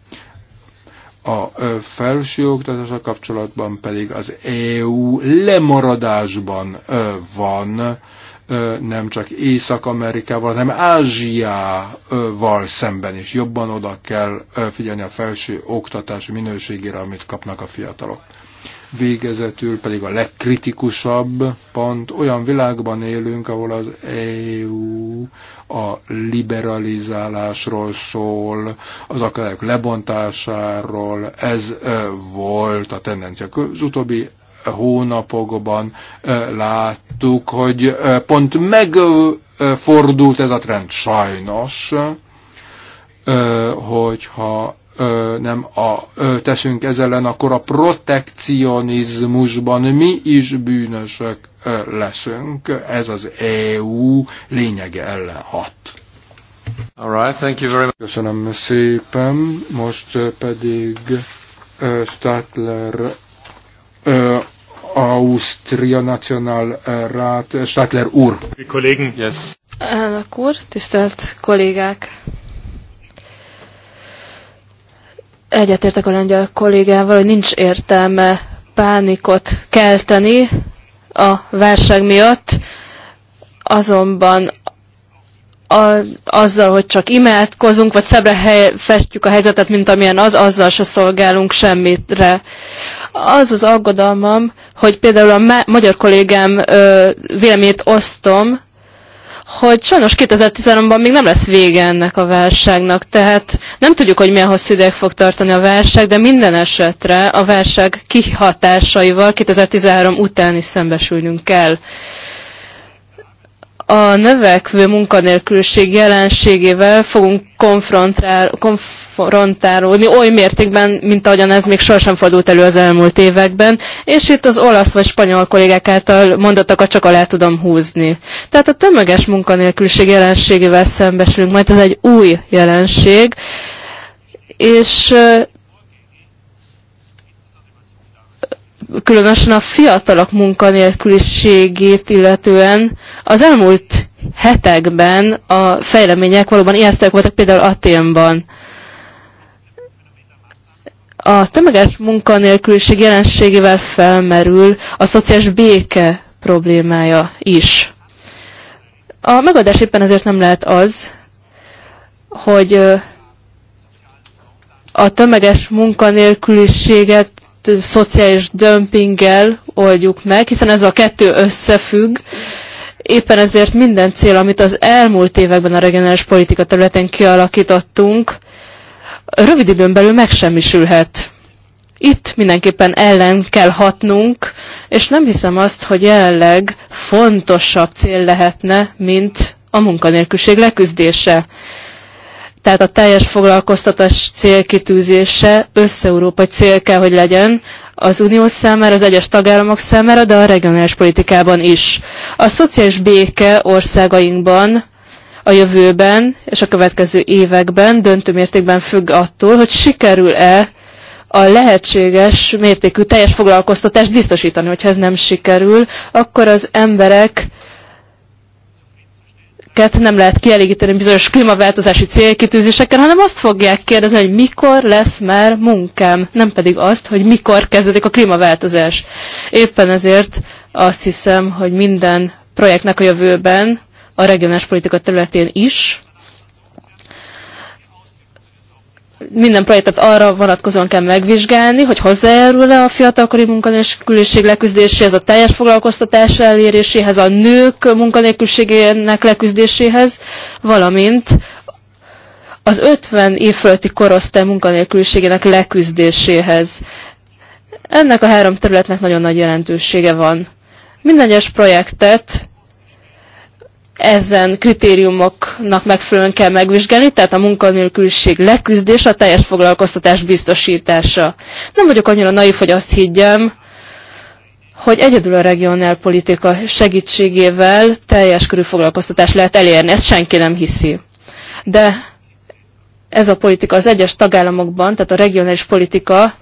A eh, felsőoktatása kapcsolatban pedig az EU lemaradásban van nem csak Észak-Amerikával, hanem Ázsiával szemben is. Jobban oda kell figyelni a felső oktatás minőségére, amit kapnak a fiatalok. Végezetül pedig a legkritikusabb pont, olyan világban élünk, ahol az EU a liberalizálásról szól, az akadályok lebontásáról, ez volt a tendencia. Az utóbbi hónapokban láttuk, hogy pont megfordult ez a trend sajnos, hogyha nem a, teszünk ez ellen, akkor a protekcionizmusban mi is bűnösök leszünk. Ez az EU lényege ellen hat. All right, thank you very much. Köszönöm szépen. Most pedig Statler Ausztria National Rat, Stadler úr. Kollégen, yes. Elnök úr, tisztelt kollégák! Egyetértek a lengyel kollégával, hogy nincs értelme pánikot kelteni a válság miatt, azonban a, azzal, hogy csak imádkozunk, vagy szebbre hely, festjük a helyzetet, mint amilyen az, azzal se szolgálunk semmitre. Az az aggodalmam, hogy például a ma magyar kollégám ö, véleményét osztom, hogy sajnos 2013-ban még nem lesz vége ennek a válságnak, tehát nem tudjuk, hogy milyen hosszú ideig fog tartani a válság, de minden esetre a válság kihatásaival 2013 után is szembesülnünk kell a növekvő munkanélküliség jelenségével fogunk konfrontálódni oly mértékben, mint ahogyan ez még sohasem fordult elő az elmúlt években, és itt az olasz vagy spanyol kollégák által mondatokat csak alá tudom húzni. Tehát a tömeges munkanélküliség jelenségével szembesülünk, majd ez egy új jelenség, és különösen a fiatalok munkanélküliségét illetően az elmúlt hetekben a fejlemények valóban ijesztőek voltak, például Aténban. A tömeges munkanélküliség jelenségével felmerül a szociális béke problémája is. A megoldás éppen ezért nem lehet az, hogy a tömeges munkanélküliséget szociális dömpinggel oldjuk meg, hiszen ez a kettő összefügg. Éppen ezért minden cél, amit az elmúlt években a regionális politika területén kialakítottunk, rövid időn belül megsemmisülhet. Itt mindenképpen ellen kell hatnunk, és nem hiszem azt, hogy jelenleg fontosabb cél lehetne, mint a munkanélküliség leküzdése tehát a teljes foglalkoztatás célkitűzése összeurópai cél kell, hogy legyen az unió számára, az egyes tagállamok számára, de a regionális politikában is. A szociális béke országainkban a jövőben és a következő években döntő mértékben függ attól, hogy sikerül-e a lehetséges mértékű teljes foglalkoztatást biztosítani. Hogyha ez nem sikerül, akkor az emberek ezeket nem lehet kielégíteni bizonyos klímaváltozási célkitűzésekkel, hanem azt fogják kérdezni, hogy mikor lesz már munkám, nem pedig azt, hogy mikor kezdődik a klímaváltozás. Éppen ezért azt hiszem, hogy minden projektnek a jövőben, a regionális politika területén is, minden projektet arra vonatkozóan kell megvizsgálni, hogy hozzájárul-e a fiatalkori munkanélküliség leküzdéséhez, a teljes foglalkoztatás eléréséhez, a nők munkanélküliségének leküzdéséhez, valamint az 50 év fölötti korosztály munkanélküliségének leküzdéséhez. Ennek a három területnek nagyon nagy jelentősége van. Minden egyes projektet ezen kritériumoknak megfelelően kell megvizsgálni, tehát a munkanélküliség leküzdése, a teljes foglalkoztatás biztosítása. Nem vagyok annyira naív, hogy azt higgyem, hogy egyedül a regionálpolitika segítségével teljes körű foglalkoztatást lehet elérni. Ezt senki nem hiszi. De ez a politika az egyes tagállamokban, tehát a regionális politika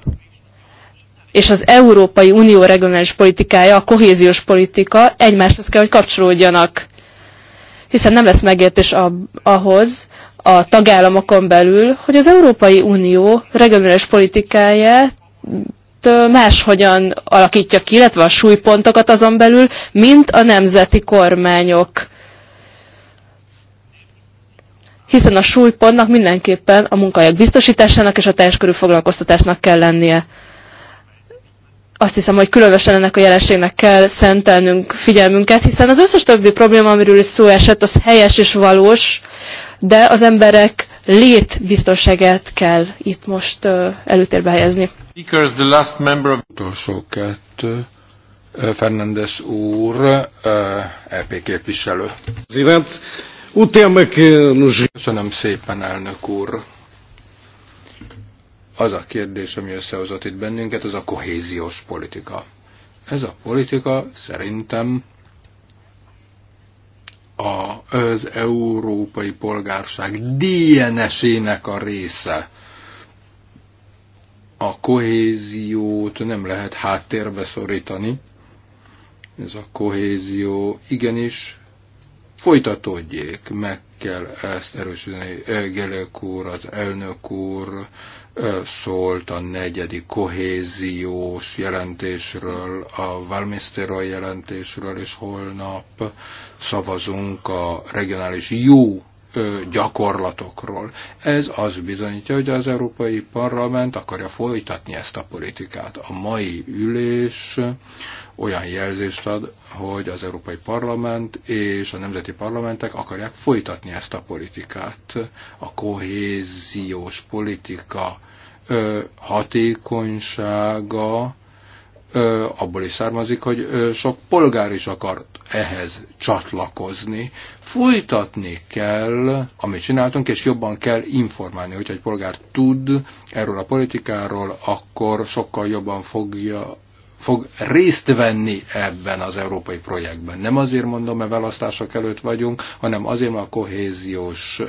és az Európai Unió regionális politikája, a kohéziós politika egymáshoz kell, hogy kapcsolódjanak hiszen nem lesz megértés a, ahhoz a tagállamokon belül, hogy az Európai Unió regionális politikáját máshogyan alakítja ki, illetve a súlypontokat azon belül, mint a nemzeti kormányok. Hiszen a súlypontnak mindenképpen a munkahelyek biztosításának és a teljes körű foglalkoztatásnak kell lennie azt hiszem, hogy különösen ennek a jelenségnek kell szentelnünk figyelmünket, hiszen az összes többi probléma, amiről is szó esett, az helyes és valós, de az emberek létbiztonságát kell itt most uh, előtérbe helyezni. the last member of... Utolsó kettő, Fernandes úr, EP képviselő. Köszönöm szépen, elnök úr. Az a kérdés, ami összehozott itt bennünket, az a kohéziós politika. Ez a politika szerintem a, az európai polgárság DNS-ének a része. A kohéziót nem lehet háttérbe szorítani. Ez a kohézió igenis folytatódjék, meg kell ezt erősíteni. Gelek úr, az elnök úr, szólt a negyedik kohéziós jelentésről, a Valmisteroi jelentésről, és holnap szavazunk a regionális jó gyakorlatokról. Ez az bizonyítja, hogy az Európai Parlament akarja folytatni ezt a politikát. A mai ülés olyan jelzést ad, hogy az Európai Parlament és a nemzeti parlamentek akarják folytatni ezt a politikát. A kohéziós politika hatékonysága abból is származik, hogy sok polgár is akart ehhez csatlakozni. Folytatni kell, amit csináltunk, és jobban kell informálni. Hogyha egy polgár tud erről a politikáról, akkor sokkal jobban fogja fog részt venni ebben az európai projektben. Nem azért mondom, mert választások előtt vagyunk, hanem azért, mert a kohéziós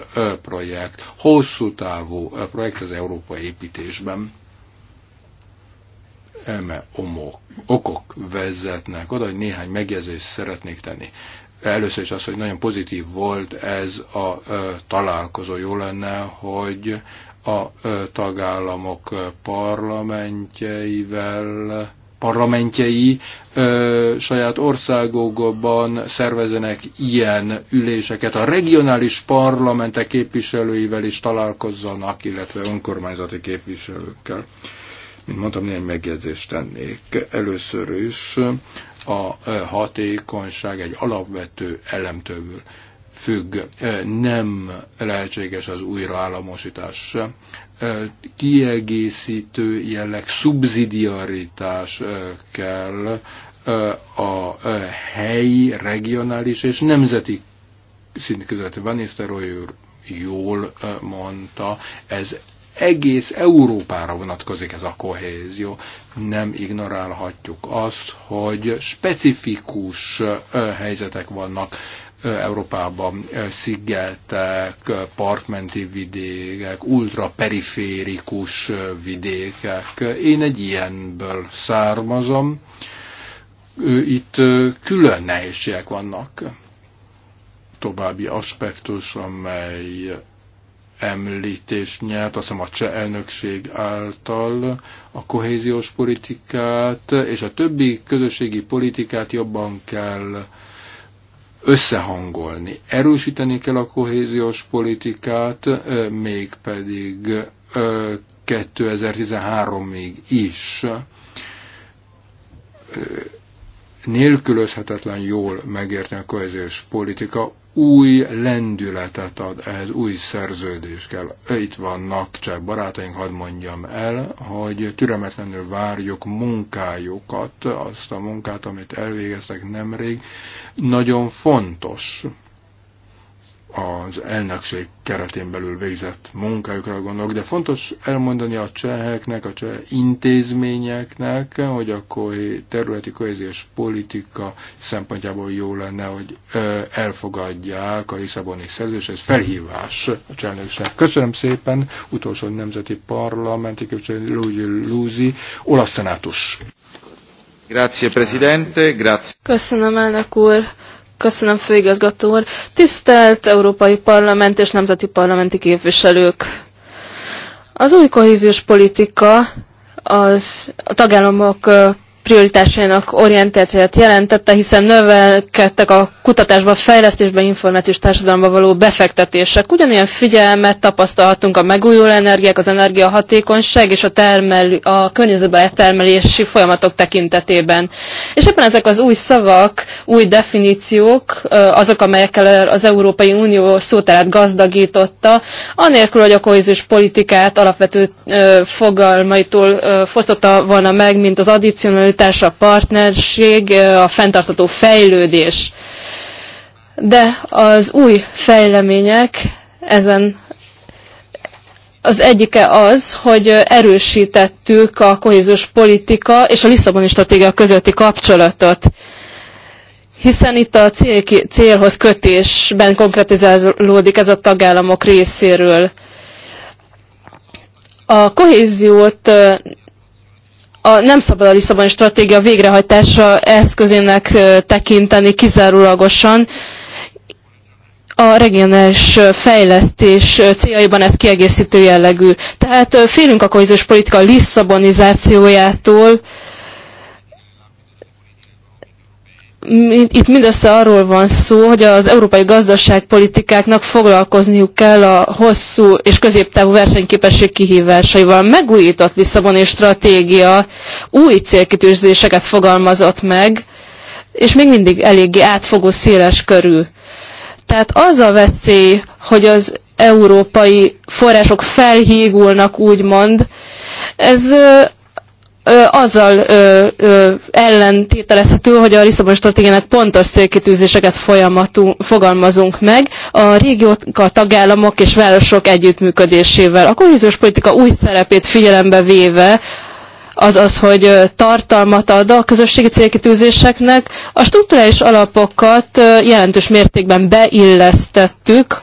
projekt, hosszú távú projekt az európai építésben. Eme omok, okok vezetnek oda, hogy néhány megjegyzést szeretnék tenni. Először is az, hogy nagyon pozitív volt ez a találkozó. Jó lenne, hogy a tagállamok parlamentjeivel parlamentjei ö, saját országokban szervezenek ilyen üléseket, a regionális parlamentek képviselőivel is találkozzanak, illetve önkormányzati képviselőkkel. Mint mondtam, néhány megjegyzést tennék. Először is a hatékonyság egy alapvető elemtől függ, nem lehetséges az újraállamosítás kiegészítő jelleg, szubszidiaritás kell a helyi, regionális és nemzeti szint között. Van jól mondta, ez egész Európára vonatkozik ez a kohézió. Nem ignorálhatjuk azt, hogy specifikus helyzetek vannak Európában szigetek, parkmenti vidékek, ultraperiférikus vidékek. Én egy ilyenből származom. Itt külön nehézségek vannak. További aspektus, amely említést nyert, azt hiszem a cseh elnökség által a kohéziós politikát és a többi közösségi politikát jobban kell összehangolni. Erősíteni kell a kohéziós politikát, mégpedig 2013-ig is nélkülözhetetlen jól megérteni a kohéziós politika új lendületet ad, ehhez új szerződés kell. Itt vannak cseh barátaink, hadd mondjam el, hogy türelmetlenül várjuk munkájukat, azt a munkát, amit elvégeztek nemrég. Nagyon fontos az elnökség keretén belül végzett munkájukra gondolok, de fontos elmondani a cseheknek, a cseh intézményeknek, hogy a területi kohéziós politika szempontjából jó lenne, hogy elfogadják a Lisszaboni szerződést, ez felhívás a cselnökség. Köszönöm szépen, utolsó nemzeti parlamenti képviselő Luigi Luzi, olasz szenátus. Grazie, Presidente, grazie. Köszönöm, elnök úr. Köszönöm, főigazgató úr. Tisztelt Európai Parlament és Nemzeti Parlamenti Képviselők! Az új kohéziós politika az a tagállamok prioritásainak orientációt jelentette, hiszen növelkedtek a kutatásba, fejlesztésbe, információs társadalomba való befektetések. Ugyanilyen figyelmet tapasztalhatunk a megújuló energiák, az energiahatékonyság és a, termel, a környezetbe termelési folyamatok tekintetében. És éppen ezek az új szavak, új definíciók, azok, amelyekkel az Európai Unió szótárát gazdagította, anélkül, hogy a kohéziós politikát alapvető fogalmaitól fosztotta volna meg, mint az addicionális szolidaritás, a partnerség, a fenntartató fejlődés. De az új fejlemények ezen az egyike az, hogy erősítettük a kohéziós politika és a Lisszaboni stratégia közötti kapcsolatot hiszen itt a cél, célhoz kötésben konkretizálódik ez a tagállamok részéről. A kohéziót a, nem szabad a Lisszaboni stratégia végrehajtása eszközének tekinteni kizárólagosan. A regionális fejlesztés céljaiban ez kiegészítő jellegű. Tehát félünk a kohéziós politika lisszabonizációjától, itt mindössze arról van szó, hogy az európai gazdaságpolitikáknak foglalkozniuk kell a hosszú és középtávú versenyképesség kihívásaival. Megújított Lisszaboni stratégia új célkitűzéseket fogalmazott meg, és még mindig eléggé átfogó széles körű. Tehát az a veszély, hogy az európai források felhígulnak, úgymond, ez azzal ö, ö, ellentételezhető, hogy a Lisszabon stratégiának pontos célkitűzéseket fogalmazunk meg a régiók, a tagállamok és városok együttműködésével. A kohéziós politika új szerepét figyelembe véve az az, hogy tartalmat ad a közösségi célkitűzéseknek. A strukturális alapokat jelentős mértékben beillesztettük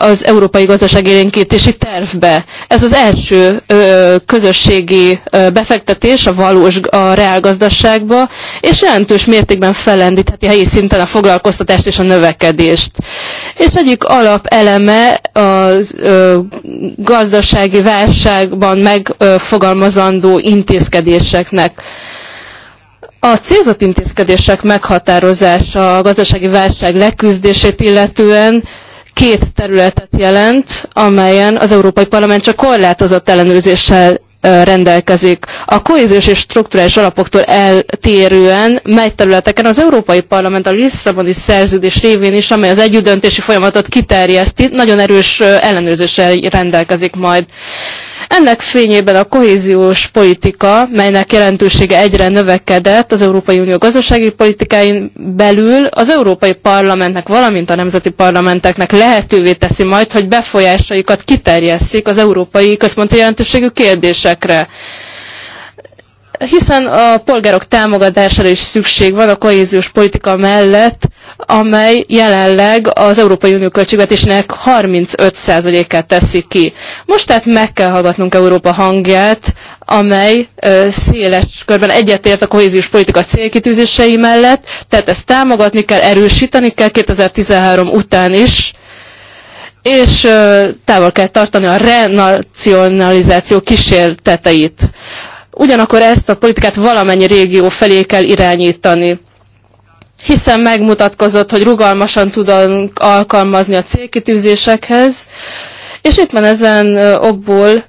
az európai gazdaságélénkítési tervbe. Ez az első ö, közösségi ö, befektetés a valós a reálgazdaságba, és jelentős mértékben felendítheti, helyi szinten a foglalkoztatást és a növekedést. És egyik alapeleme a gazdasági válságban megfogalmazandó intézkedéseknek. A célzott intézkedések meghatározása a gazdasági válság leküzdését illetően két területet jelent, amelyen az Európai Parlament csak korlátozott ellenőrzéssel rendelkezik. A kohéziós és struktúrális alapoktól eltérően, mely területeken az Európai Parlament a Lisszaboni szerződés révén is, amely az együttdöntési folyamatot kiterjeszti, nagyon erős ellenőrzéssel rendelkezik majd. Ennek fényében a kohéziós politika, melynek jelentősége egyre növekedett az Európai Unió gazdasági politikáin belül, az Európai Parlamentnek, valamint a nemzeti parlamenteknek lehetővé teszi majd, hogy befolyásaikat kiterjesszik az európai központi jelentőségű kérdésekre hiszen a polgárok támogatására is szükség van a kohéziós politika mellett, amely jelenleg az Európai Unió költségvetésének 35%-át teszi ki. Most tehát meg kell hallgatnunk Európa hangját, amely ö, széles körben egyetért a kohéziós politika célkitűzései mellett, tehát ezt támogatni kell, erősíteni kell 2013 után is, és ö, távol kell tartani a renacionalizáció kísérteteit. Ugyanakkor ezt a politikát valamennyi régió felé kell irányítani hiszen megmutatkozott, hogy rugalmasan tudunk alkalmazni a célkitűzésekhez, és itt van ezen okból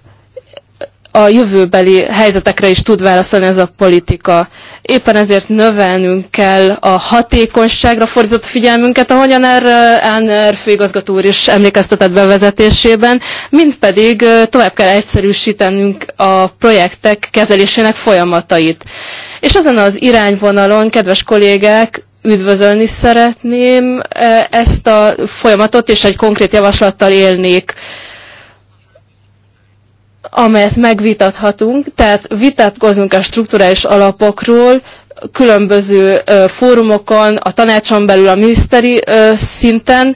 a jövőbeli helyzetekre is tud válaszolni ez a politika. Éppen ezért növelnünk kell a hatékonyságra fordított figyelmünket, ahogyan erre Áner főigazgató úr is emlékeztetett bevezetésében, mint pedig tovább kell egyszerűsítenünk a projektek kezelésének folyamatait. És azon az irányvonalon, kedves kollégák, üdvözölni szeretném e, ezt a folyamatot, és egy konkrét javaslattal élnék amelyet megvitathatunk, tehát vitatkozunk a strukturális alapokról, különböző e, fórumokon, a tanácson belül, a miniszteri e, szinten,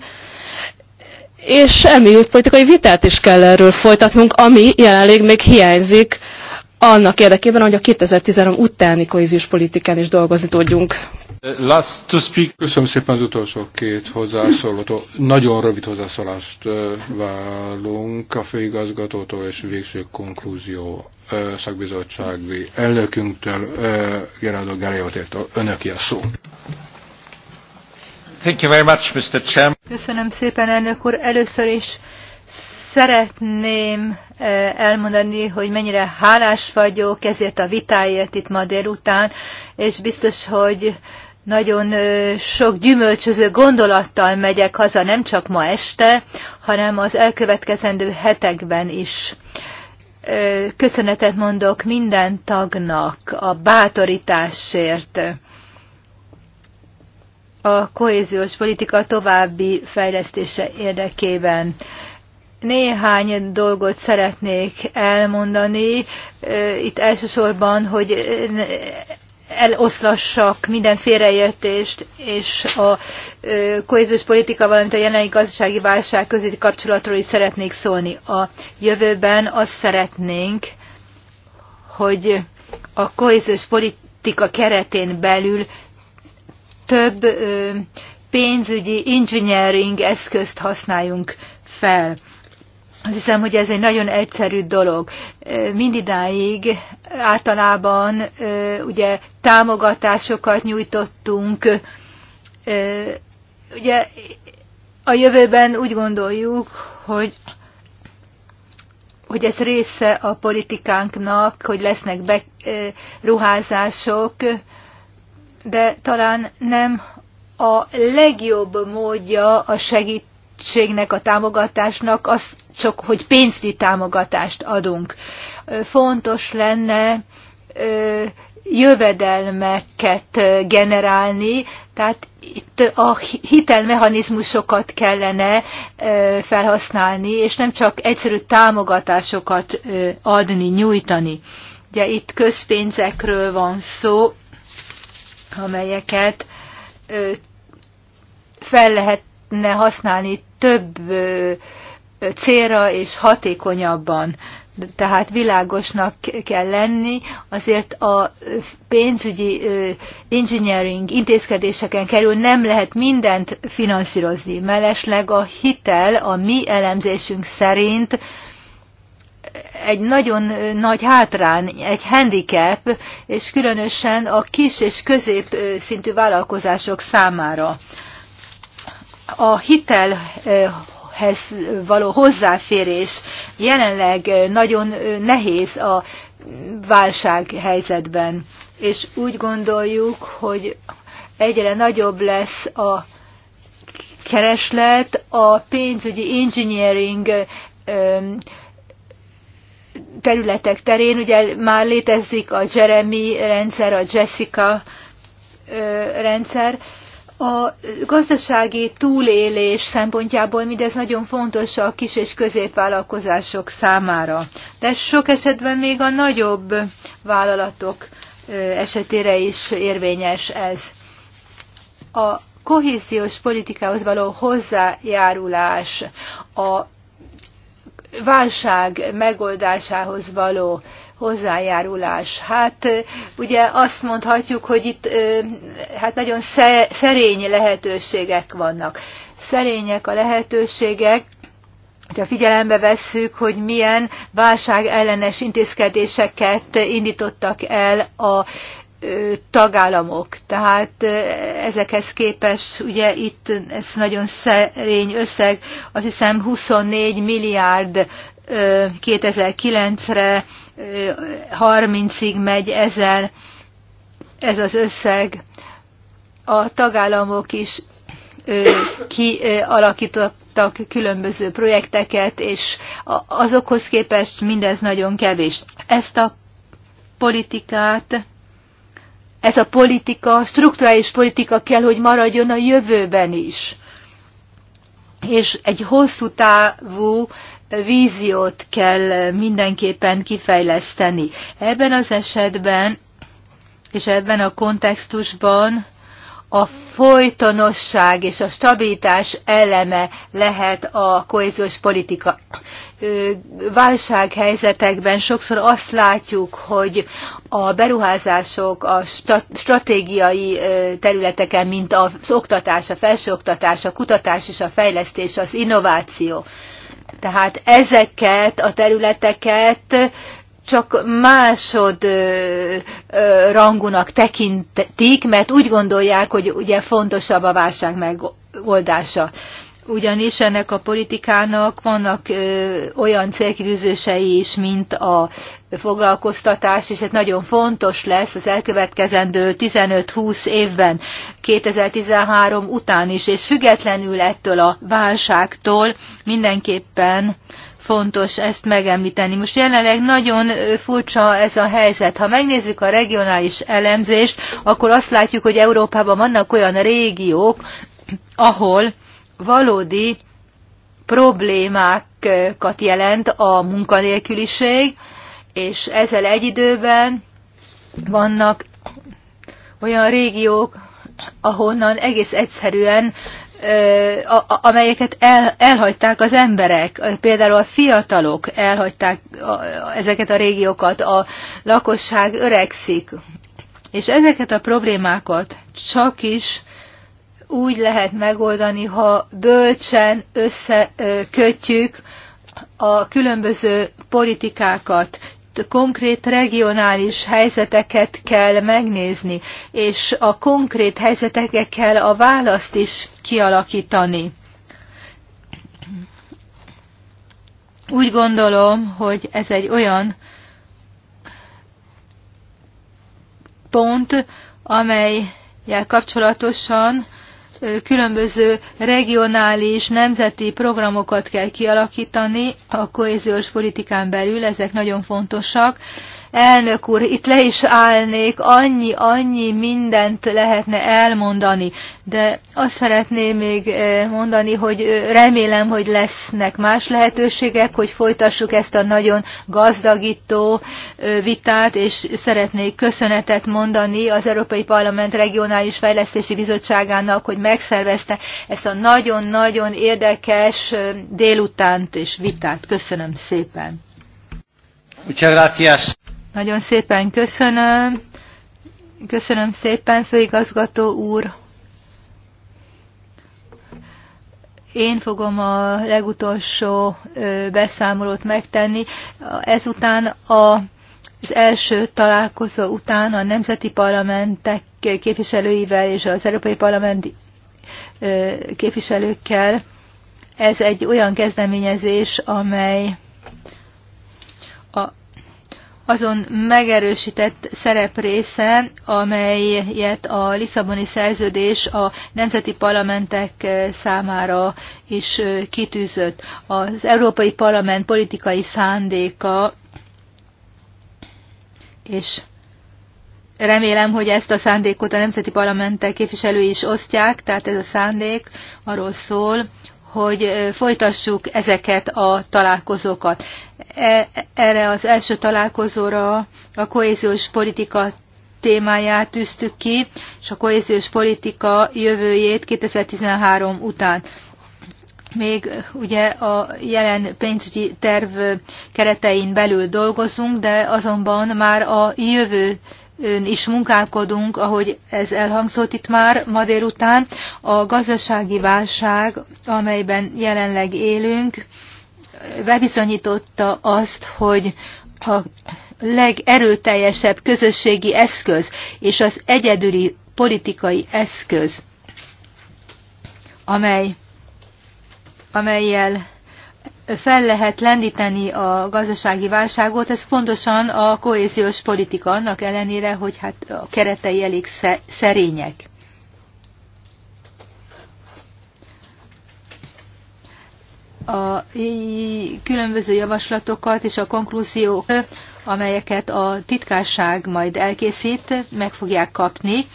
és elmélyült politikai vitát is kell erről folytatnunk, ami jelenleg még hiányzik annak érdekében, hogy a 2013 utáni kohéziós politikán is dolgozni tudjunk. Uh, last to speak. Köszönöm szépen az utolsó két hozzászólót. Nagyon rövid hozzászólást uh, válunk a főigazgatótól és végső konklúzió uh, szakbizottsági elnökünktől, Gerardo Galeotértől. Önöki a szó. Thank you very much, Mr. Chairman. Köszönöm szépen, elnök úr. Először is szeretném elmondani, hogy mennyire hálás vagyok ezért a vitáért itt ma délután, és biztos, hogy nagyon sok gyümölcsöző gondolattal megyek haza, nem csak ma este, hanem az elkövetkezendő hetekben is. Köszönetet mondok minden tagnak a bátorításért. A kohéziós politika további fejlesztése érdekében néhány dolgot szeretnék elmondani. Itt elsősorban, hogy eloszlassak minden félreértést, és a kohéziós politika, valamint a jelenlegi gazdasági válság közötti kapcsolatról is szeretnék szólni. A jövőben azt szeretnénk, hogy a kohéziós politika keretén belül több pénzügyi engineering eszközt használjunk fel. Azt hiszem, hogy ez egy nagyon egyszerű dolog. Mindidáig általában ugye támogatásokat nyújtottunk. Ugye a jövőben úgy gondoljuk, hogy hogy ez része a politikánknak, hogy lesznek beruházások, de talán nem a legjobb módja a segít segítségnek, a támogatásnak az csak, hogy pénzügyi támogatást adunk. Fontos lenne jövedelmeket generálni, tehát itt a hitelmechanizmusokat kellene felhasználni, és nem csak egyszerű támogatásokat adni, nyújtani. Ugye itt közpénzekről van szó, amelyeket fel lehetne használni több célra és hatékonyabban. Tehát világosnak kell lenni, azért a pénzügyi engineering intézkedéseken kerül nem lehet mindent finanszírozni. Mellesleg a hitel a mi elemzésünk szerint egy nagyon nagy hátrán, egy handicap, és különösen a kis és közép szintű vállalkozások számára. A hitelhez való hozzáférés jelenleg nagyon nehéz a válság helyzetben és úgy gondoljuk, hogy egyre nagyobb lesz a kereslet a pénzügyi engineering területek terén. Ugye már létezik a Jeremy rendszer, a Jessica rendszer, a gazdasági túlélés szempontjából mindez nagyon fontos a kis és középvállalkozások számára, de sok esetben még a nagyobb vállalatok esetére is érvényes ez. A kohéziós politikához való hozzájárulás, a válság megoldásához való hozzájárulás. Hát ugye azt mondhatjuk, hogy itt hát nagyon szerény lehetőségek vannak. Szerények a lehetőségek, ha figyelembe vesszük, hogy milyen válságellenes intézkedéseket indítottak el a tagállamok. Tehát ezekhez képest ugye itt ez nagyon szerény összeg, azt hiszem 24 milliárd 2009-re, 30-ig megy ezen ez az összeg. A tagállamok is kialakítottak különböző projekteket, és azokhoz képest mindez nagyon kevés. Ezt a politikát, ez a politika, struktúrális politika kell, hogy maradjon a jövőben is. És egy hosszú távú víziót kell mindenképpen kifejleszteni. Ebben az esetben és ebben a kontextusban a folytonosság és a stabilitás eleme lehet a kohéziós politika. Válsághelyzetekben sokszor azt látjuk, hogy a beruházások a stratégiai területeken, mint az oktatás, a felsőoktatás, a kutatás és a fejlesztés, az innováció, tehát ezeket a területeket csak másod rangunak tekintik, mert úgy gondolják, hogy ugye fontosabb a válság megoldása ugyanis ennek a politikának vannak ö, olyan célkirűzései is, mint a foglalkoztatás, és ez nagyon fontos lesz az elkövetkezendő 15-20 évben, 2013 után is, és függetlenül ettől a válságtól mindenképpen fontos ezt megemlíteni. Most jelenleg nagyon furcsa ez a helyzet. Ha megnézzük a regionális elemzést, akkor azt látjuk, hogy Európában vannak olyan régiók, ahol valódi problémákat jelent a munkanélküliség, és ezzel egy időben vannak olyan régiók, ahonnan egész egyszerűen amelyeket el, elhagyták az emberek, például a fiatalok elhagyták ezeket a régiókat, a lakosság öregszik, és ezeket a problémákat csak is úgy lehet megoldani, ha bölcsen összekötjük a különböző politikákat, konkrét regionális helyzeteket kell megnézni, és a konkrét helyzetekkel kell a választ is kialakítani. Úgy gondolom, hogy ez egy olyan pont, amelyel kapcsolatosan különböző regionális, nemzeti programokat kell kialakítani a kohéziós politikán belül, ezek nagyon fontosak. Elnök úr, itt le is állnék, annyi, annyi mindent lehetne elmondani, de azt szeretném még eh, mondani, hogy eh, remélem, hogy lesznek más lehetőségek, hogy folytassuk ezt a nagyon gazdagító eh, vitát, és szeretnék köszönetet mondani az Európai Parlament Regionális Fejlesztési Bizottságának, hogy megszervezte ezt a nagyon-nagyon érdekes délutánt és vitát. Köszönöm szépen! Muchas gracias. Nagyon szépen köszönöm. Köszönöm szépen, főigazgató úr. Én fogom a legutolsó beszámolót megtenni. Ezután a az első találkozó után a nemzeti parlamentek képviselőivel és az Európai Parlament képviselőkkel. Ez egy olyan kezdeményezés, amely azon megerősített szerep része, amelyet a Lisszaboni szerződés a nemzeti parlamentek eh, számára is eh, kitűzött. Az Európai Parlament politikai szándéka, és remélem, hogy ezt a szándékot a nemzeti parlamentek képviselői is osztják, tehát ez a szándék arról szól, hogy folytassuk ezeket a találkozókat. E, erre az első találkozóra a kohéziós politika témáját tűztük ki, és a kohéziós politika jövőjét 2013 után. Még ugye a jelen pénzügyi terv keretein belül dolgozunk, de azonban már a jövő ön is munkálkodunk, ahogy ez elhangzott itt már ma délután. A gazdasági válság, amelyben jelenleg élünk, bebizonyította azt, hogy a legerőteljesebb közösségi eszköz és az egyedüli politikai eszköz, amely, amelyel fel lehet lendíteni a gazdasági válságot, ez fontosan a kohéziós politika, annak ellenére, hogy hát a keretei elég szerények. a különböző javaslatokat és a konklúziók, amelyeket a titkárság majd elkészít, meg fogják kapni,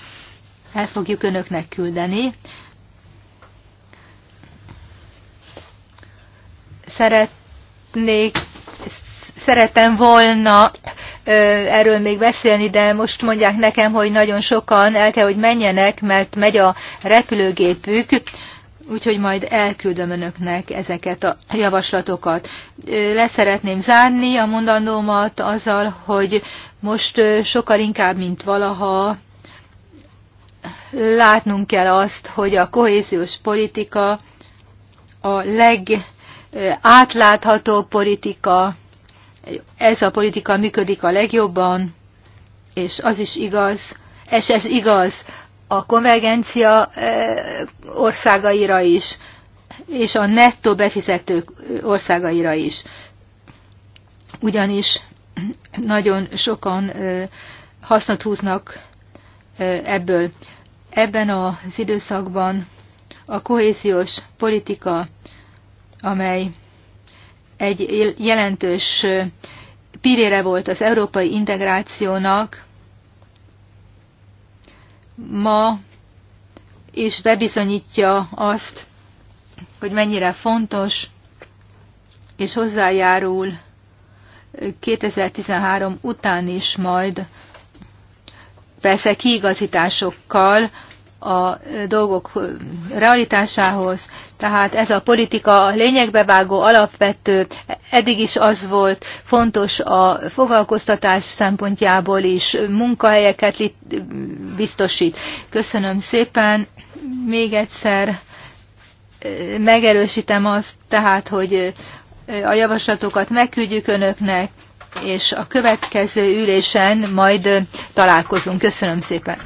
el fogjuk önöknek küldeni. szeretnék, szerettem volna erről még beszélni, de most mondják nekem, hogy nagyon sokan el kell, hogy menjenek, mert megy a repülőgépük, úgyhogy majd elküldöm önöknek ezeket a javaslatokat. Leszeretném zárni a mondandómat azzal, hogy most sokkal inkább, mint valaha látnunk kell azt, hogy a kohéziós politika a leg átlátható politika, ez a politika működik a legjobban, és az is igaz, és ez igaz a konvergencia országaira is, és a nettó befizetők országaira is. Ugyanis nagyon sokan hasznot húznak ebből. Ebben az időszakban a kohéziós politika amely egy jelentős pirére volt az európai integrációnak, ma is bebizonyítja azt, hogy mennyire fontos, és hozzájárul 2013 után is majd, persze kiigazításokkal a dolgok realitásához, tehát ez a politika a lényegbe vágó alapvető, eddig is az volt fontos a foglalkoztatás szempontjából is, munkahelyeket biztosít. Köszönöm szépen. Még egyszer megerősítem azt, tehát, hogy a javaslatokat megküldjük önöknek, és a következő ülésen majd találkozunk. Köszönöm szépen!